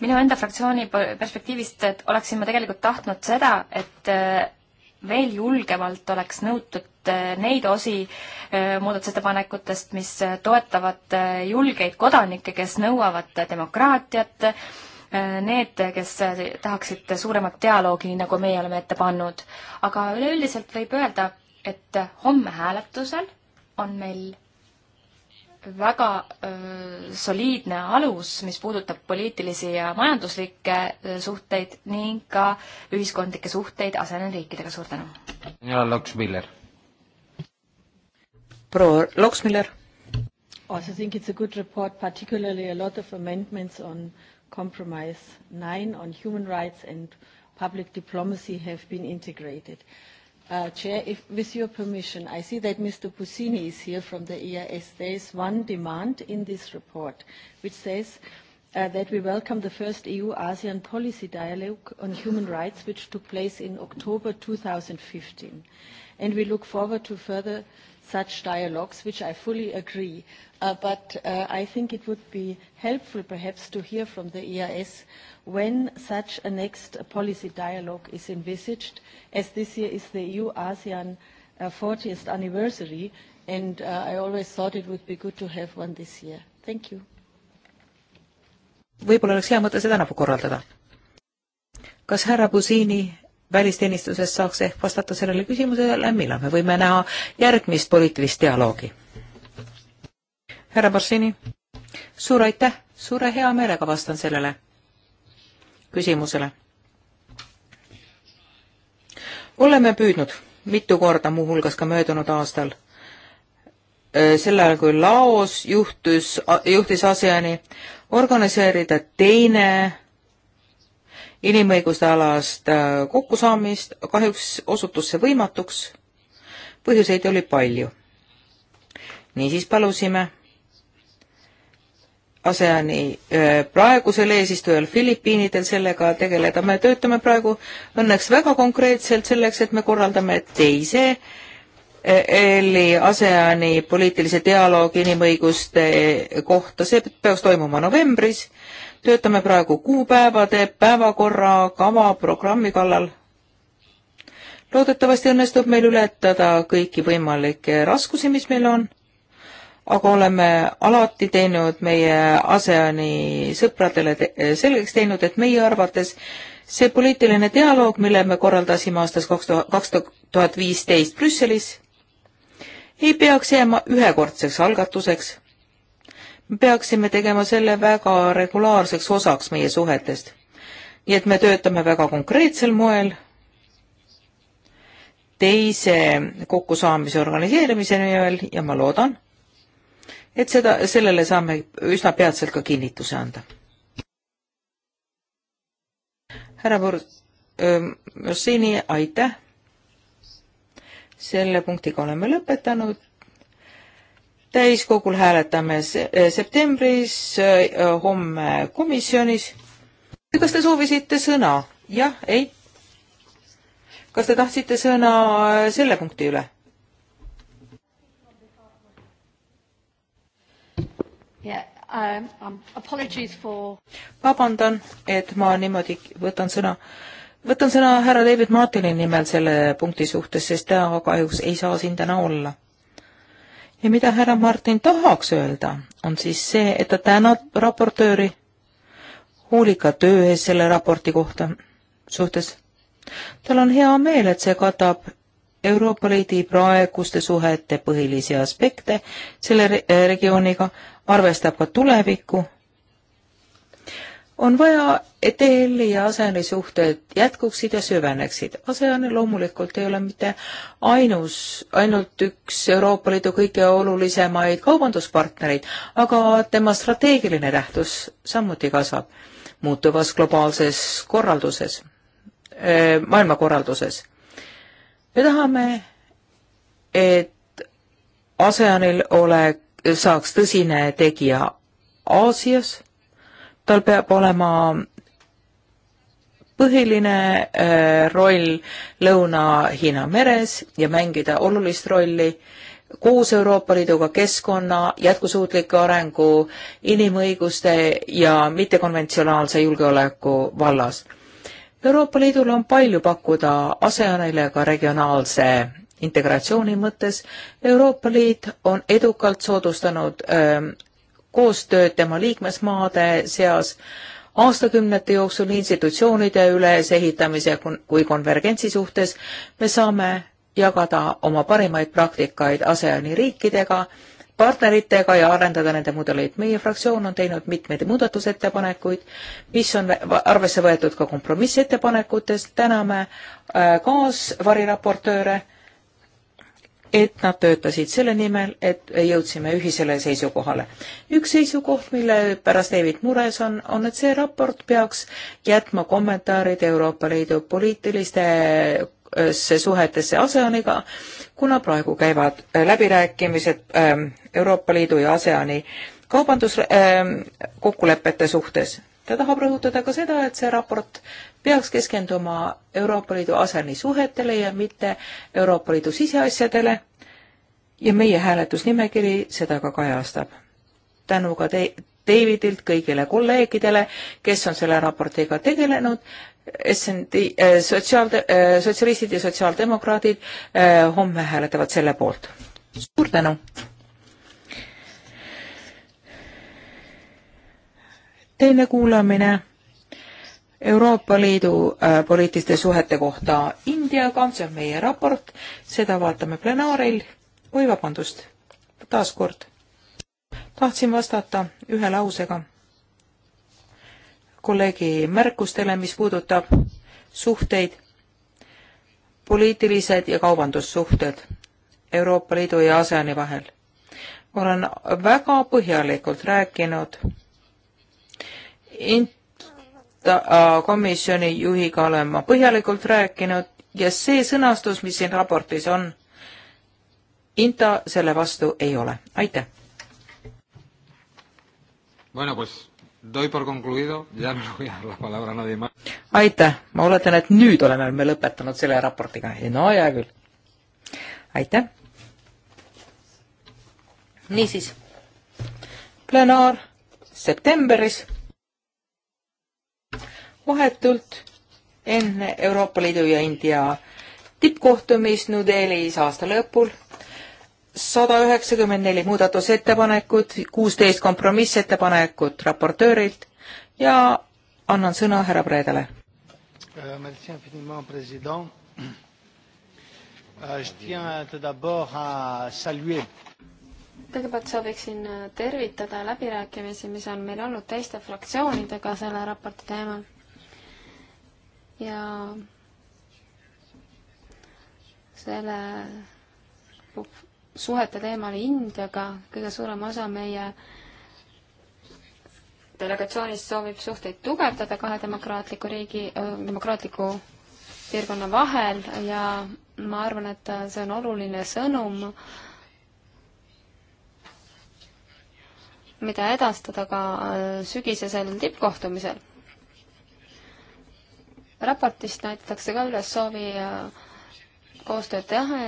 minu enda fraktsiooni perspektiivist oleksin ma tegelikult tahtnud seda, et äh, veel julgemalt oleks nõutud neid osi muudatusettepanekutest, mis toetavad julgeid kodanikke, kes nõuavad demokraatiat, need, kes tahaksid suuremat dialoogi, nagu meie oleme ette pannud. aga üleüldiselt võib öelda, et homme hääletusel on meil väga öö, soliidne alus, mis puudutab poliitilisi ja majanduslikke suhteid ning ka ühiskondlikke suhteid aseneriikidega. suur tänu! ja Loksmiller. proua Loksmiller. Also I think it's a good report, particularly a lot of amendments on compromise nine on human rights and public diplomacy have been integrated. Uh, Uh, Chair, if, with your permission, I see that Mr. Pusini is here from the EIS. There is one demand in this report, which says uh, that we welcome the first EU-ASEAN policy dialogue on human rights, which took place in October 2015. And we look forward to further such dialogues, which I fully agree. Uh, but uh, I think it would be helpful perhaps to hear from the EIS when such a next policy dialogue is envisaged, as this year is the EU-ASEAN uh, 40th anniversary, and uh, I always thought it would be good to have one this year. Thank you. võib-olla oleks hea mõte see tänavu korraldada. kas härra Busini välisteenistusest saaks ehk vastata sellele küsimusele, millal me võime näha järgmist poliitilist dialoogi. härra Borsini, suur aitäh, suure hea meelega vastan sellele küsimusele. oleme püüdnud mitu korda, muuhulgas ka möödunud aastal, äh, sel ajal, kui Laos juhtus, juhtis ASEAN-i, organiseerida teine inimõiguste alast äh, kokkusaamist, kahjuks osutus see võimatuks, põhjuseid oli palju. niisiis palusime ASEAN-i äh, praegusel eesistujal Filipiinidel sellega tegeleda, me töötame praegu õnneks väga konkreetselt selleks, et me korraldame teise EL-i äh, ASEAN-i poliitilise dialoogi inimõiguste kohta, see peaks toimuma novembris töötame praegu kuupäevade, päevakorra, kava, programmi kallal. loodetavasti õnnestub meil ületada kõiki võimalikke raskusi, mis meil on, aga oleme alati teinud meie ASEAN-i sõpradele te selgeks teinud, et meie arvates see poliitiline dialoog, mille me korraldasime aastast kaks tuhat, kaks tuhat viisteist Brüsselis, ei peaks jääma ühekordseks algatuseks peaksime tegema selle väga regulaarseks osaks meie suhetest. nii et me töötame väga konkreetsel moel teise kokkusaamise organiseerimise nimel ja ma loodan, et seda, sellele saame üsna peatselt ka kinnituse anda. härra Borsini, ähm, aitäh! selle punktiga oleme lõpetanud täiskogul hääletame eh, septembris, eh, homme komisjonis. kas te soovisite sõna? jah, ei? kas te tahtsite sõna eh, selle punkti üle? Yeah, um, um for... vabandan, et ma niimoodi võtan sõna. võtan sõna härra David Martini nimel selle punkti suhtes, sest tema kahjuks ei saa siin täna olla ja mida härra Martin tahaks öelda, on siis see, et ta tänab raportööri hoolika töö eest selle raporti kohta suhtes. tal on hea meel, et see katab Euroopa Liidu praeguste suhete põhilisi aspekte selle regiooniga, arvestab ka tulevikku on vaja, et EL-i ja ASEAN-i suhted jätkuksid ja süveneksid. ASEAN loomulikult ei ole mitte ainus, ainult üks Euroopa Liidu kõige olulisemaid kaubanduspartnereid, aga tema strateegiline tähtsus samuti kasvab muutuvas globaalses korralduses, eh, maailmakorralduses. me tahame, et ASEANil ole, saaks tõsine tegija Aasias tal peab olema põhiline äh, roll Lõuna-Hiina meres ja mängida olulist rolli koos Euroopa Liiduga keskkonna, jätkusuutliku arengu, inimõiguste ja mittekonventsionaalse julgeoleku vallas. Euroopa Liidul on palju pakkuda ASEANile ka regionaalse integratsiooni mõttes. Euroopa Liit on edukalt soodustanud öö, ähm, koostööd tema liikmesmaade seas aastakümnete jooksul institutsioonide ülesehitamise kui konvergentsi suhtes me saame jagada oma parimaid praktikaid ASEAN-i riikidega, partneritega ja arendada nende mudeleid. meie fraktsioon on teinud mitmeid muudatusettepanekuid, mis on arvesse võetud ka kompromissettepanekutes. täname äh, kaasvariraportööre äh, et nad töötasid selle nimel, et jõudsime ühisele seisukohale. üks seisukoht, mille pärast David mures on, on, et see raport peaks jätma kommentaarid Euroopa Liidu poliitilistesse äh, suhetesse ASEANiga, kuna praegu käivad äh, läbirääkimised ähm, Euroopa Liidu ja ASEANi kaubanduskokkulepete ähm, suhtes. ta tahab rõhutada ka seda, et see raport peaks keskenduma Euroopa Liidu asernisuhetele ja mitte Euroopa Liidu siseasjadele ja meie hääletusnimekiri seda ka kajastab. tänu ka te-, Davidilt kõigile kolleegidele, kes on selle raportiga tegelenud, SND, äh, sotsiaal, äh, sotsialistid ja sotsiaaldemokraadid äh, homme hääletavad selle poolt. suur tänu! teine kuulamine Euroopa Liidu äh, poliitiliste suhete kohta Indiaga, see on meie raport, seda vaatame plenaaril. oi, vabandust, taaskord. tahtsin vastata ühe lausega kolleegi märkustele, mis puudutab suhteid, poliitilised ja kaubandussuhted Euroopa Liidu ja ASEAN-i vahel. olen väga põhjalikult rääkinud int-, Äh, komisjoni juhiga olen ma põhjalikult rääkinud ja see sõnastus, mis siin raportis on, INTA selle vastu ei ole, aitäh. Bueno, pues doy por concluido, ya no voy a dar la palabra a nadie más. aitäh, ma oletan, et nüüd oleme me lõpetanud selle raportiga, no hea küll. aitäh. niisiis, plenaar septembris vahetult enne Euroopa Liidu ja India tippkohtumist New Delhis aasta lõpul. sada üheksakümmend neli muudatusettepanekut, kuusteist kompromissettepanekut raportöörilt ja annan sõna härra Predale. Euh, merci infiniment, president. Euh, je tiens tout d'abord à saluer kõigepealt sooviksin äh, tervitada läbirääkimisi, mis on meil olnud teiste fraktsioonidega selle raporti teemal ja selle suhete teemal Indiaga kõige suurem osa meie delegatsioonist soovib suhteid tugevdada kahe demokraatliku riigi, demokraatliku piirkonna vahel ja ma arvan, et see on oluline sõnum, mida edastada ka sügisesel tippkohtumisel raportist näidatakse ka üles soovi äh, koostööd teha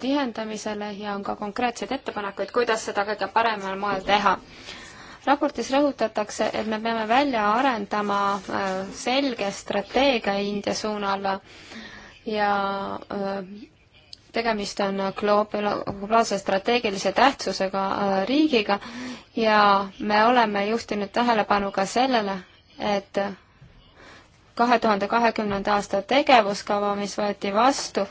tihendamisele ja on ka konkreetseid ettepanekuid, kuidas seda kõige paremal moel teha. raportis rõhutatakse, et me peame välja arendama äh, selge strateegia India suunal ja äh, tegemist on globaalse strateegilise tähtsusega riigiga ja me oleme juhtinud tähelepanu ka sellele, et kahe tuhande kahekümnenda aasta tegevuskava, mis võeti vastu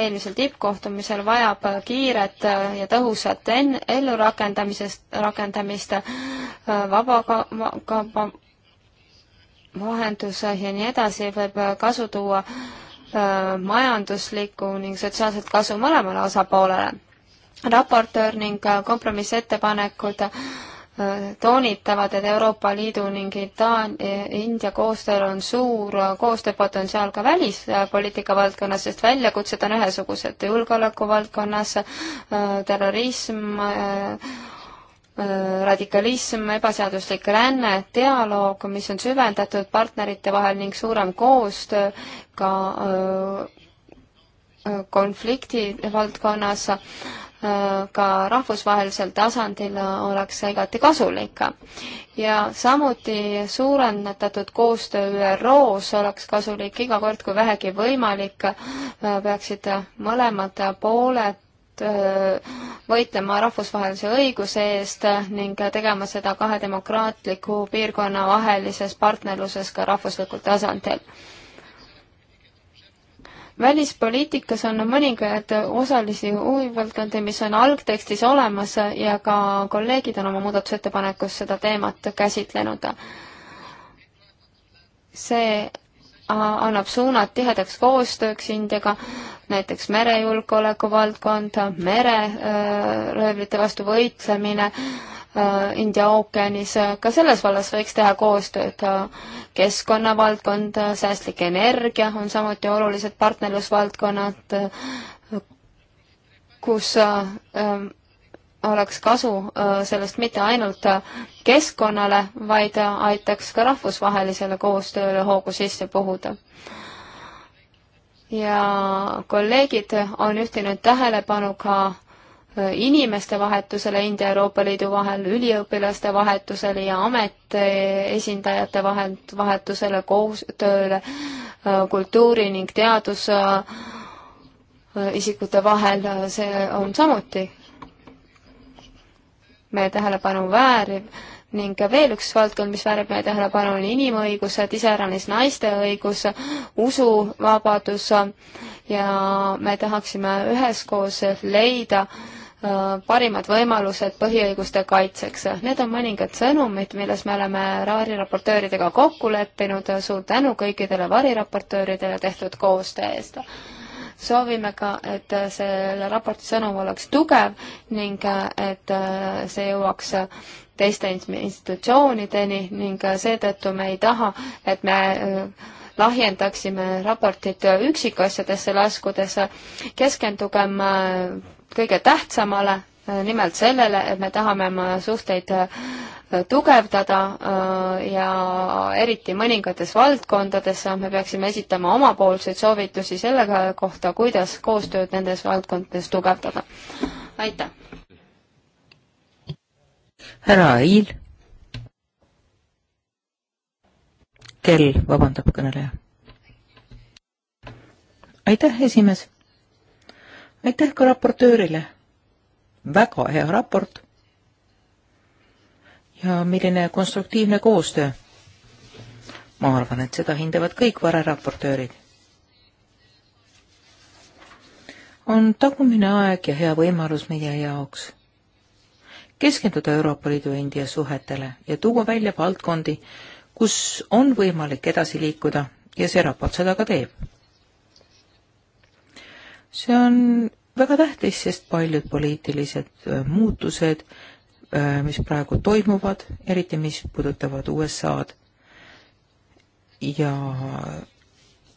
eelmisel tippkohtumisel, vajab kiiret ja tõhusat en-, ellurakendamisest, rakendamist, vaba ka-, ka-, vahendus ja nii edasi võib kasu tuua majanduslikku ning sotsiaalset kasu mõlemale osapoolele. raportöör ning kompromissettepanekud äh, toonitavad, et Euroopa Liidu ning Itaan-, India koostööl on suur koostööpotentsiaal ka välispoliitika valdkonnas, sest väljakutsed on ühesugused julgeoleku valdkonnas, terrorism, radikalism, ebaseaduslik ränne, dialoog, mis on süvendatud partnerite vahel ning suurem koostöö ka konflikti valdkonnas ka rahvusvahelisel tasandil oleks see igati kasulik. ja samuti suurendatud koostöö ÜRO-s oleks kasulik iga kord, kui vähegi võimalik, äh, peaksid mõlemad pooled äh, võitlema rahvusvahelise õiguse eest ning tegema seda kahe demokraatliku piirkonna vahelises partnerluses ka rahvuslikul tasandil välispoliitikas on mõningaid osalisi huvivaldkondi, mis on algtekstis olemas ja ka kolleegid on oma muudatusettepanekus seda teemat käsitlenud. see annab suunad tihedaks koostööks Indiaga, näiteks merejulgeoleku valdkond, mereröövlite äh, vastu võitlemine äh,, Äh, India ookeanis, ka selles vallas võiks teha koostööd. keskkonnavaldkond, säästlik energia on samuti olulised partnerlusvaldkonnad, kus äh, oleks kasu äh, sellest mitte ainult keskkonnale, vaid aitaks ka rahvusvahelisele koostööle hoogu sisse puhuda ja kolleegid on juhtinud tähelepanu ka Äh, inimeste vahetusele India ja Euroopa Liidu vahel, üliõpilaste vahetusele ja ametiesindajate vahel, vahetusele, koostööle, äh, kultuuri ning teadusisikute äh, vahel, see on samuti meie tähelepanu vääriv ning veel üks valdkond, mis väärib meie tähelepanu, on inimõigused, iseäranis naiste õigus, usuvabadus ja me tahaksime üheskoos leida äh, Äh, parimad võimalused põhiõiguste kaitseks. Need on mõningad sõnumid, milles me oleme variraportööridega kokku leppinud, suur tänu kõikidele variraportööridele tehtud koostöö eest. soovime ka, et selle raporti sõnum oleks tugev ning et äh, see jõuaks teiste institutsioonideni ning seetõttu me ei taha, et me äh, lahjendaksime raportit üksikasjadesse laskudes, keskendugem kõige tähtsamale, äh, nimelt sellele, et me tahame oma suhteid äh, tugevdada äh, ja eriti mõningates valdkondades me peaksime esitama omapoolseid soovitusi selle kohta, kuidas koostööd nendes valdkondades tugevdada. aitäh! härra Ail. kell, vabandab kõneleja. aitäh, esimees aitäh ka raportöörile. väga hea raport. ja milline konstruktiivne koostöö. ma arvan, et seda hindavad kõik vareraportöörid. on tagumine aeg ja hea võimalus meie jaoks keskenduda Euroopa Liidu endi ja suhetele ja tuua välja valdkondi, kus on võimalik edasi liikuda ja see raport seda ka teeb see on väga tähtis, sest paljud poliitilised äh, muutused, äh, mis praegu toimuvad, eriti mis puudutavad USA-d ja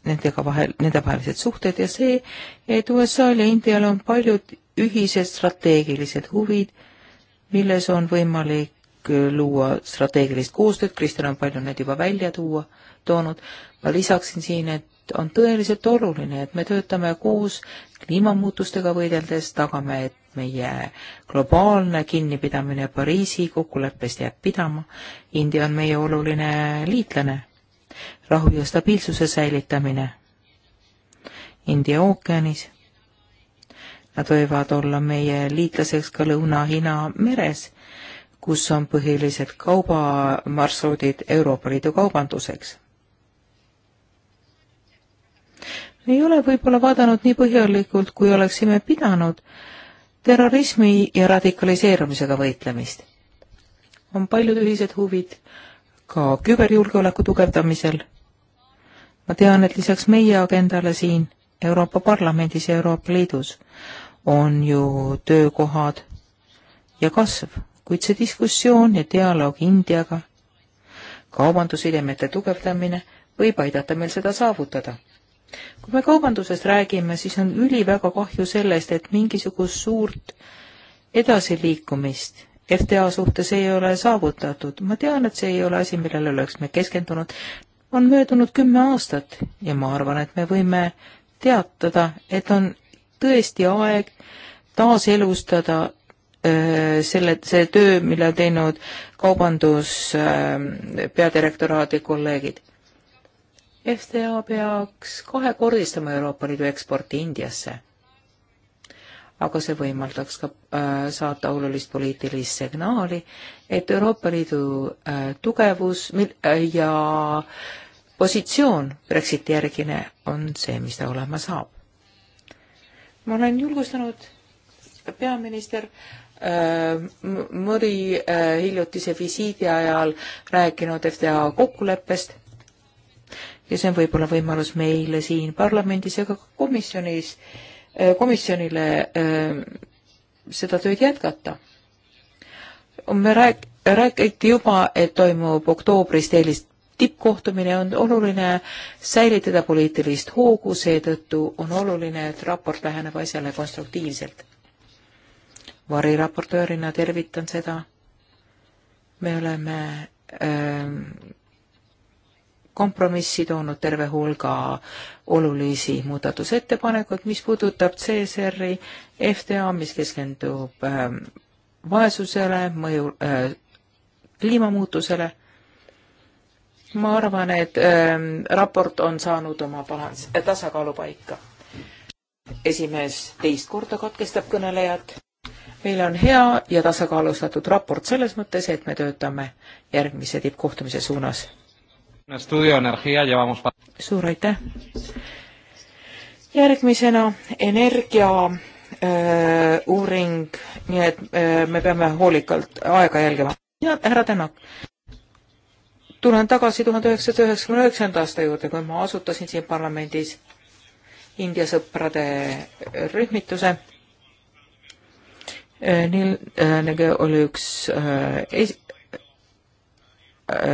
nendega vahel, nendevahelised suhted ja see, et USA-l ja Indial on paljud ühised strateegilised huvid, milles on võimalik äh, luua strateegilist koostööd, Kristjan on palju need juba välja tuua, toonud. ma lisaksin siin, et on tõeliselt oluline, et me töötame koos kliimamuutustega võideldes, tagame, et meie globaalne kinnipidamine Pariisi kokkuleppest jääb pidama. India on meie oluline liitlane. rahu ja stabiilsuse säilitamine India ookeanis. Nad võivad olla meie liitlaseks ka Lõuna-Hiina meres, kus on põhilised kaubamarsruudid Euroopa Liidu kaubanduseks ei ole võib-olla vaadanud nii põhjalikult, kui oleksime pidanud terrorismi ja radikaliseerumisega võitlemist. on paljud ühised huvid ka küberjulgeoleku tugevdamisel. ma tean, et lisaks meie agendale siin Euroopa Parlamendis ja Euroopa Liidus on ju töökohad ja kasv, kuid see diskussioon ja dialoog Indiaga, kaubandusidemete tugevdamine võib aidata meil seda saavutada kui me kaubandusest räägime, siis on üliväga kahju sellest, et mingisugust suurt edasiliikumist FTA suhtes ei ole saavutatud. ma tean, et see ei ole asi, millele oleks me keskendunud. on möödunud kümme aastat ja ma arvan, et me võime teatada, et on tõesti aeg taaselustada äh, selle, see töö, mille on teinud kaubandus äh, peadirektoraadi kolleegid FTA peaks kahekordistama Euroopa Liidu eksporti Indiasse, aga see võimaldaks ka äh, saata olulist poliitilist signaali, et Euroopa Liidu äh, tugevus äh, ja positsioon Brexiti järgine on see, mis ta olema saab. ma olen julgustanud peaminister Mõri hiljutise visiidi ajal rääkinud FTA kokkuleppest ja see on võib-olla võimalus meile siin parlamendis ja ka komisjonis, äh, komisjonile äh, seda tööd jätkata. me rääk-, räägiti juba, et toimub oktoobris eelist tippkohtumine on oluline säilitada poliitilist hoogu, seetõttu on oluline, et raport läheneb asjale konstruktiivselt. variraportöörina tervitan seda. me oleme öö, äh, kompromissi toonud terve hulga olulisi muudatusettepanekuid, mis puudutab CSR-i, FTA, mis keskendub äh, vaesusele, mõju äh, kliimamuutusele. ma arvan, et äh, raport on saanud oma balanss äh,, tasakaalu paika. esimees teist korda katkestab kõnelejat meil on hea ja tasakaalustatud raport selles mõttes, et me töötame järgmise tippkohtumise suunas suur aitäh! järgmisena energia öö, äh, uuring, nii et öö, äh, me peame hoolikalt aega jälgima. ja härra Tänak, tulen tagasi tuhande üheksasaja üheksakümne üheksanda aasta juurde, kui ma asutasin siin parlamendis India sõprade rühmituse äh, Neil Nege oli üks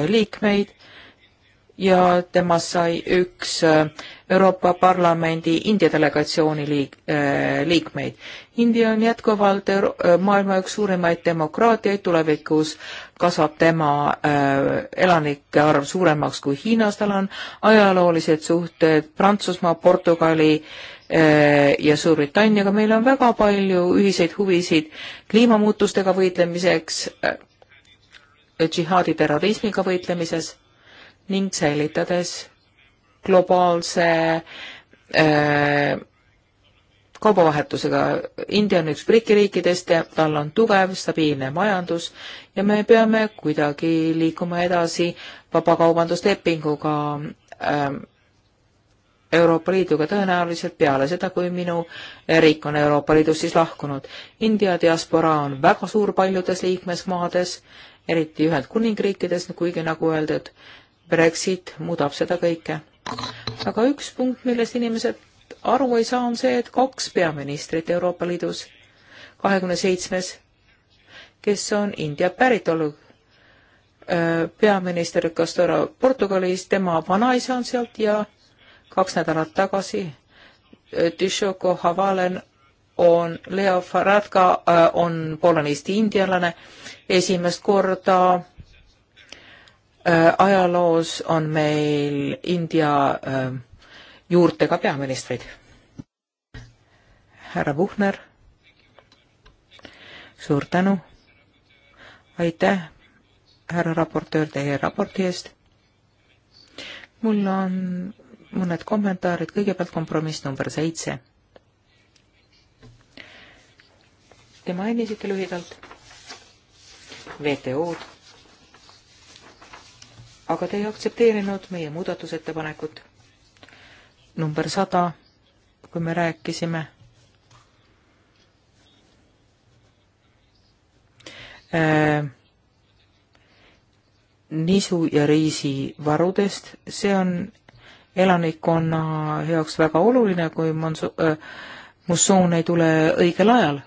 liikmeid ja temast sai üks äh, Euroopa Parlamendi India delegatsiooni liik, äh, liikmeid. India on jätkuvalt Euro äh, maailma üks suurimaid demokraatiaid, tulevikus kasvab tema äh, elanike arv suuremaks kui Hiinas, tal on ajaloolised suhted Prantsusmaa, Portugali äh, ja Suurbritanniaga, meil on väga palju ühiseid huvisid kliimamuutustega võitlemiseks äh,, džihaadi terrorismiga võitlemises ning säilitades globaalse äh, kaubavahetusega. India on üks BRICS-i riikidest ja tal on tugev, stabiilne majandus ja me peame kuidagi liikuma edasi vabakaubanduslepinguga äh, Euroopa Liiduga tõenäoliselt peale seda, kui minu riik on Euroopa Liidust siis lahkunud. India diaspora on väga suur paljudes liikmesmaades, eriti Ühendkuningriikides, kuigi nagu öeldud, äh, Brexit muudab seda kõike. aga üks punkt, millest inimesed aru ei saa, on see, et kaks peaministrit Euroopa Liidus, kahekümne seitsmes, kes on India päritolu peaminister Castora Portugalis, tema vanaisa on sealt ja kaks nädalat tagasi Tishoko Havalen on Leo Faradka, on poolanist indialane, esimest korda Äh, ajaloos on meil India äh, juurtega peaministrid. härra Puhner, suur tänu, aitäh, härra raportöör, teie raporti eest. mul on mõned kommentaarid, kõigepealt kompromiss number seitse. Te mainisite lühidalt WTO-d aga te ei aktsepteerinud meie muudatusettepanekut number sada, kui me rääkisime äh, nisu ja riisi varudest, see on elanikkonna jaoks väga oluline, kui monsu- äh,, mussoon ei tule õigel ajal.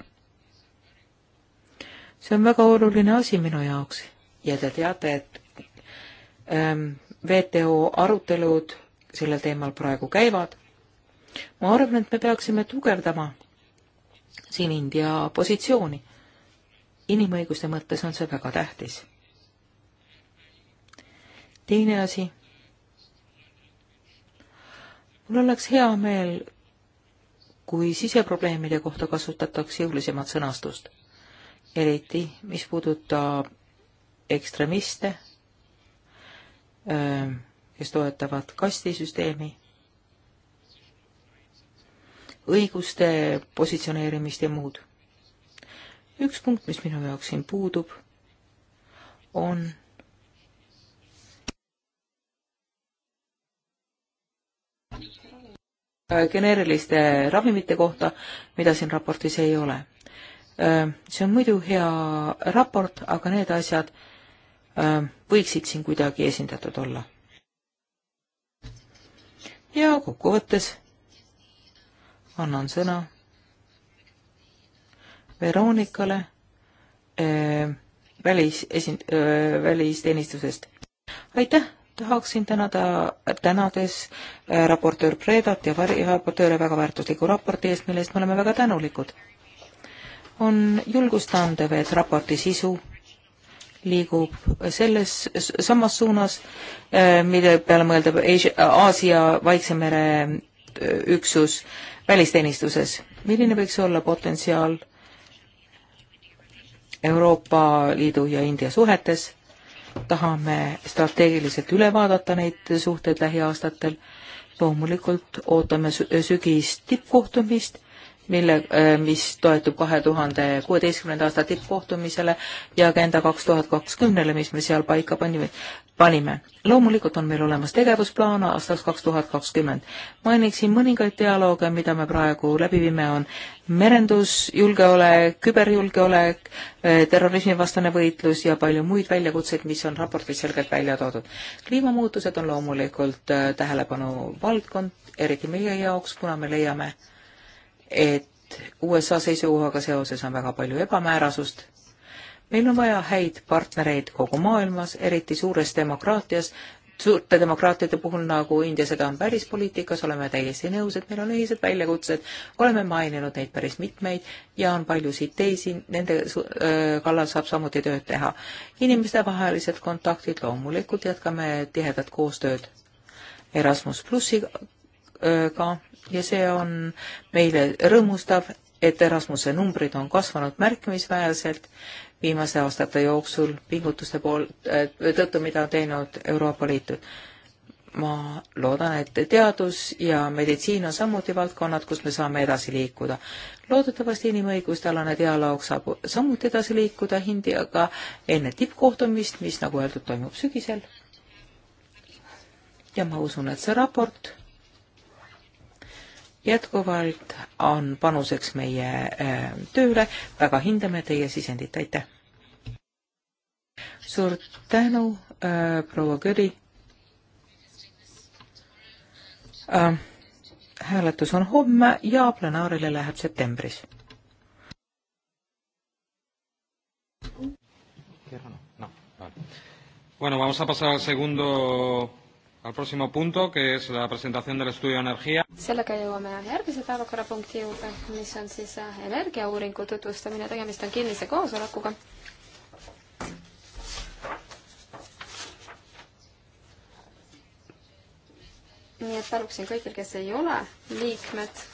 see on väga oluline asi minu jaoks ja te teate, et Ähm, WTO arutelud sellel teemal praegu käivad. ma arvan, et me peaksime tugevdama siin India positsiooni. inimõiguste mõttes on see väga tähtis. teine asi. mul oleks hea meel, kui siseprobleemide kohta kasutataks jõulisemat sõnastust, eriti mis puudutab ekstremiste Äh, kes toetavad kastisüsteemi, õiguste positsioneerimist ja muud. üks punkt, mis minu jaoks siin puudub, on äh, geneeriliste ravimite kohta, mida siin raportis ei ole. Äh, see on muidu hea raport, aga need asjad, Äh, võiksid siin kuidagi esindatud olla. ja kokkuvõttes annan sõna Veronikale äh, välisesin- äh,, välisteenistusest. aitäh, tahaksin tänada, tänades äh, raportöör Predat ja variraportööre väga väärtusliku raporti eest, mille eest me oleme väga tänulikud. on julgustandev, et raporti sisu liigub selles samas suunas, äh, mille peale mõeldab Aasia Vaiksemere äh, üksus välisteenistuses. milline võiks olla potentsiaal Euroopa Liidu ja India suhetes? tahame strateegiliselt üle vaadata neid suhteid lähiaastatel. loomulikult ootame sügist tippkohtumist mille, äh, mis toetub kahe tuhande kuueteistkümnenda aasta tippkohtumisele ja Agenda kaks tuhat kakskümnele, mis me seal paika panime, panime. loomulikult on meil olemas tegevusplaan aastaks kaks tuhat kakskümmend. mainiksin mõningaid dialoog, mida me praegu läbi viime, on merendusjulgeolek, küberjulgeolek, äh, terrorismivastane võitlus ja palju muid väljakutseid, mis on raportis selgelt välja toodud. kliimamuutused on loomulikult äh, tähelepanu valdkond, eriti meie jaoks, kuna me leiame, et USA seisukohaga seoses on väga palju ebamäärasust. meil on vaja häid partnereid kogu maailmas, eriti suures demokraatias, suurte demokraatiate puhul, nagu India seda on välispoliitikas, oleme täiesti nõus, et meil on ühised väljakutsed, oleme maininud neid päris mitmeid ja on paljusid teisi, nende kallal saab samuti tööd teha. inimestevahelised kontaktid, loomulikult jätkame tihedat koostööd Erasmus plussiga ja see on meile rõõmustav, et Erasmuse numbrid on kasvanud märkimisväärselt viimase aastate jooksul pingutuste pool, äh, tõttu, mida on teinud Euroopa Liidud. ma loodan, et teadus ja meditsiin on samuti valdkonnad, kus me saame edasi liikuda. loodetavasti inimõiguste alane dialoog saab samuti edasi liikuda Indiaga enne tippkohtumist, mis, nagu öeldud, toimub sügisel. ja ma usun, et see raport jätkuvalt on panuseks meie äh, tööle, väga hindame teie sisendit, aitäh! suur tänu äh,, proua Köri äh,. hääletus on homme ja plenaarile läheb septembris. Bueno, vamos a pasar al segundo sellega jõuame järgmise päevakorrapunkti juurde, mis on siis äh, energiauuringu tutvustamine, tegemist on kinnise koosolekuga. nii et paluksin kõigil, kes ei ole liikmed,